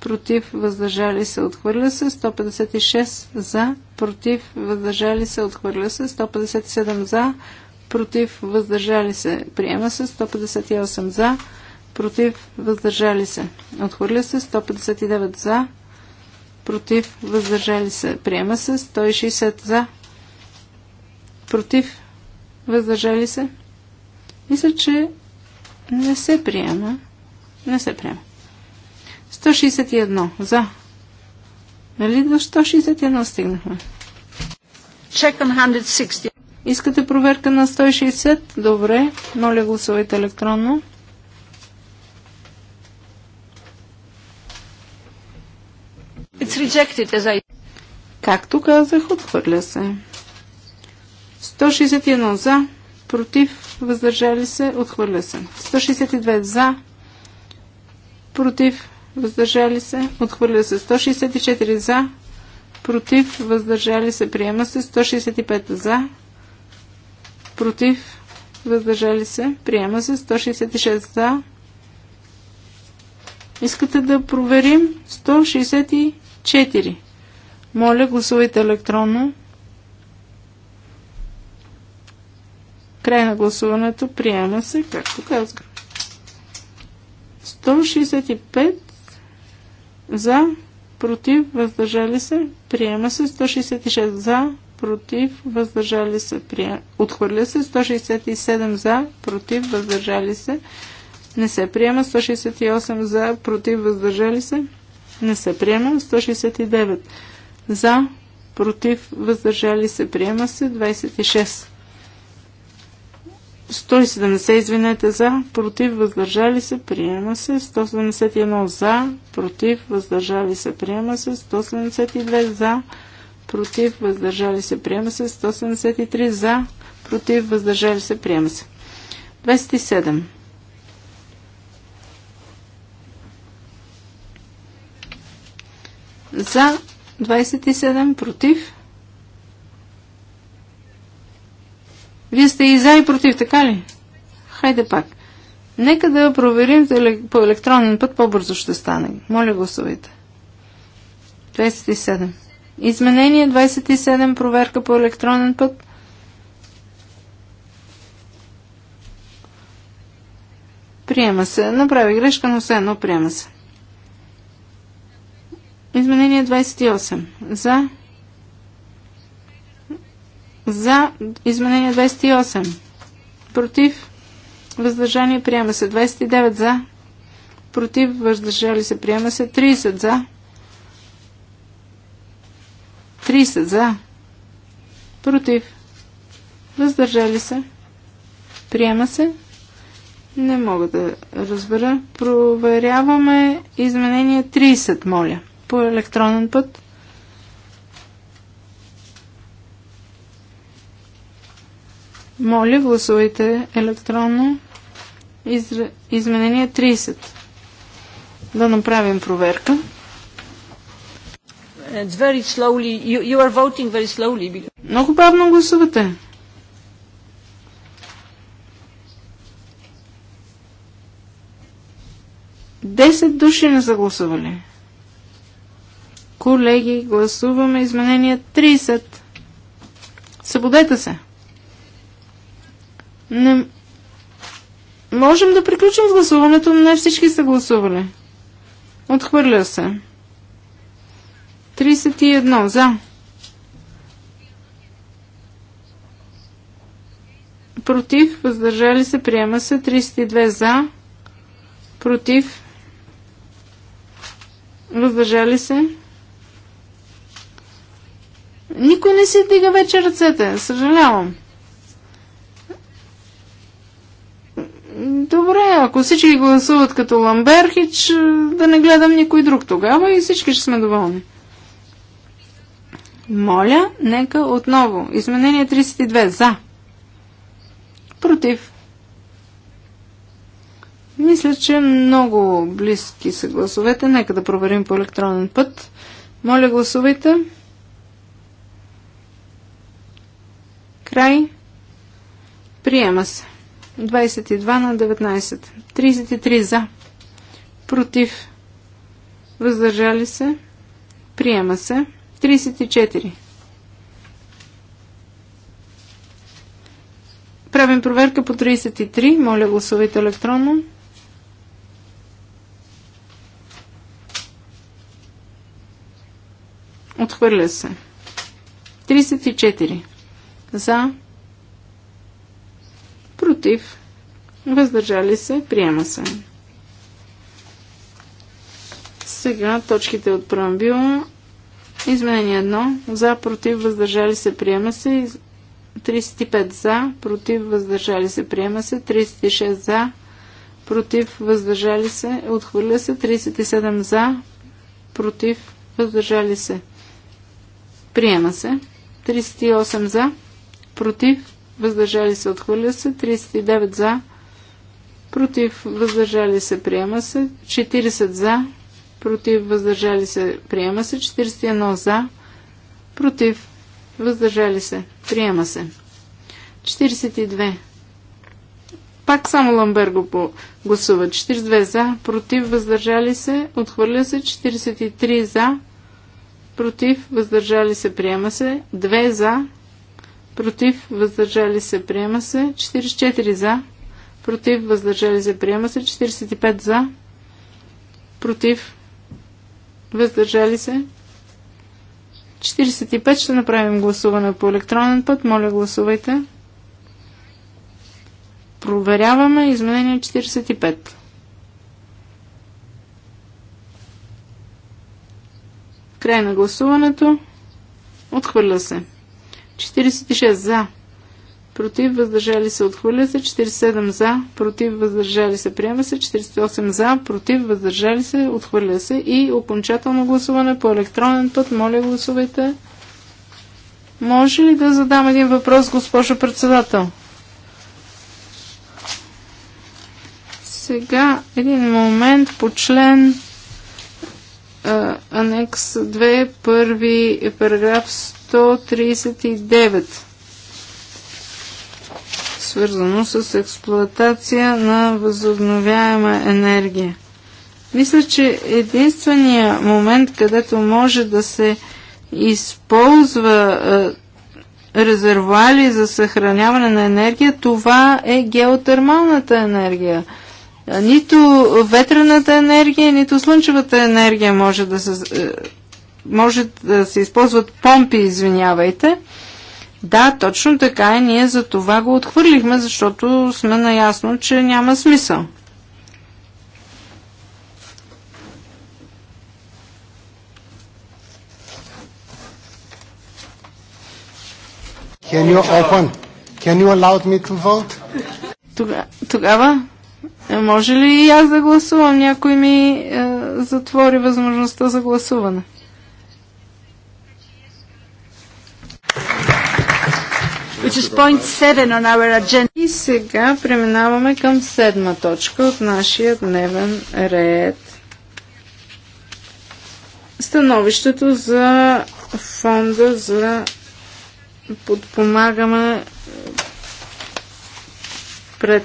против, въздържали се, отхвърля се. 156 за, против, въздържали се, отхвърля се. 157 за, против, въздържали се, приема се. 158 за, против, въздържали се, отхвърля се. 159 за, против, въздържали се, приема се. 160 за, против, въздържали се. Мисля, че не се приема. Не се приема. 161 за. Нали до 161 стигнахме? Check on 160. Искате проверка на 160? Добре. Моля гласувайте електронно. It's rejected, as I... Както казах, отхвърля се. 161 за против, въздържали се, отхвърля се. 162 за, против, въздържали се, отхвърля се. 164 за, против, въздържали се, приема се. 165 за, против, въздържали се, приема се. 166 за. Искате да проверим 164. Моля, гласувайте електронно. Край на гласуването. Приема се, както казах. 165 за, против, въздържали се. Приема се. 166 за, против, въздържали се. приема. Отхвърля се. 167 за, против, въздържали се. Не се приема. 168 за, против, въздържали се. Не се приема. 169 за, против, въздържали се. Приема се. 26 170 извинете за, против, въздържали се, приема се. 171 за, против, въздържали се, приема се. 172 за, против, въздържали се, приема се. 173 за, против, въздържали се, приема се. 27. За 27, против, Вие сте и за и против, така ли? Хайде пак. Нека да проверим по електронен път, по-бързо ще стане. Моля гласувайте. 27. Изменение 27, проверка по електронен път. Приема се. Направи грешка, но все едно приема се. Изменение 28. За. За изменение 28. Против. Въздържание приема се 29 за. Против. Въздържали се приема се 30 за. 30 за. Против. Въздържали се. Приема се. Не мога да разбера. Проверяваме изменение 30, моля. По електронен път. Моля, гласувайте електронно. Изменение 30. Да направим проверка. It's very slowly. You, you are voting very slowly. Много бавно гласувате. Десет души не са гласували. Колеги, гласуваме изменение 30. Събудете се. Не... Можем да приключим с гласуването, но не всички са гласували. Отхвърля се. 31 за. Против, въздържали се, приема се. 32 за. Против, въздържали се. Никой не си дига вече ръцете. Съжалявам. Добре, ако всички гласуват като Ламберхич, е, да не гледам никой друг тогава и всички ще сме доволни. Моля, нека отново. Изменение 32. За. Против. Мисля, че много близки са гласовете. Нека да проверим по електронен път. Моля, гласувайте. Край. Приема се. 22 на 19. 33 за. Против. Въздържали се. Приема се. 34. Правим проверка по 33. Моля гласувайте електронно. Отхвърля се. 34. За против, въздържали се, приема се. Сега точките от преамбюла. Изменение 1. За, против, въздържали се, приема се. 35 за, против, въздържали се, приема се. 36 за, против, въздържали се, отхвърля се. 37 за, против, въздържали се, приема се. 38 за, против, въздържали се, отхвърля се. 39 за, против, въздържали се, приема се. 40 за, против, въздържали се, приема се. 41 за, против, въздържали се, приема се. 42. Пак само Ламберго по гласува. 42 за, против, въздържали се, отхвърля се. 43 за, против, въздържали се, приема се. 2 за, против, въздържали се, приема се. 44 за, против, въздържали се, приема се. 45 за, против, въздържали се. 45 ще направим гласуване по електронен път. Моля, гласувайте. Проверяваме изменение 45. Край на гласуването. Отхвърля се. 46 за, против, въздържали се, отхвърля се, 47 за, против, въздържали се, приема се, 48 за, против, въздържали се, отхвърля се и окончателно гласуване по електронен път. Моля, гласувайте. Може ли да задам един въпрос, госпожо председател? Сега един момент по член а, анекс 2, първи параграф 139 свързано с експлоатация на възобновяема енергия. Мисля, че единствения момент, където може да се използва е, резервуали за съхраняване на енергия, това е геотермалната енергия. Нито ветрената енергия, нито слънчевата енергия може да се е, може да се използват помпи, извинявайте. Да, точно така и е. ние за това го отхвърлихме, защото сме наясно, че няма смисъл. Can you open? Can you allow me to vote? Тога, тогава е, може ли и аз да гласувам? Някой ми е, затвори възможността за гласуване. И сега преминаваме към седма точка от нашия дневен ред. Становището за фонда за подпомагаме е, пред,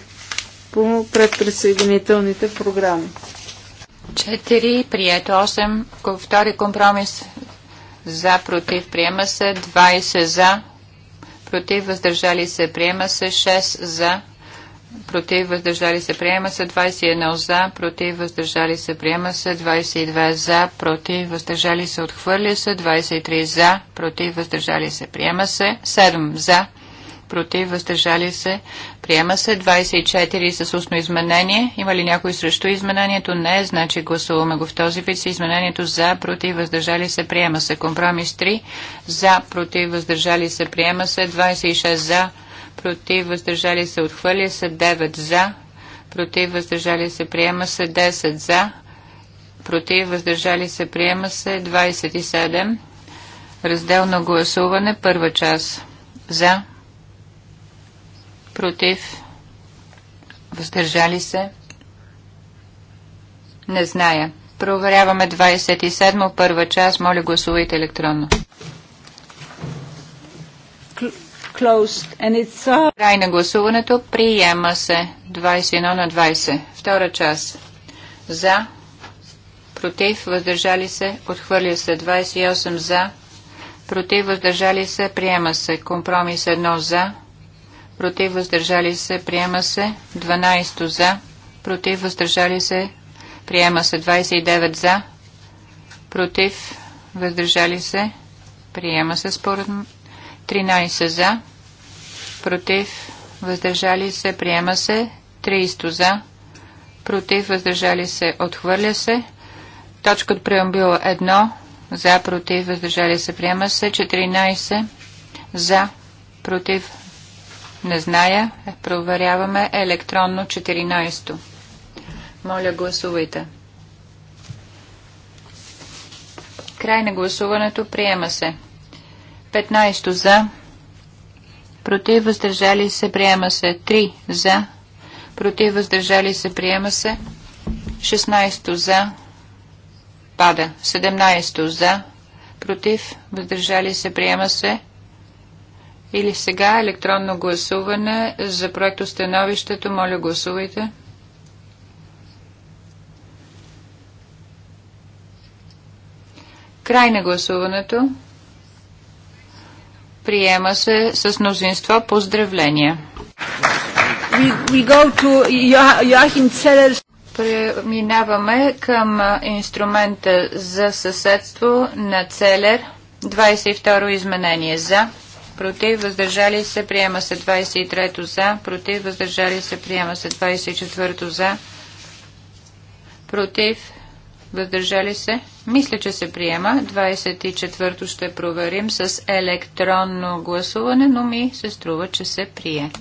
по предприсъединителните програми. Четири, прието 8, втори компромис за, против, приема се, 20 за, против, въздържали се, приема се 6 за, против, въздържали се, приема се 21 за, против, въздържали се, приема се 22 за, против, въздържали се, отхвърля се 23 за, против, въздържали се, приема се 7 за, против, въздържали се, Приема се 24 с устно изменение. Има ли някой срещу изменението? Не. Значи гласуваме го в този вид. С изменението за, против, въздържали се. Приема се. Компромис 3. За, против, въздържали се. Приема се. 26 за, против, въздържали се. Отхвърля се. 9 за, против, въздържали се. Приема се. 10 за, против, въздържали се. Приема се. 27. Разделно гласуване. Първа част. За против, въздържали се. Не зная. Проверяваме 27 първа част. Моля гласувайте електронно. Uh, Край на гласуването. Приема се 21 на 20. Втора част. За. Против. Въздържали се. Отхвърля се 28 за. Против. Въздържали се. Приема се. Компромис 1 за против въздържали се, приема се. 12 за, против въздържали се, приема се. 29 за, против въздържали се, приема се според 13 за, против въздържали се, приема се. 30 за, против въздържали се, отхвърля се. Точка от преамбила 1, за, против въздържали се, приема се. 14 за, против не зная. Проверяваме електронно 14-то. Моля, гласувайте. Край на гласуването. Приема се. 15 за. Против въздържали се. Приема се. 3 за. Против въздържали се. Приема се. 16 за. Пада. 17 за. Против въздържали се. Приема се. Или сега електронно гласуване за становището. Моля, гласувайте. Край на гласуването. Приема се с мнозинство поздравления. Преминаваме към инструмента за съседство на Целер. 22 изменение за против, въздържали се, приема се 23-то за, против, въздържали се, приема се 24-то за, против, въздържали се, мисля, че се приема. 24-то ще проверим с електронно гласуване, но ми се струва, че се прие.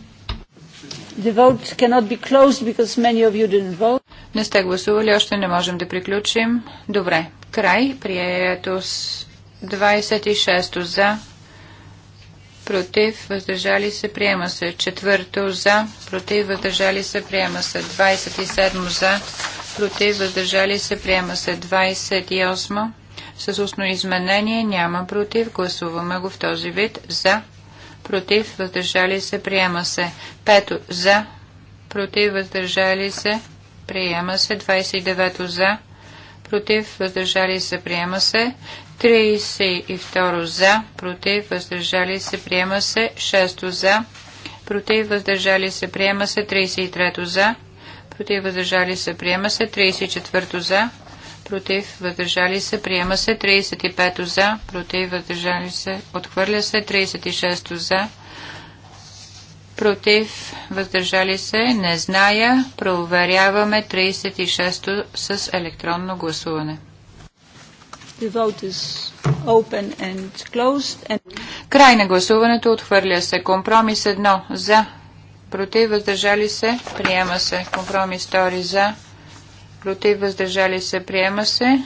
The vote cannot be closed because many of you didn't vote. Не сте гласували, още не можем да приключим. Добре, край, прието с 26 за, против, въздържали се, приема се. Четвърто за, против, въздържали се, приема се. 27 за, против, въздържали се, приема се. 28 с устно изменение, няма против, гласуваме го в този вид. За, против, въздържали се, приема се. Пето за, против, въздържали се, приема се. 29 за, против, въздържали се, приема се. 32 за, против, въздържали се, приема се. 6 за, против, въздържали се, приема се. 33 за, против, въздържали се, приема се. 34 за, против, въздържали се, приема се. 35 за, против, въздържали се, отхвърля се. 36 за, против, въздържали се, не зная. Проверяваме 36-то с електронно гласуване. And... Край на гласуването отхвърля се. Компромис 1 за, против, въздържали се, приема се. Компромис 2 за, против, въздържали се, приема се.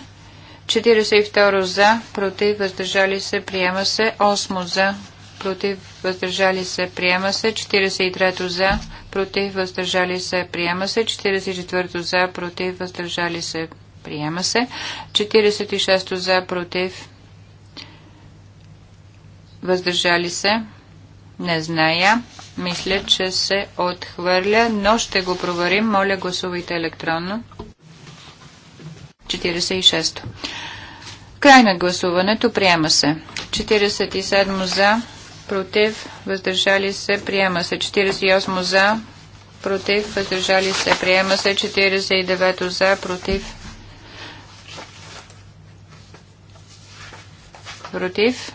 42 за, против, въздържали се, приема се. 8 за, против, въздържали се, приема се. 43 за, против, въздържали се, приема се. 44 за, против, въздържали се, приема се. 46 за, против, въздържали се. Не зная. Мисля, че се отхвърля, но ще го проверим. Моля, гласувайте електронно. 46. Край на гласуването приема се. 47 за, против, въздържали се, приема се. 48 за, против, въздържали се, приема се. 49 за, против, против.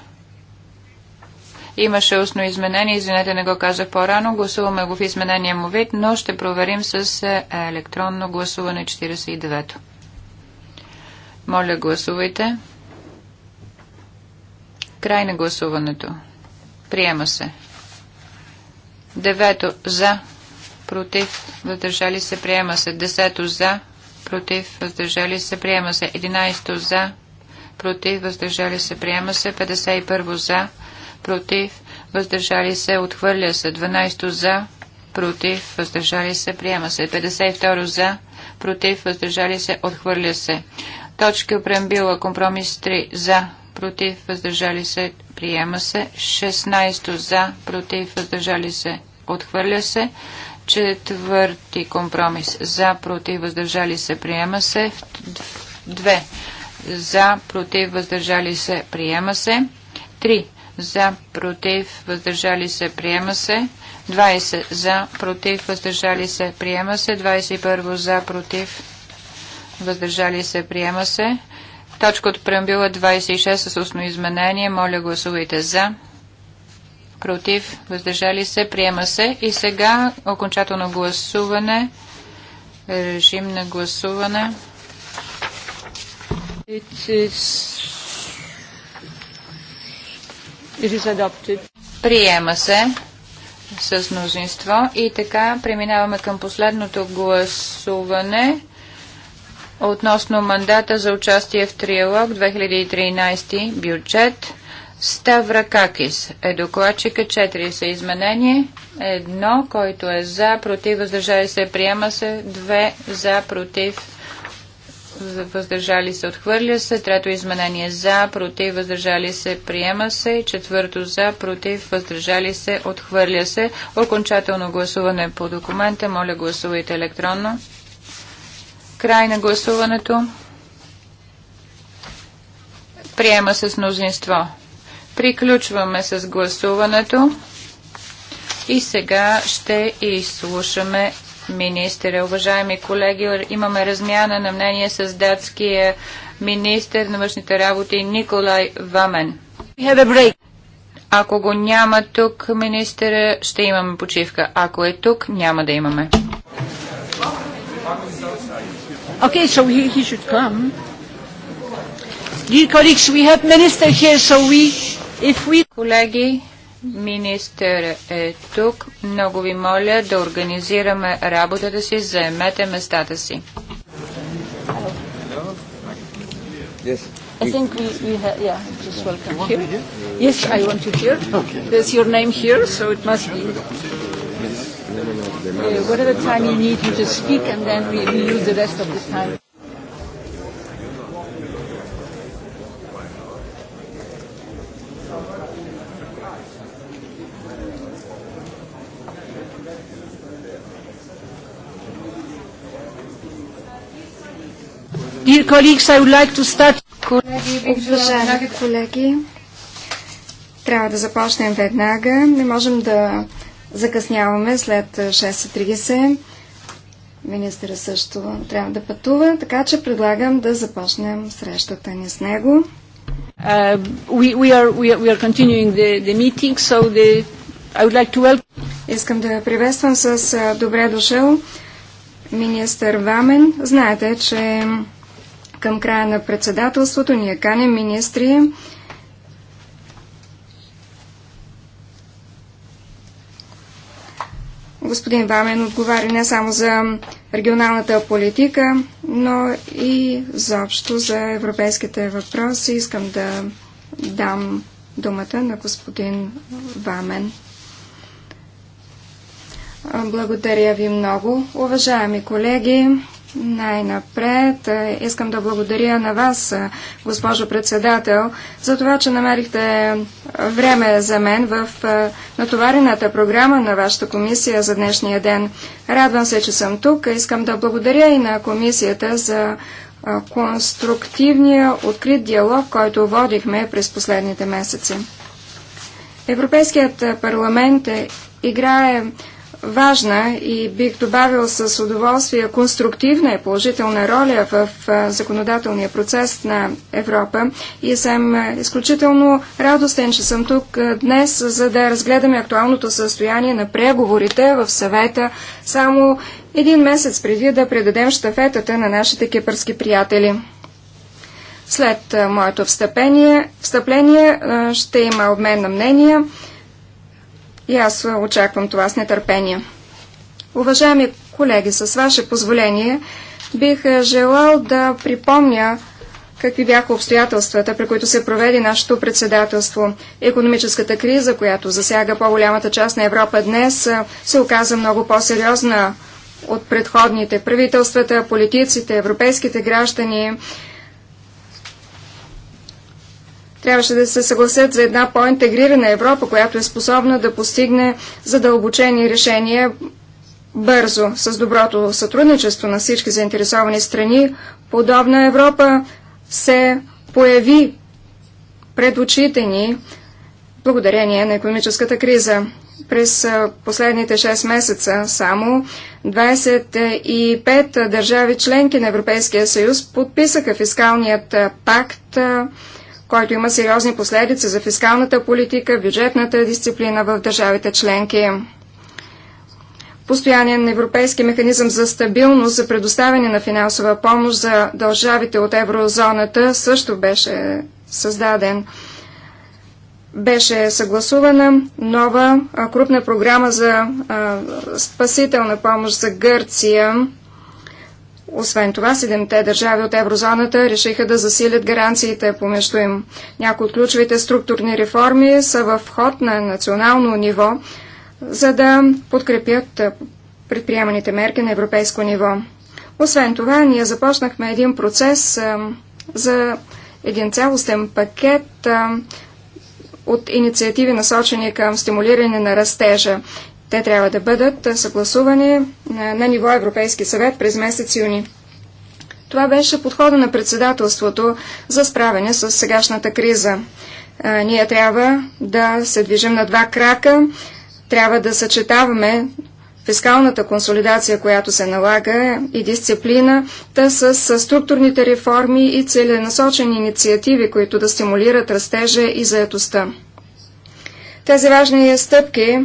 Имаше устно изменение, извинете, не го казах по-рано. Гласуваме го в изменения му вид, но ще проверим с е, електронно гласуване 49-то. Моля, гласувайте. Край на гласуването. Приема се. Девето за, против, въздържали се, приема се. Десето за, против, въздържали се, приема се. Единайсто за, против, въздържали се, приема се. 51 за, против, въздържали се, отхвърля се. 12 за, против, въздържали се, приема се. 52 за, против, въздържали се, отхвърля се. Точки опрембила, компромис 3 за, против, въздържали се, приема се. 16 за, против, въздържали се, отхвърля се. Четвърти компромис за, против, въздържали се, приема се. Две за, против, въздържали се, приема се. 3 за, против, въздържали се, приема се. 20 за, против, въздържали се, приема се. 21 за, против, въздържали се, приема се. Точка от преамбила 26 с устно изменение. Моля гласувайте за. Против. Въздържали се. Приема се. И сега окончателно гласуване. Режим на гласуване. It is... It is adopted. Приема се с мнозинство. И така преминаваме към последното гласуване относно мандата за участие в триалог 2013 бюджет. Ставракакис е докладчика. 4 са изменение. Едно, който е за, против, въздържали се, приема се. Две, за, против, въздържали се, отхвърля се. Трето изменение за, против, въздържали се, приема се. Четвърто за, против, въздържали се, отхвърля се. Окончателно гласуване по документа. Моля гласувайте електронно. Край на гласуването. Приема се с мнозинство. Приключваме с гласуването. И сега ще изслушаме министъра. Уважаеми колеги, имаме размяна на мнение с датския министър на външните работи Николай Вамен. Ако го няма тук министъра, ще имаме почивка. Ако е тук, няма да имаме. Okay, so he, he should come. Dear colleagues, we have minister here, so we, if we... Колеги, министър е тук. Много ви моля да организираме работата си, заемете местата си. Yes. I think we, we have, yeah, just welcome here. Yes, I want to hear. There's your name here, so it must be. Uh, whatever time you need, you just speak, and then we, we use the rest of the time. Dear colleagues, I would like to start. колеги, трябва да започнем веднага. Не можем да Закъсняваме след 6.30. Е, Министъра също трябва да пътува, така че предлагам да започнем срещата ни с него. Uh, we, we are, we are, we are continuing the, the meeting, so the, I would like to welcome... Искам да приветствам с е, добре дошъл министър Вамен. Знаете, че към края на председателството ние канем министри Господин Вамен отговаря не само за регионалната политика, но и заобщо за европейските въпроси. Искам да дам думата на господин Вамен. Благодаря ви много, уважаеми колеги. Най-напред е, искам да благодаря на вас, е, госпожо председател, за това, че намерихте време за мен в е, натоварената програма на вашата комисия за днешния ден. Радвам се, че съм тук. Искам да благодаря и на комисията за конструктивния, открит диалог, който водихме през последните месеци. Европейският парламент е, играе важна и бих добавил с удоволствие конструктивна и положителна роля в законодателния процес на Европа и съм изключително радостен, че съм тук днес, за да разгледаме актуалното състояние на преговорите в съвета само един месец преди да предадем штафетата на нашите кипърски приятели. След моето встъпление, встъпление ще има обмен на мнения и аз е, очаквам това с нетърпение. Уважаеми колеги, с ваше позволение бих е, желал да припомня какви бяха обстоятелствата, при които се проведе нашето председателство. Економическата криза, която засяга по-голямата част на Европа днес, е, се оказа много по-сериозна от предходните. Правителствата, политиците, европейските граждани трябваше да се съгласят за една по-интегрирана Европа, която е способна да постигне задълбочени решения бързо, с доброто сътрудничество на всички заинтересовани страни. Подобна Европа се появи пред очите ни благодарение на економическата криза. През последните 6 месеца само 25 държави членки на Европейския съюз подписаха фискалният пакт който има сериозни последици за фискалната политика, бюджетната дисциплина в държавите членки. Постоянен европейски механизъм за стабилност за предоставяне на финансова помощ за държавите от еврозоната също беше създаден. Беше съгласувана нова крупна програма за а, спасителна помощ за Гърция освен това, седемте държави от еврозоната решиха да засилят гаранциите помежду им. Някои от ключовите структурни реформи са в ход на национално ниво, за да подкрепят предприеманите мерки на европейско ниво. Освен това, ние започнахме един процес за един цялостен пакет от инициативи, насочени към стимулиране на растежа. Те трябва да бъдат съгласувани на, на ниво Европейски съвет през месец юни. Това беше подхода на председателството за справяне с сегашната криза. А, ние трябва да се движим на два крака, трябва да съчетаваме фискалната консолидация, която се налага и дисциплина, с, с структурните реформи и целенасочени инициативи, които да стимулират растежа и заетостта. Тези важни стъпки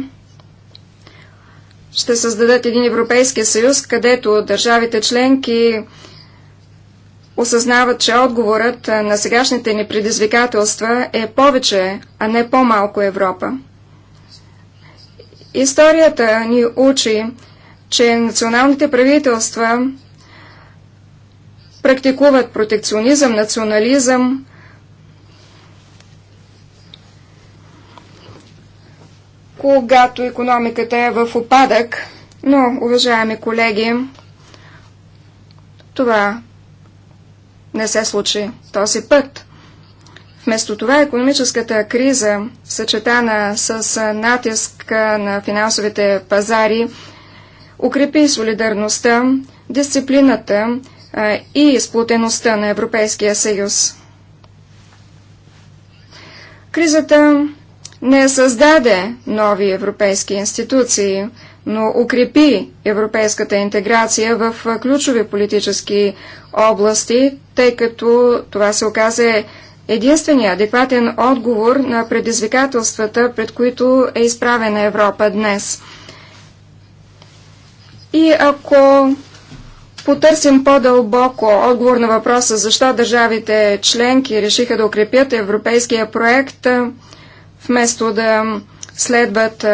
ще създадат един Европейски съюз, където държавите членки осъзнават, че отговорът на сегашните ни предизвикателства е повече, а не по-малко Европа. Историята ни учи, че националните правителства практикуват протекционизъм, национализъм, когато економиката е в опадък. Но, уважаеми колеги, това не се случи този път. Вместо това економическата криза, съчетана с натиск на финансовите пазари, укрепи солидарността, дисциплината и изплутеността на Европейския съюз. Кризата не създаде нови европейски институции, но укрепи европейската интеграция в ключови политически области, тъй като това се оказа единствения адекватен отговор на предизвикателствата, пред които е изправена Европа днес. И ако потърсим по-дълбоко отговор на въпроса защо държавите членки решиха да укрепят европейския проект, вместо да следват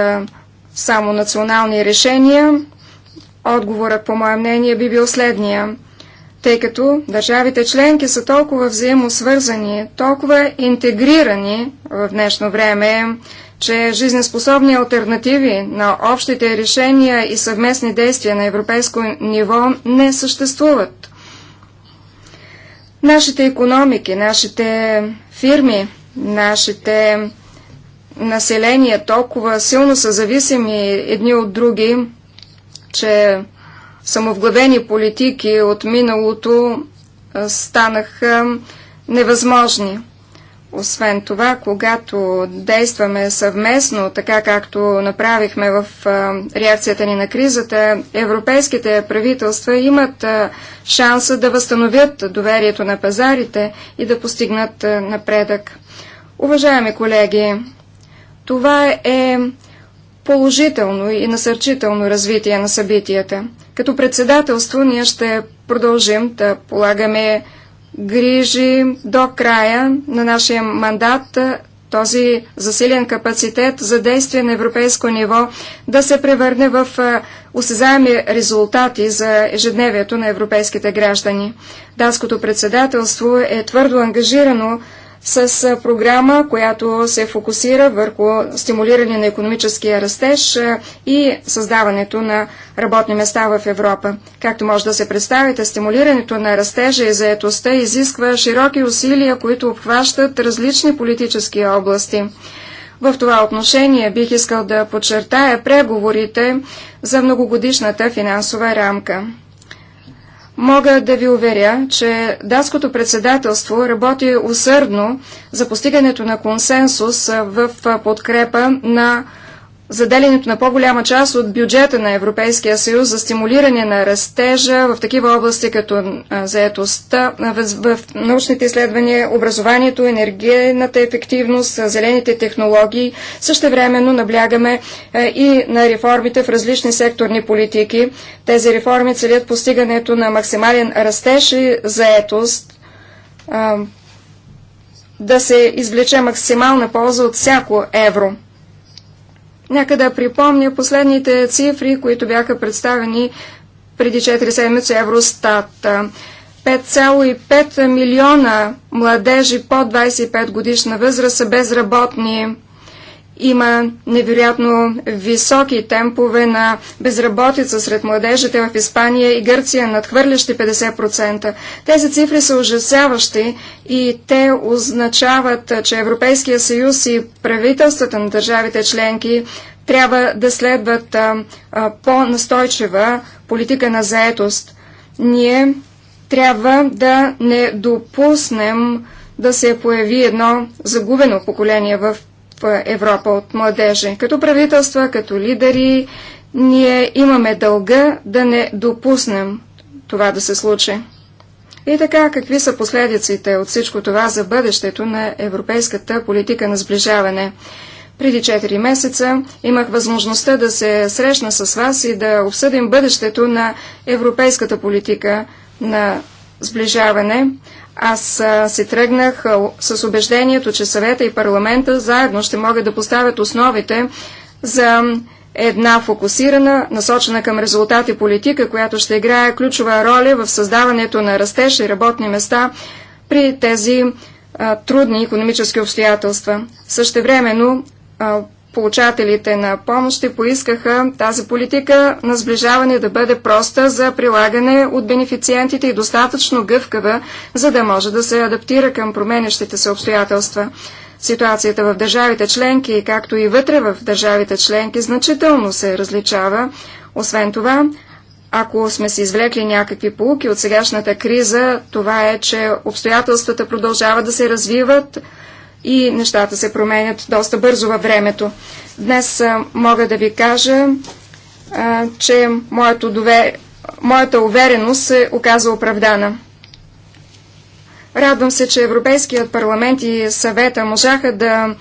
само национални решения, отговорът, по мое мнение, би бил следния. Тъй като държавите членки са толкова взаимосвързани, толкова интегрирани в днешно време, че жизнеспособни альтернативи на общите решения и съвместни действия на европейско ниво не съществуват. Нашите економики, нашите фирми, нашите население толкова силно са зависими едни от други, че самовглавени политики от миналото станаха невъзможни. Освен това, когато действаме съвместно, така както направихме в реакцията ни на кризата, европейските правителства имат шанса да възстановят доверието на пазарите и да постигнат напредък. Уважаеми колеги, това е положително и насърчително развитие на събитията. Като председателство ние ще продължим да полагаме грижи до края на нашия мандат този засилен капацитет за действие на европейско ниво да се превърне в осезаеми резултати за ежедневието на европейските граждани. Датското председателство е твърдо ангажирано с програма, която се фокусира върху стимулиране на економическия растеж и създаването на работни места в Европа. Както може да се представите, стимулирането на растежа и заетостта изисква широки усилия, които обхващат различни политически области. В това отношение бих искал да подчертая преговорите за многогодишната финансова рамка. Мога да ви уверя, че датското председателство работи усърдно за постигането на консенсус в подкрепа на заделянето на по-голяма част от бюджета на Европейския съюз за стимулиране на растежа в такива области като заетостта, в научните изследвания, образованието, енергийната ефективност, зелените технологии. Също времено наблягаме и на реформите в различни секторни политики. Тези реформи целят постигането на максимален растеж и заетост да се извлече максимална полза от всяко евро – Нека да припомня последните цифри, които бяха представени преди 4 седмици Евростат. 5,5 милиона младежи под 25 годишна възраст са безработни. Има невероятно високи темпове на безработица сред младежите в Испания и Гърция, надхвърлящи 50%. Тези цифри са ужасяващи и те означават, че Европейския съюз и правителствата на държавите членки трябва да следват по-настойчива политика на заетост. Ние трябва да не допуснем да се появи едно загубено поколение в Европа от младежи. Като правителства, като лидери, ние имаме дълга да не допуснем това да се случи. И така, какви са последиците от всичко това за бъдещето на европейската политика на сближаване? Преди 4 месеца имах възможността да се срещна с вас и да обсъдим бъдещето на европейската политика на сближаване. Аз се тръгнах с убеждението, че съвета и парламента заедно ще могат да поставят основите за една фокусирана, насочена към резултати политика, която ще играе ключова роля в създаването на растеж и работни места при тези а, трудни економически обстоятелства. Същевременно а, получателите на помощи поискаха тази политика на сближаване да бъде проста за прилагане от бенефициентите и достатъчно гъвкава, за да може да се адаптира към променящите се обстоятелства. Ситуацията в държавите членки, както и вътре в държавите членки, значително се различава. Освен това, ако сме си извлекли някакви полуки от сегашната криза, това е, че обстоятелствата продължават да се развиват, и нещата се променят доста бързо във времето. Днес а, мога да ви кажа, а, че моето дове... моята увереност се оказа оправдана. Радвам се, че Европейският парламент и съвета можаха да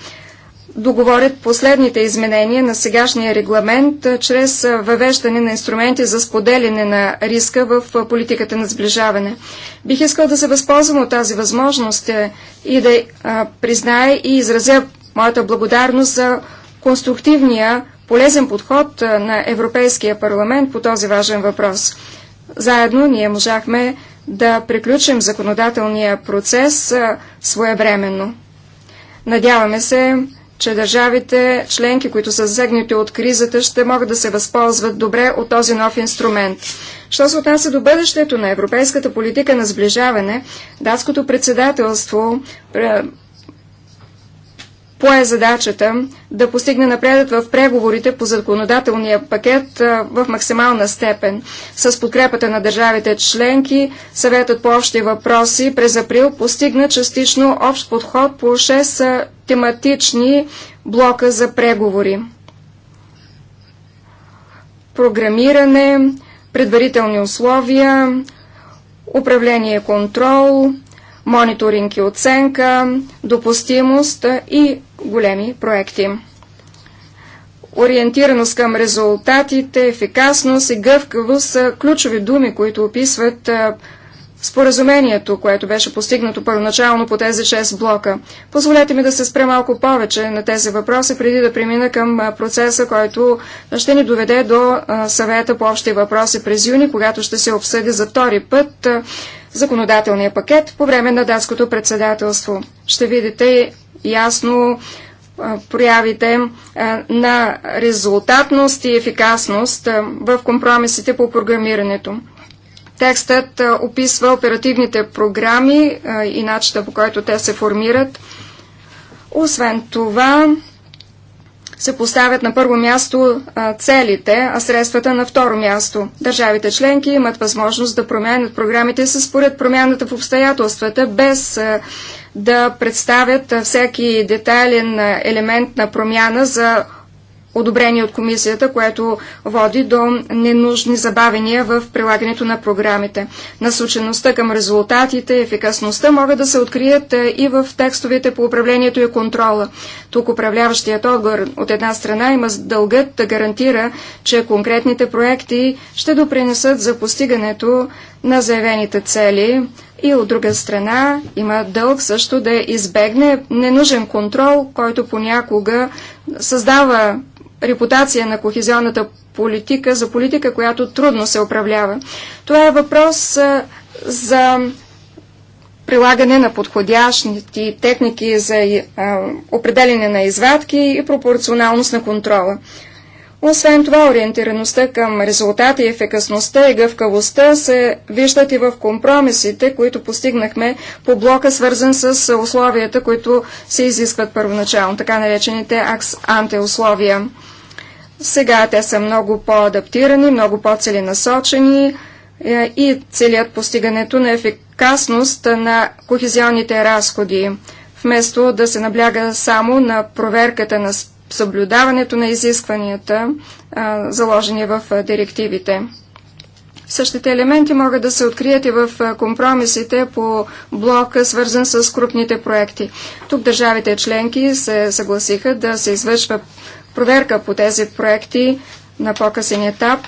договорят последните изменения на сегашния регламент чрез въвеждане на инструменти за споделяне на риска в политиката на сближаване. Бих искал да се възползвам от тази възможност и да призная и изразя моята благодарност за конструктивния полезен подход на Европейския парламент по този важен въпрос. Заедно ние можахме да приключим законодателния процес своевременно. Надяваме се че държавите членки, които са засегнати от кризата, ще могат да се възползват добре от този нов инструмент. Що се отнася до бъдещето на европейската политика на сближаване, датското председателство е, пое задачата да постигне напредък в преговорите по законодателния пакет в максимална степен. С подкрепата на държавите членки, съветът по общи въпроси през април постигна частично общ подход по 6 тематични блока за преговори. Програмиране, предварителни условия, управление и контрол – мониторинг и оценка, допустимост и големи проекти. Ориентираност към резултатите, ефикасност и гъвкавост са ключови думи, които описват споразумението, което беше постигнато първоначално по тези 6 блока. Позволете ми да се спре малко повече на тези въпроси, преди да премина към процеса, който ще ни доведе до съвета по общи въпроси през юни, когато ще се обсъди за втори път законодателния пакет по време на датското председателство. Ще видите ясно проявите на резултатност и ефикасност в компромисите по програмирането. Текстът описва оперативните програми и начина по който те се формират. Освен това, се поставят на първо място целите, а средствата на второ място. Държавите членки имат възможност да променят програмите си според промяната в обстоятелствата, без да представят всеки детайлен елемент на промяна за одобрение от комисията, което води до ненужни забавения в прилагането на програмите. Насочеността към резултатите, и ефикасността могат да се открият е, и в текстовете по управлението и контрола. Тук управляващият отговор от една страна има дългът да гарантира, че конкретните проекти ще допринесат за постигането на заявените цели и от друга страна има дълг също да избегне ненужен контрол, който понякога създава репутация на кохезионната политика за политика, която трудно се управлява. Това е въпрос за прилагане на подходящи техники за определене на извадки и пропорционалност на контрола. Освен това, ориентираността към и ефекасността и гъвкавостта се виждат и в компромисите, които постигнахме по блока, свързан с условията, които се изискват първоначално, така наречените акс-анте условия. Сега те са много по-адаптирани, много по-целенасочени е, и целият постигането на ефикасност на кохезионните разходи, вместо да се набляга само на проверката на специалността съблюдаването на изискванията, заложени в директивите. Същите елементи могат да се открият и в компромисите по блока, свързан с крупните проекти. Тук държавите членки се съгласиха да се извършва проверка по тези проекти на по-късен етап.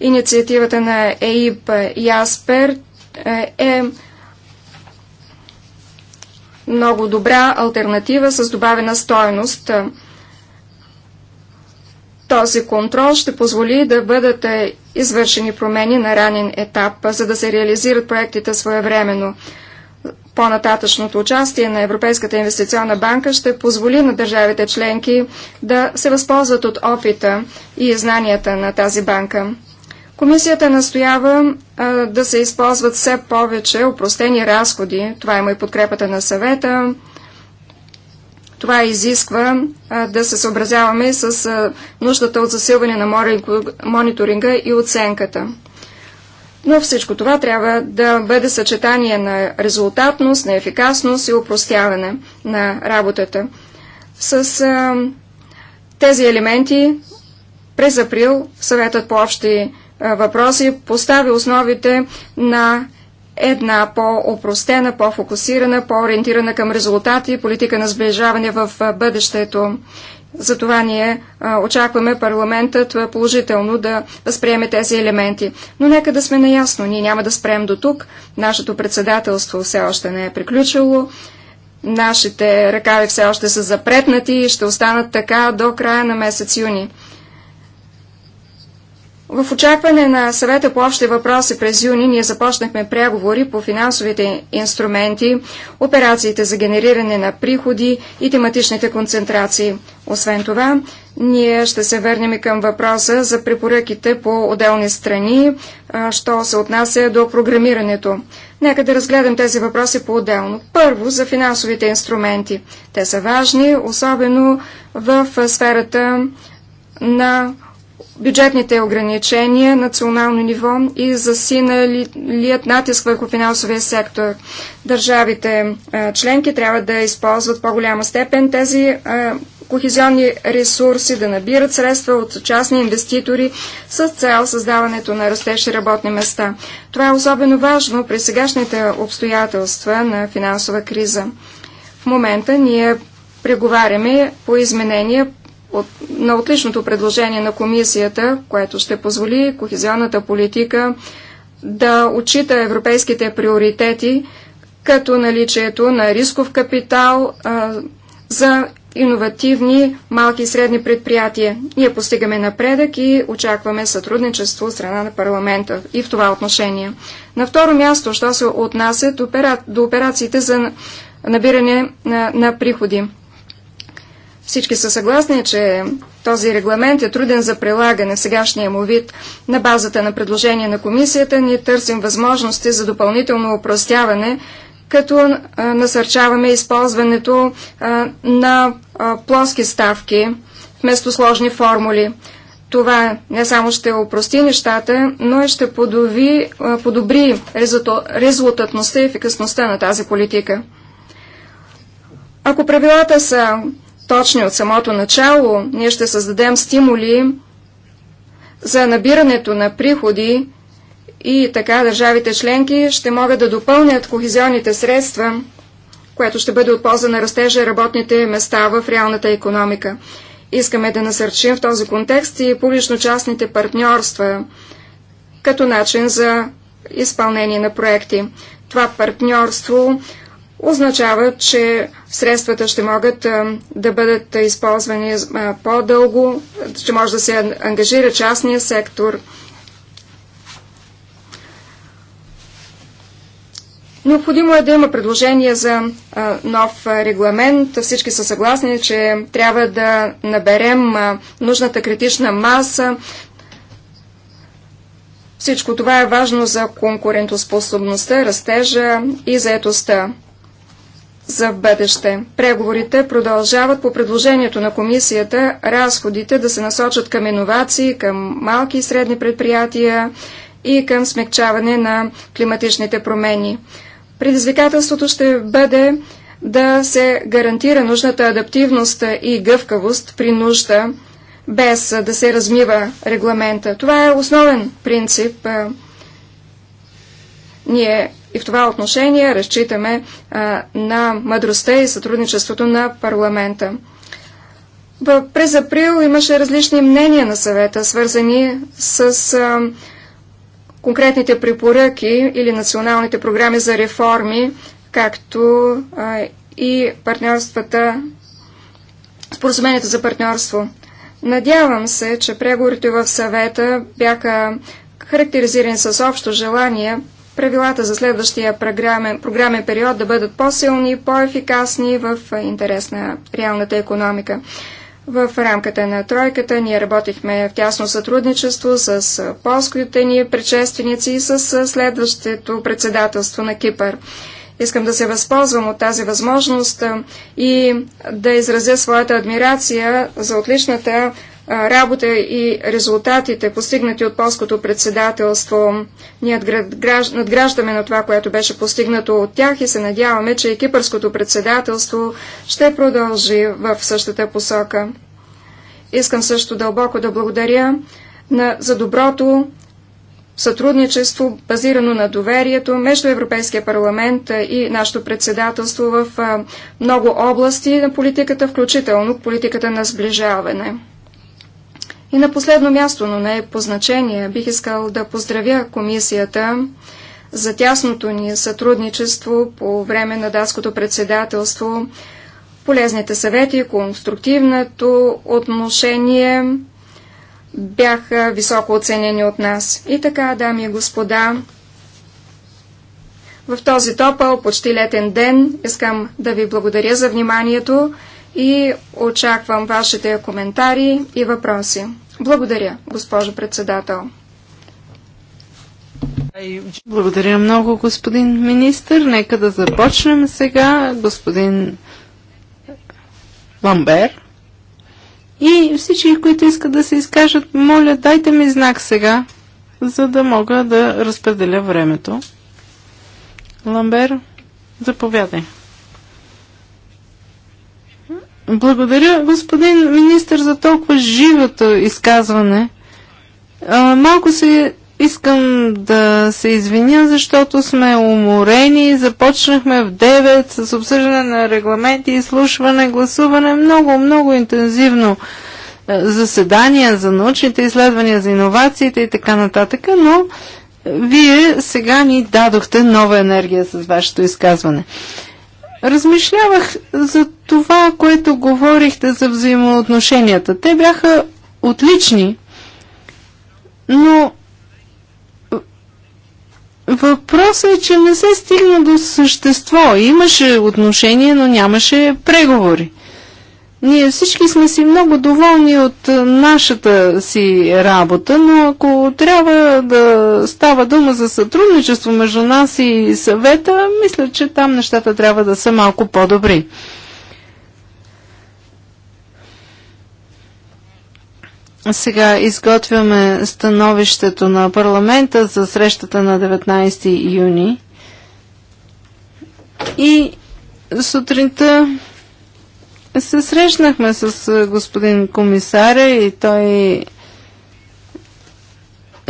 Инициативата на ЕИП и АСПЕР е много добра альтернатива с добавена стоеност – този контрол ще позволи да бъдат е, извършени промени на ранен етап, за да се реализират проектите своевременно. По-нататъчното участие на Европейската инвестиционна банка ще позволи на държавите членки да се възползват от опита и знанията на тази банка. Комисията настоява а, да се използват все повече упростени разходи. Това има и подкрепата на съвета, това изисква а, да се съобразяваме с а, нуждата от засилване на мониторинга и оценката. Но всичко това трябва да бъде съчетание на резултатност, на ефикасност и упростяване на работата. С а, тези елементи през април съветът по общи въпроси постави основите на една по-опростена, по-фокусирана, по-ориентирана към резултати и политика на сближаване в бъдещето. Затова ние а, очакваме парламентът положително да възприеме тези елементи. Но нека да сме наясно, ние няма да спрем до тук. Нашето председателство все още не е приключило. Нашите ръкави все още са запретнати и ще останат така до края на месец юни. В очакване на съвета по общи въпроси през юни ние започнахме преговори по финансовите инструменти, операциите за генериране на приходи и тематичните концентрации. Освен това, ние ще се върнем и към въпроса за препоръките по отделни страни, що се отнася до програмирането. Нека да разгледам тези въпроси по-отделно. Първо, за финансовите инструменти. Те са важни, особено в сферата на бюджетните ограничения национално ниво и засиналият натиск върху финансовия сектор. Държавите членки трябва да използват по-голяма степен тези кохезионни ресурси, да набират средства от частни инвеститори с цел създаването на растещи работни места. Това е особено важно при сегашните обстоятелства на финансова криза. В момента ние преговаряме по изменения от, на отличното предложение на комисията, което ще позволи кохезионната политика да отчита европейските приоритети, като наличието на рисков капитал а, за иновативни малки и средни предприятия. Ние постигаме напредък и очакваме сътрудничество от страна на парламента и в това отношение. На второ място, що се отнася до, до операциите за набиране на, на приходи. Всички са съгласни, че този регламент е труден за прилагане в сегашния му вид. На базата на предложение на комисията ние търсим възможности за допълнително упростяване, като насърчаваме използването на плоски ставки вместо сложни формули. Това не само ще опрости нещата, но и ще подови, подобри резултатността и ефикасността на тази политика. Ако правилата са точни от самото начало, ние ще създадем стимули за набирането на приходи и така държавите членки ще могат да допълнят кохезионните средства, което ще бъде от полза на растежа работните места в реалната економика. Искаме да насърчим в този контекст и публично-частните партньорства като начин за изпълнение на проекти. Това партньорство означава, че средствата ще могат да бъдат използвани по-дълго, че може да се ангажира частния сектор. Необходимо е да има предложение за нов регламент. Всички са съгласни, че трябва да наберем нужната критична маса. Всичко това е важно за конкурентоспособността, растежа и заетостта за бъдеще. Преговорите продължават по предложението на комисията разходите да се насочат към иновации, към малки и средни предприятия и към смягчаване на климатичните промени. Предизвикателството ще бъде да се гарантира нужната адаптивност и гъвкавост при нужда, без да се размива регламента. Това е основен принцип. Ние и в това отношение разчитаме на мъдростта и сътрудничеството на парламента. през април имаше различни мнения на съвета, свързани с а, конкретните препоръки или националните програми за реформи, както а, и партньорствата, споразумението за партньорство. Надявам се, че преговорите в съвета бяха характеризирани с общо желание правилата за следващия програмен, програмен период да бъдат по-силни, по-ефикасни в интерес на реалната економика. В рамката на тройката ние работихме в тясно сътрудничество с полските ни предшественици и с следващото председателство на Кипър. Искам да се възползвам от тази възможност и да изразя своята адмирация за отличната работа и резултатите, постигнати от полското председателство. Ние надграждаме на това, което беше постигнато от тях и се надяваме, че и кипърското председателство ще продължи в същата посока. Искам също дълбоко да благодаря на, за доброто сътрудничество, базирано на доверието между Европейския парламент и нашето председателство в много области на политиката, включително политиката на сближаване. И на последно място, но не е по значение, бих искал да поздравя комисията за тясното ни сътрудничество по време на датското председателство, полезните съвети, конструктивното отношение бяха високо оценени от нас. И така, дами и господа, в този топъл, почти летен ден, искам да ви благодаря за вниманието и очаквам вашите коментари и въпроси. Благодаря, госпожо председател. Благодаря много, господин министр. Нека да започнем сега, господин Ламбер. И всички, които искат да се изкажат, моля, дайте ми знак сега, за да мога да разпределя времето. Ламбер, заповядай. Благодаря, господин министр, за толкова живото изказване. А, малко се искам да се извиня, защото сме уморени. Започнахме в 9 с обсъждане на регламенти, изслушване, гласуване. Много, много интензивно заседания за научните изследвания, за иновациите и така нататък, но вие сега ни дадохте нова енергия с вашето изказване. Размишлявах за това, което говорихте за взаимоотношенията. Те бяха отлични, но въпросът е, че не се стигна до същество. Имаше отношение, но нямаше преговори. Ние всички сме си много доволни от е, нашата си работа, но ако трябва да става дума за сътрудничество между нас и съвета, мисля, че там нещата трябва да са малко по-добри. Сега изготвяме становището на парламента за срещата на 19 юни. И сутринта се срещнахме с господин комисаря и той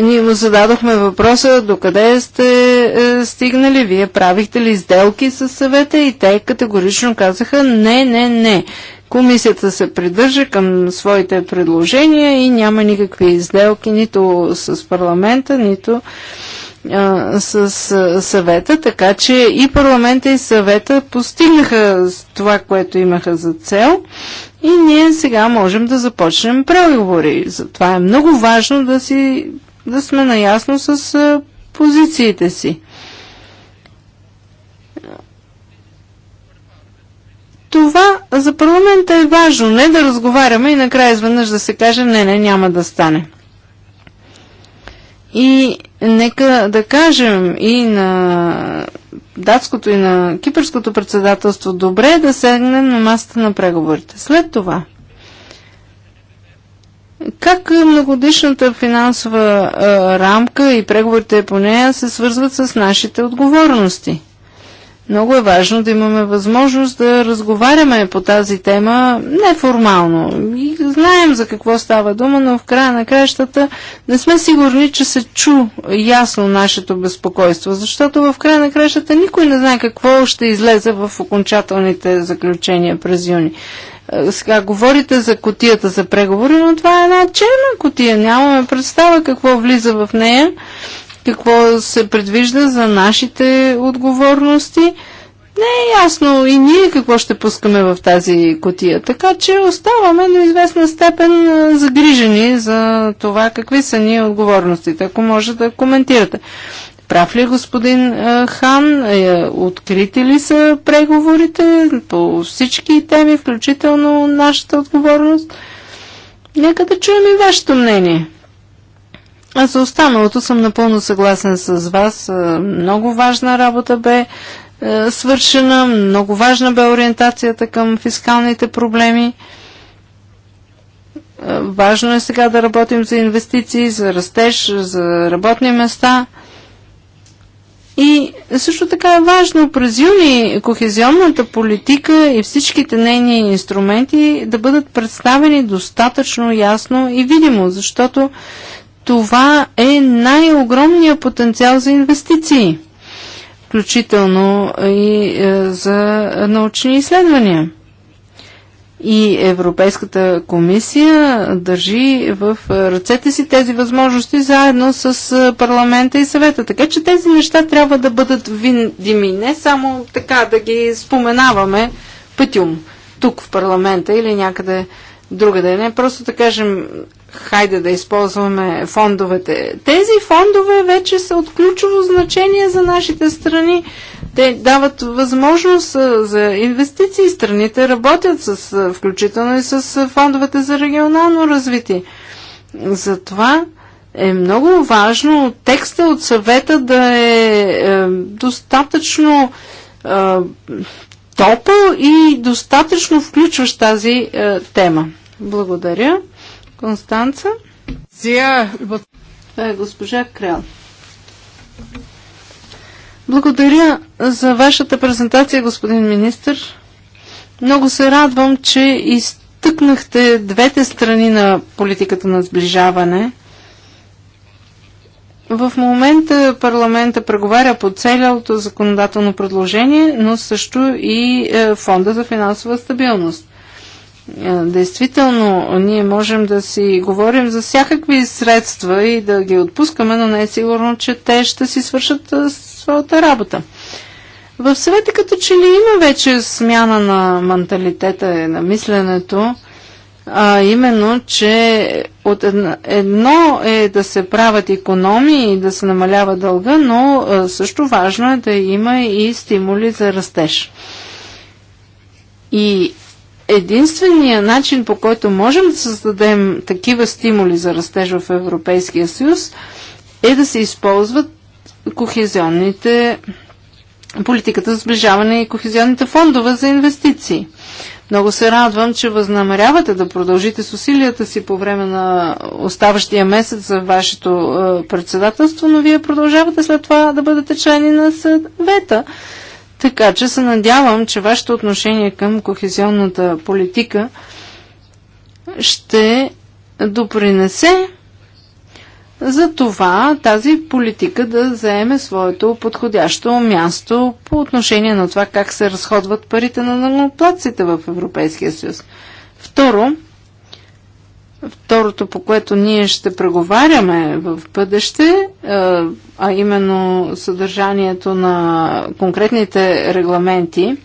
ние му зададохме въпроса докъде сте е, стигнали, вие правихте ли сделки с съвета и те категорично казаха не, не, не. Комисията се придържа към своите предложения и няма никакви сделки нито с парламента, нито с съвета, така че и парламента и съвета постигнаха това, което имаха за цел и ние сега можем да започнем преговори. Затова е много важно да, си, да сме наясно с позициите си. Това за парламента е важно. Не да разговаряме и накрая изведнъж да се каже не, не, няма да стане. И Нека да кажем и на датското и на кипърското председателство добре е да седнем на масата на преговорите. След това, как многодишната финансова рамка и преговорите по нея се свързват с нашите отговорности? Много е важно да имаме възможност да разговаряме по тази тема неформално. И знаем за какво става дума, но в края на краищата не сме сигурни, че се чу ясно нашето безпокойство, защото в края на краищата никой не знае какво ще излезе в окончателните заключения през юни. Е, сега говорите за котията за преговори, но това е една черна котия. Нямаме представа какво влиза в нея какво се предвижда за нашите отговорности. Не е ясно и ние какво ще пускаме в тази котия. Така че оставаме до известна степен загрижени за това какви са ни отговорностите, ако може да коментирате. Прав ли е господин Хан? Е, открити ли са преговорите по всички теми, включително нашата отговорност? Нека да чуем и вашето мнение. А за останалото съм напълно съгласен с вас. Е, много важна работа бе е, свършена, много важна бе ориентацията към фискалните проблеми. Е, важно е сега да работим за инвестиции, за растеж, за работни места. И също така е важно през юни кохезионната политика и всичките нейни инструменти да бъдат представени достатъчно ясно и видимо, защото това е най-огромният потенциал за инвестиции, включително и е, за научни изследвания. И Европейската комисия държи в ръцете си тези възможности заедно с е, парламента и съвета. Така че тези неща трябва да бъдат видими, не само така да ги споменаваме пътюм тук в парламента или някъде другаде. Не просто да кажем хайде да използваме фондовете. Тези фондове вече са от ключово значение за нашите страни. Те дават възможност за инвестиции. Страните работят с, включително и с фондовете за регионално развитие. Затова е много важно текста от съвета да е, е достатъчно е, топъл и достатъчно включващ тази е, тема. Благодаря. Констанца? Това е госпожа Крел. Благодаря за вашата презентация, господин министр. Много се радвам, че изтъкнахте двете страни на политиката на сближаване. В момента парламента преговаря по цялото законодателно предложение, но също и е, фонда за финансова стабилност. Действително, ние можем да си говорим за всякакви средства и да ги отпускаме, но не е сигурно, че те ще си свършат своята работа. В съвета като че ли има вече смяна на менталитета, на мисленето, а именно, че от едно, едно е да се правят економии и да се намалява дълга, но също важно е да има и стимули за растеж. И единствения начин, по който можем да създадем такива стимули за растеж в Европейския съюз, е да се използват кохезионните политиката за сближаване и кохезионните фондове за инвестиции. Много се радвам, че възнамерявате да продължите с усилията си по време на оставащия месец за вашето е, председателство, но вие продължавате след това да бъдете члени на съвета. Така че се надявам, че вашето отношение към кохезионната политика ще допринесе за това тази политика да заеме своето подходящо място по отношение на това как се разходват парите на наноплаците в Европейския съюз. Второ, второто по което ние ще преговаряме в бъдеще, е, а именно съдържанието на конкретните регламенти,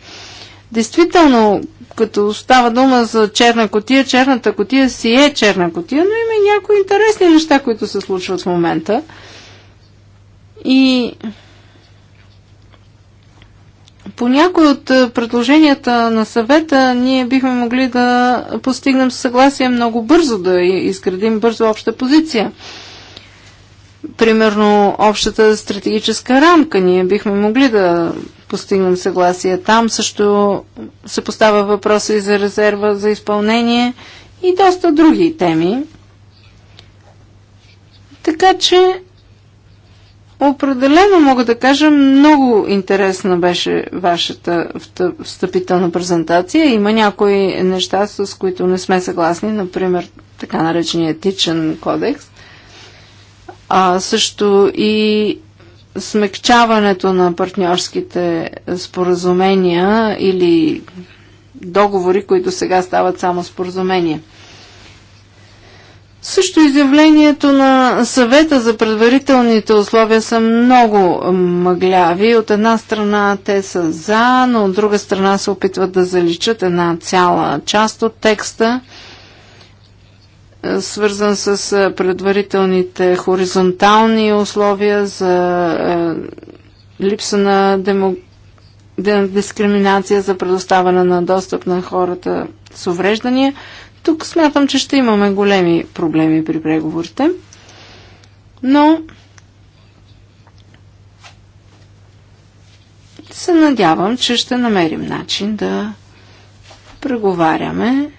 действително, като става дума за черна котия, черната котия си е черна котия, но има и някои интересни неща, които се случват в момента. И по някои от е, предложенията на съвета ние бихме могли да постигнем съгласие много бързо, да изградим бързо обща позиция примерно общата стратегическа рамка. Ние бихме могли да постигнем съгласие там. Също се поставя въпроса и за резерва за изпълнение и доста други теми. Така че определено мога да кажа, много интересна беше вашата встъпителна презентация. Има някои неща, с които не сме съгласни, например така наречения етичен кодекс а също и смекчаването на партньорските споразумения или договори, които сега стават само споразумения. Също изявлението на съвета за предварителните условия са много мъгляви. От една страна те са за, но от друга страна се опитват да заличат една цяла част от текста свързан с предварителните хоризонтални условия за липса на демо... дискриминация за предоставяне на достъп на хората с увреждания. Тук смятам, че ще имаме големи проблеми при преговорите. Но се надявам, че ще намерим начин да преговаряме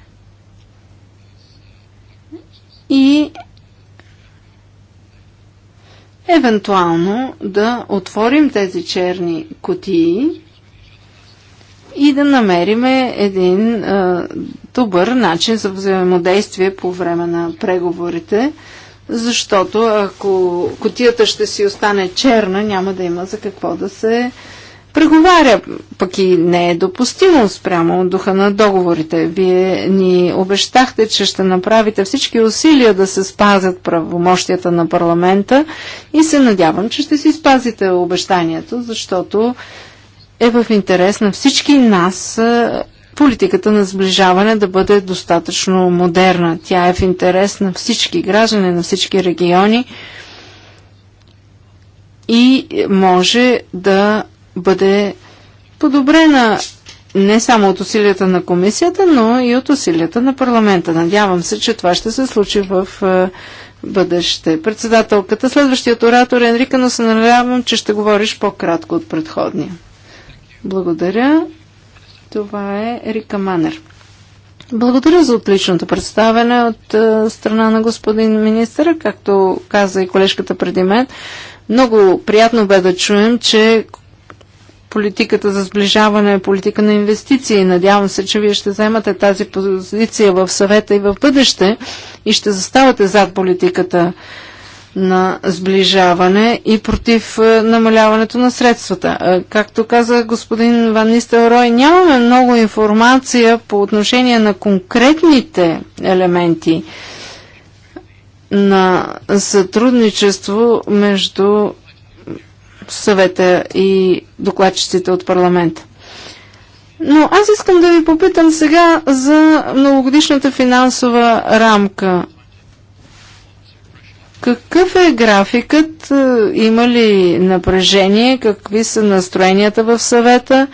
и евентуално да отворим тези черни котии и да намериме един а, добър начин за взаимодействие по време на преговорите, защото ако котията ще си остане черна, няма да има за какво да се а, преговаря, пък и не е допустимо спрямо духа на договорите. Вие ни обещахте, че ще направите всички усилия да се спазят правомощията на парламента и се надявам, че ще си спазите обещанието, защото е в интерес на всички нас политиката на сближаване да бъде достатъчно модерна. Тя е в интерес на всички граждани, на всички региони и може да бъде подобрена не само от усилията на комисията, но и от усилията на парламента. Надявам се, че това ще се случи в е, бъдеще. Председателката, следващият оратор е Енрика, но се надявам, че ще говориш по-кратко от предходния. Благодаря. Това е Рика Манер. Благодаря за отличното представяне от е, страна на господин министър, както каза и колежката преди мен. Много приятно бе да чуем, че политиката за сближаване е политика на инвестиции. Надявам се, че вие ще вземате тази позиция в съвета и в бъдеще и ще заставате зад политиката на сближаване и против е, намаляването на средствата. Е, както каза господин Ван Нистелрой, нямаме много информация по отношение на конкретните елементи на сътрудничество между съвета и докладчиците от парламента. Но аз искам да ви попитам сега за многогодишната финансова рамка. Какъв е графикът? Има ли напрежение? Какви са настроенията в съвета?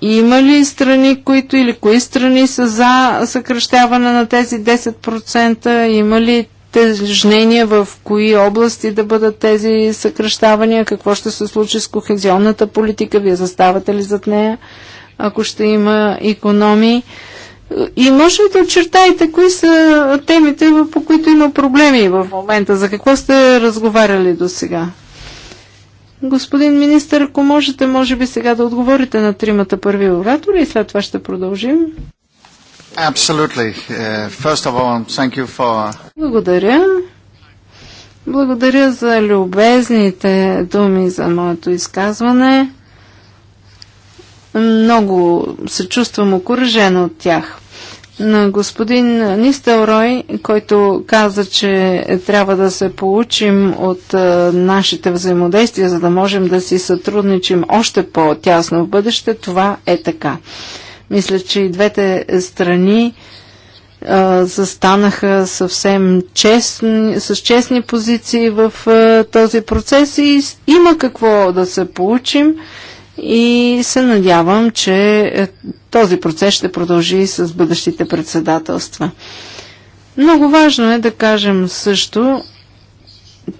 Има ли страни, които или кои страни са за съкръщаване на тези 10%? Има ли тежнения в кои области да бъдат тези съкръщавания, какво ще се случи с кохезионната политика, вие заставате ли зад нея, ако ще има економии. И може ли да очертаете кои са темите, по които има проблеми в момента? За какво сте разговаряли до сега? Господин министър, ако можете, може би сега да отговорите на тримата първи оратори и след това ще продължим. Absolutely. Uh, first of all, thank you for... Благодаря. Благодаря за любезните думи за моето изказване. Много се чувствам окоръжена от тях. На господин Нистелрой, който каза, че трябва да се получим от е, нашите взаимодействия, за да можем да си сътрудничим още по-тясно в бъдеще, това е така. Мисля, че и двете страни а, застанаха съвсем честни, с честни позиции в а, този процес и има какво да се получим и се надявам, че е, този процес ще продължи с бъдещите председателства. Много важно е да кажем също,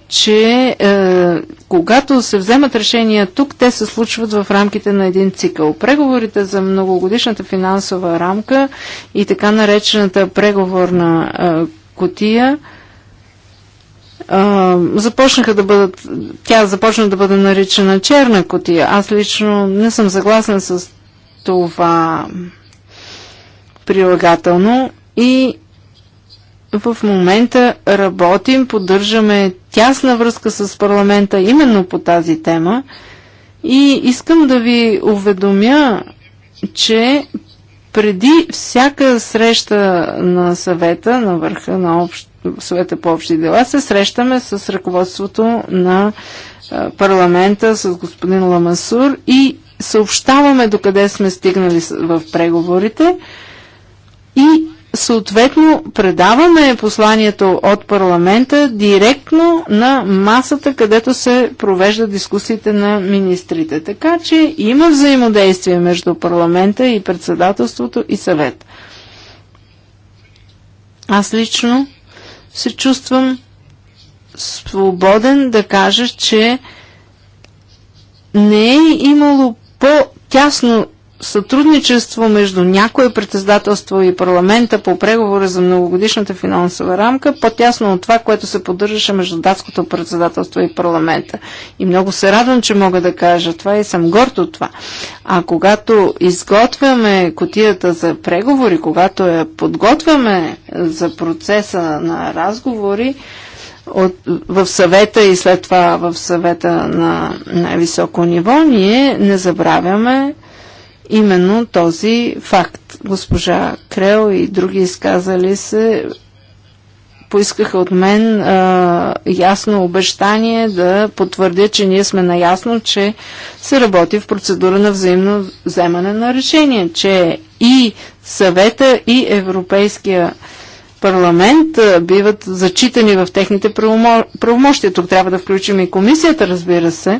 че е, когато се вземат решения тук, те се случват в рамките на един цикъл. Преговорите за многогодишната финансова рамка и така наречената преговорна е, котия е, започнаха да бъдат, тя започна да бъде наричана черна котия. Аз лично не съм съгласен с това прилагателно и в момента работим, поддържаме тясна връзка с парламента именно по тази тема и искам да ви уведомя, че преди всяка среща на съвета, на върха на общ, съвета по общи дела, се срещаме с ръководството на парламента, с господин Ламасур и съобщаваме докъде сме стигнали в преговорите и съответно предаваме посланието от парламента директно на масата, където се провеждат дискусиите на министрите. Така че има взаимодействие между парламента и председателството и съвет. Аз лично се чувствам свободен да кажа, че не е имало по-тясно сътрудничество между някое председателство и парламента по преговора за многогодишната финансова рамка, по-тясно от това, което се поддържаше между датското председателство и парламента. И много се радвам, че мога да кажа това и съм горд от това. А когато изготвяме котията за преговори, когато я подготвяме за процеса на разговори, от, в съвета и след това в съвета на, най високо ниво, ние не забравяме именно този факт. Госпожа Крел и други изказали се поискаха от мен а, ясно обещание да потвърдя, че ние сме наясно, че се работи в процедура на взаимно вземане на решение, че и съвета, и Европейския парламент а, биват зачитани в техните правомощия. Тук трябва да включим и комисията, разбира се. А,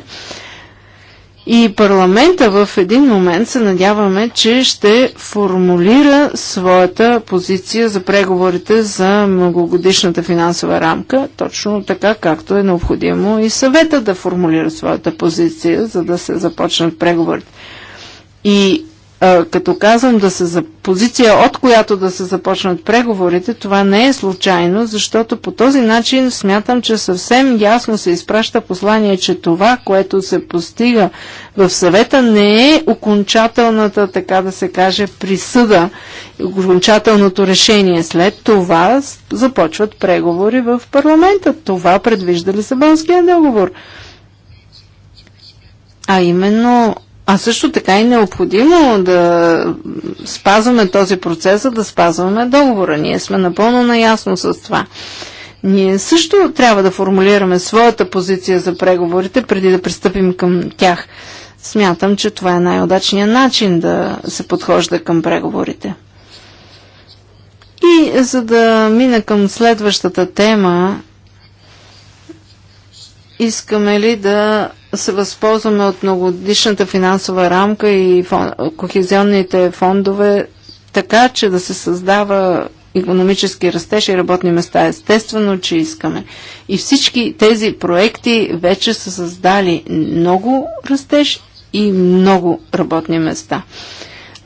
и парламента в един момент се надяваме, че ще формулира своята позиция за преговорите за многогодишната финансова рамка, точно така както е необходимо и съвета да формулира своята позиция, за да се започнат преговорите. И като казвам да се за позиция, от която да се започнат преговорите, това не е случайно, защото по този начин смятам, че съвсем ясно се изпраща послание, че това, което се постига в съвета, не е окончателната, така да се каже, присъда, окончателното решение. След това започват преговори в парламента. Това предвижда Лисабонския договор. А именно а също така е необходимо да спазваме този процес, за да спазваме договора. Ние сме напълно наясно с това. Ние също трябва да формулираме своята позиция за преговорите, преди да пристъпим към тях. Смятам, че това е най-удачният начин да се подхожда към преговорите. И за да мина към следващата тема, искаме ли да се възползваме от многодишната финансова рамка и фон, кохезионните фондове, така че да се създава економически растеж и работни места. Естествено, че искаме. И всички тези проекти вече са създали много растеж и много работни места.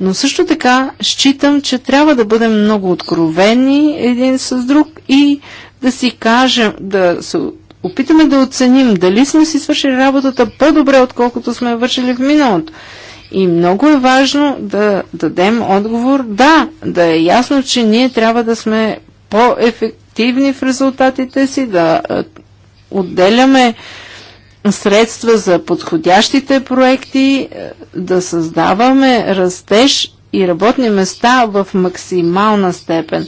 Но също така считам, че трябва да бъдем много откровени един с друг и да си кажем, да се опитаме да оценим дали сме си свършили работата по-добре, отколкото сме вършили в миналото. И много е важно да дадем отговор да, да е ясно, че ние трябва да сме по-ефективни в резултатите си, да отделяме средства за подходящите проекти, да създаваме растеж и работни места в максимална степен.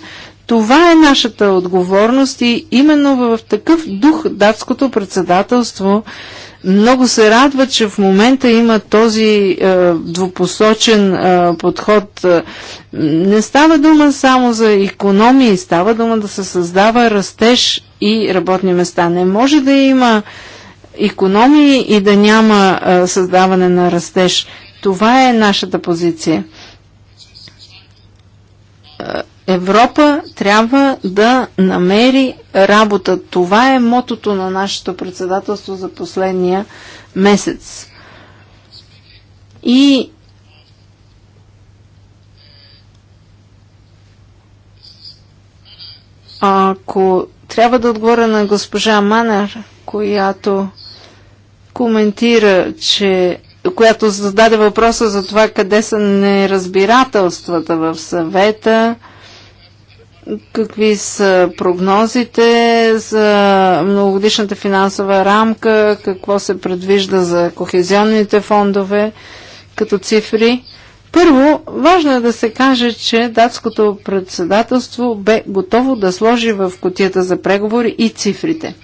Това е нашата отговорност и именно в такъв дух датското председателство много се радва, че в момента има този е, двупосочен е, подход. Е, не става дума само за економии, става дума да се създава растеж и работни места. Не може да има економии и да няма е, създаване на растеж. Това е нашата позиция е, Европа трябва да намери работа. Това е мотото на нашето председателство за последния месец. И ако трябва да отговоря на госпожа Манер, която коментира, че която зададе въпроса за това къде са неразбирателствата в съвета, какви са прогнозите за многогодишната финансова рамка, какво се предвижда за кохезионните фондове като цифри. Първо, важно е да се каже, че датското председателство бе готово да сложи в котията за преговори и цифрите.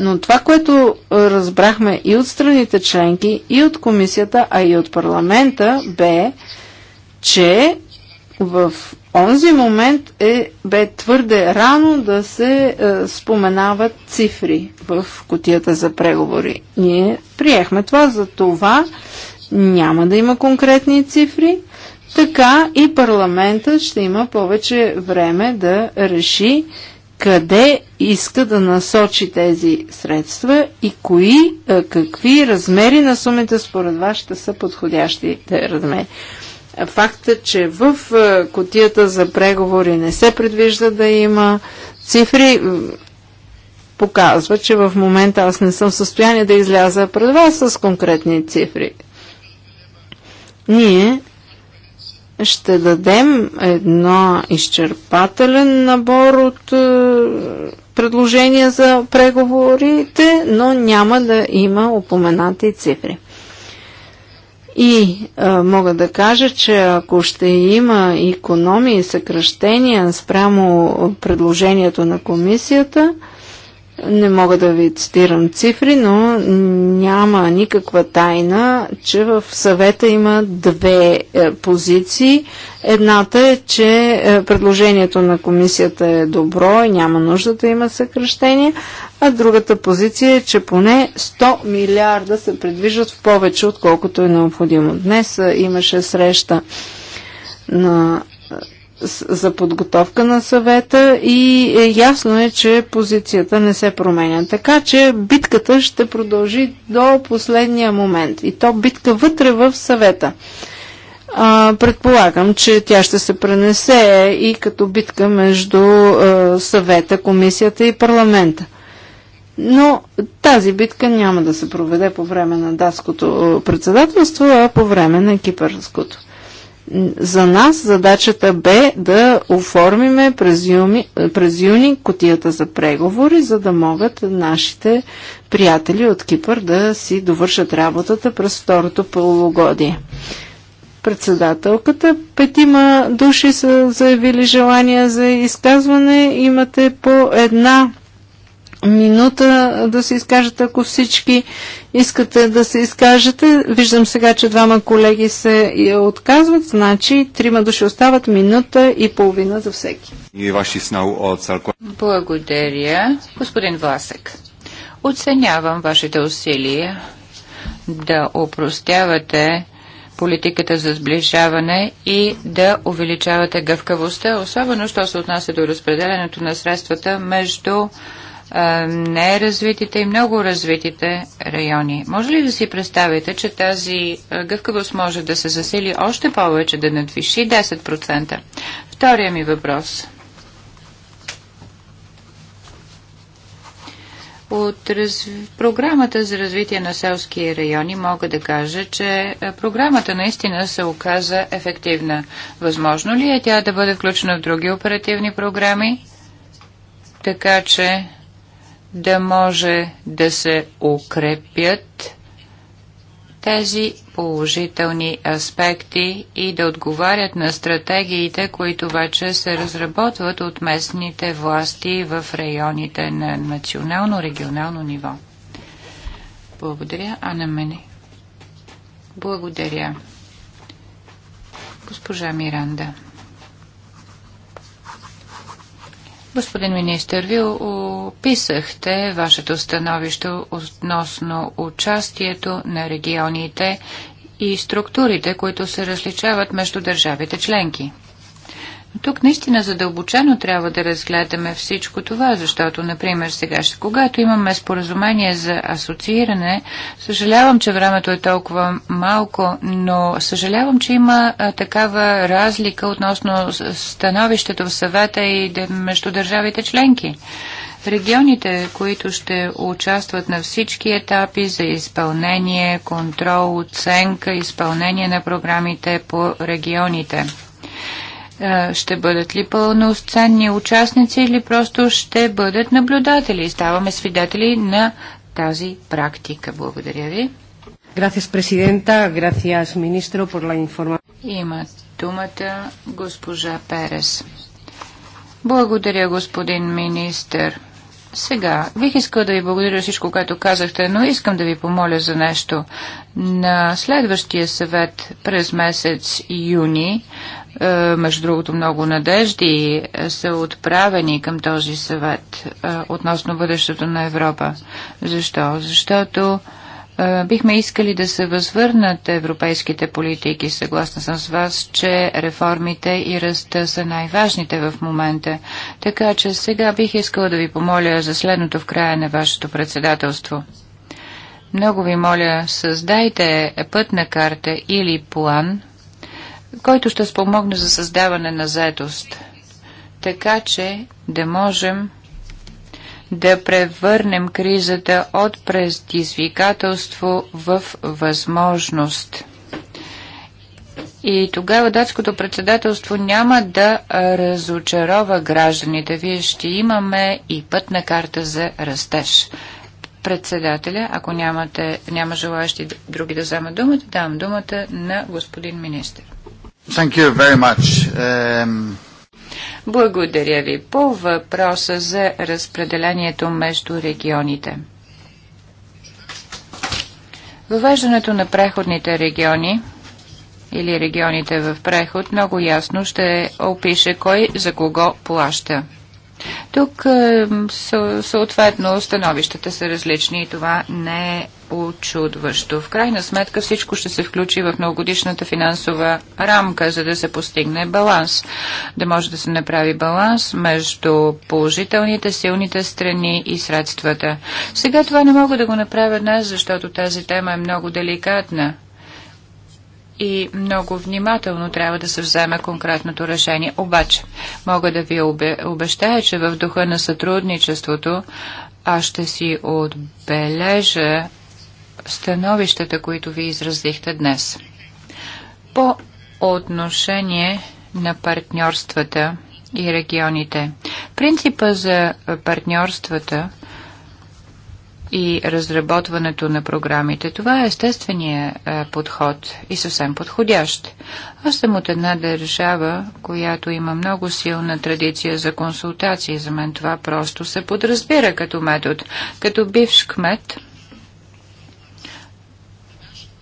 Но това, което разбрахме и от страните членки, и от комисията, а и от парламента, бе, че в онзи момент е, бе твърде рано да се е, споменават цифри в котията за преговори. Ние приехме това, за това няма да има конкретни цифри, така и парламентът ще има повече време да реши къде иска да насочи тези средства и кои, е, какви размери на сумите според вас ще са подходящите размери факта, че в е, котията за преговори не се предвижда да има цифри, показва, че в момента аз не съм в състояние да изляза пред вас с конкретни цифри. Ние ще дадем едно изчерпателен набор от е, предложения за преговорите, но няма да има упоменати цифри. И а, мога да кажа, че ако ще има економии и съкръщения спрямо предложението на комисията, не мога да ви цитирам цифри, но няма никаква тайна, че в съвета има две е, позиции. Едната е, че е, предложението на комисията е добро и няма нужда да има съкръщение, а другата позиция е, че поне 100 милиарда се предвиждат в повече, отколкото е необходимо. Днес е, имаше среща на за подготовка на съвета и е ясно е, че позицията не се променя. Така че битката ще продължи до последния момент. И то битка вътре в съвета. А, предполагам, че тя ще се пренесе и като битка между а, е, съвета, комисията и парламента. Но тази битка няма да се проведе по време на датското е, председателство, а по време на кипърското. За нас задачата бе да оформиме през юни, през юни котията за преговори, за да могат нашите приятели от Кипър да си довършат работата през второто полугодие председателката. Петима души са заявили желание за изказване. Имате по една минута да се изкажете, ако всички искате да се изкажете. Виждам сега, че двама колеги се отказват, значи трима души остават минута и половина за всеки. Благодаря, господин Власек. Оценявам вашите усилия да опростявате политиката за сближаване и да увеличавате гъвкавостта, особено що се отнася до разпределенето на средствата между е, неразвитите и много развитите райони. Може ли да си представите, че тази е, гъвкавост може да се засили още повече, да надвиши 10%? Втория ми въпрос. От раз... програмата за развитие на селски райони мога да кажа, че е, програмата наистина се оказа ефективна. Възможно ли е тя да бъде включена в други оперативни програми? Така че да може да се укрепят тези положителни аспекти и да отговарят на стратегиите, които вече се разработват от местните власти в районите на национално-регионално ниво. Благодаря, Ана мене. Благодаря. Госпожа Миранда. Господин министър, ви описахте вашето становище относно участието на регионите и структурите, които се различават между държавите членки. Тук наистина задълбочено трябва да разгледаме всичко това, защото, например, сега, когато имаме споразумение за асоцииране, съжалявам, че времето е толкова малко, но съжалявам, че има такава разлика относно становището в съвета и между държавите членки. Регионите, които ще участват на всички етапи за изпълнение, контрол, оценка, изпълнение на програмите по регионите. Е, ще бъдат ли пълноценни участници или просто ще бъдат наблюдатели? Ставаме свидетели на тази практика. Благодаря ви. Gracias, Presidenta. Gracias, Ministro, por la información. Има думата госпожа Перес. Благодаря, господин министър. Сега, бих искал да ви благодаря всичко, което казахте, но искам да ви помоля за нещо. На следващия съвет през месец юни е, между другото, много надежди са отправени към този съвет е, относно бъдещето на Европа. Защо? Защото е, бихме искали да се възвърнат европейските политики. Съгласна съм с вас, че реформите и ръста са най-важните в момента. Така че сега бих искала да ви помоля за следното в края на вашето председателство. Много ви моля, създайте пътна карта или план – който ще спомогне за създаване на заедост, така че да можем да превърнем кризата от предизвикателство в възможност. И тогава датското председателство няма да разочарова гражданите. Вие ще имаме и пътна карта за растеж. Председателя, ако нямате, няма желаящи други да вземат думата, давам думата на господин министър. Thank you very much. Um... Благодаря ви по въпроса за разпределението между регионите. Въвеждането на преходните региони или регионите в преход много ясно ще опише кой за кого плаща. Тук съответно становищата са различни и това не е очудващо. В крайна сметка всичко ще се включи в многогодишната финансова рамка, за да се постигне баланс. Да може да се направи баланс между положителните, силните страни и средствата. Сега това не мога да го направя днес, защото тази тема е много деликатна и много внимателно трябва да се вземе конкретното решение. Обаче, мога да ви обещая, че в духа на сътрудничеството аз ще си отбележа становищата, които ви изразихте днес. По отношение на партньорствата и регионите. Принципа за партньорствата и разработването на програмите. Това е естествения е, подход и съвсем подходящ. Аз съм от една държава, която има много силна традиция за консултации. За мен това просто се подразбира като метод. Като бивш кмет,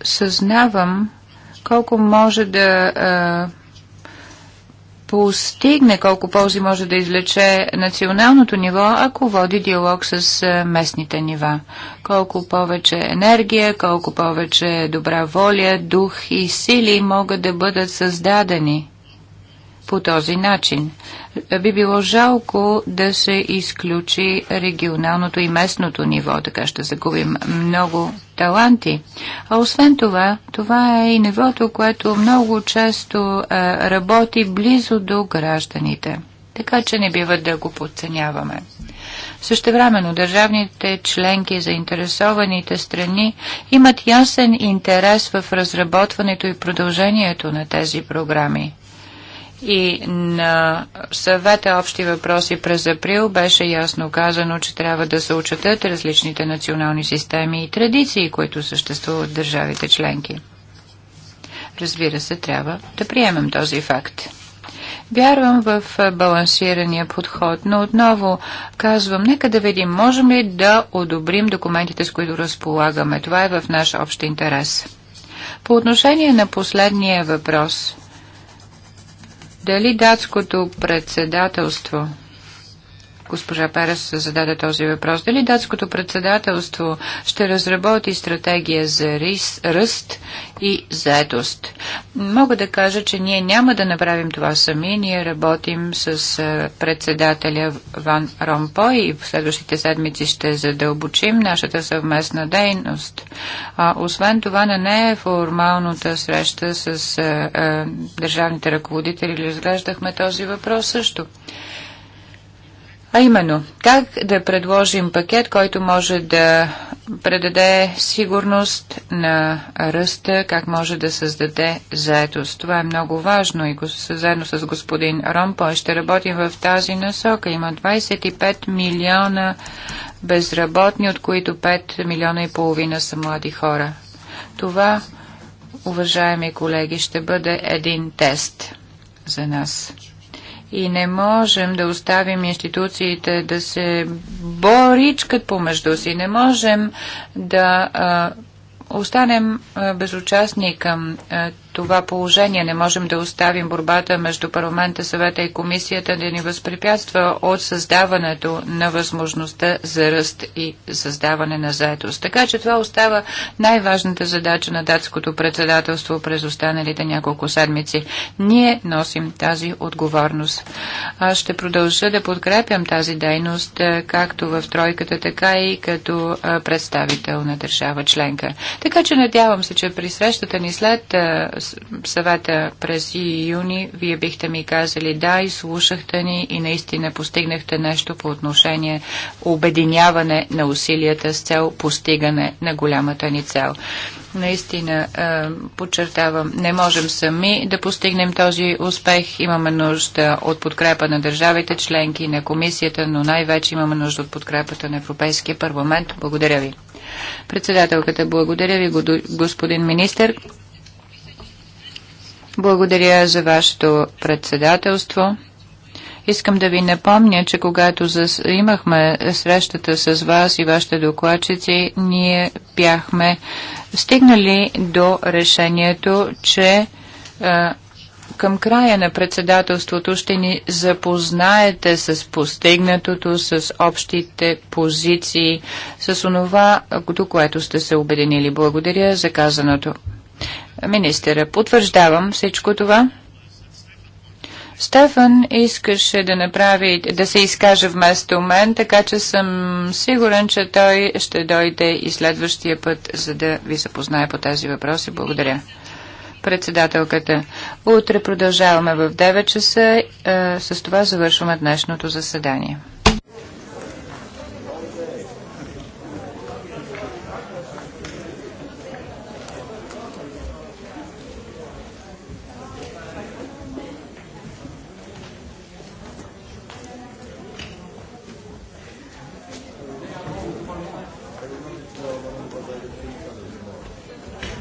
съзнавам колко може да а, постигне, колко ползи може да излече националното ниво, ако води диалог с местните нива. Колко повече енергия, колко повече добра воля, дух и сили могат да бъдат създадени по този начин. Би било жалко да се изключи регионалното и местното ниво, така ще загубим много таланти. А освен това, това е и нивото, което много често е, работи близо до гражданите. Така че не бива да го подценяваме. Същевременно държавните членки, заинтересованите страни имат ясен интерес в разработването и продължението на тези програми. И на съвета общи въпроси през април беше ясно казано, че трябва да се учетат различните национални системи и традиции, които съществуват в държавите членки. Разбира се, трябва да приемем този факт. Вярвам в балансирания подход, но отново казвам, нека да видим, можем ли да одобрим документите, с които разполагаме. Това е в наш общ интерес. По отношение на последния въпрос – дали датското председателство госпожа Перес зададе този въпрос. Дали датското председателство ще разработи стратегия за рис, ръст и заедост? Мога да кажа, че ние няма да направим това сами. Ние работим с председателя Ван Ромпо и в следващите седмици ще задълбочим нашата съвместна дейност. А, освен това, на е формалната среща с а, а, държавните ръководители разглеждахме този въпрос също. А именно, как да предложим пакет, който може да предаде сигурност на ръста, как може да създаде заетост. Това е много важно и заедно с господин Ромпой ще работим в тази насока. Има 25 милиона безработни, от които 5 милиона и половина са млади хора. Това, уважаеми колеги, ще бъде един тест за нас и не можем да оставим институциите да се боричкат помежду си. Не можем да а, останем а, безучастни към а, това положение. Не можем да оставим борбата между парламента, съвета и комисията да ни възпрепятства от създаването на възможността за ръст и създаване на заедост. Така че това остава най-важната задача на датското председателство през останалите няколко седмици. Ние носим тази отговорност. Аз ще продължа да подкрепям тази дейност е, както в тройката, така и като е, представител на държава членка. Така че надявам се, че при срещата ни след е, съвета през и юни, вие бихте ми казали да и слушахте ни и наистина постигнахте нещо по отношение обединяване на усилията с цел постигане на голямата ни цел наистина подчертавам, не можем сами да постигнем този успех. Имаме нужда от подкрепа на държавите, членки на комисията, но най-вече имаме нужда от подкрепата на Европейския парламент. Благодаря ви. Председателката, благодаря ви, господин министр. Благодаря за вашето председателство. Искам да ви напомня, че когато зас... имахме срещата с вас и вашите докладчици, ние бяхме стигнали до решението, че а, към края на председателството ще ни запознаете с постигнатото, с общите позиции, с онова, до което сте се обединили. Благодаря за казаното министъра. Потвърждавам всичко това. Стефан искаше да направи, да се изкаже вместо мен, така че съм сигурен, че той ще дойде и следващия път, за да ви запознае по тези въпроси. Благодаря. Председателката, утре продължаваме в 9 часа. С това завършваме днешното заседание.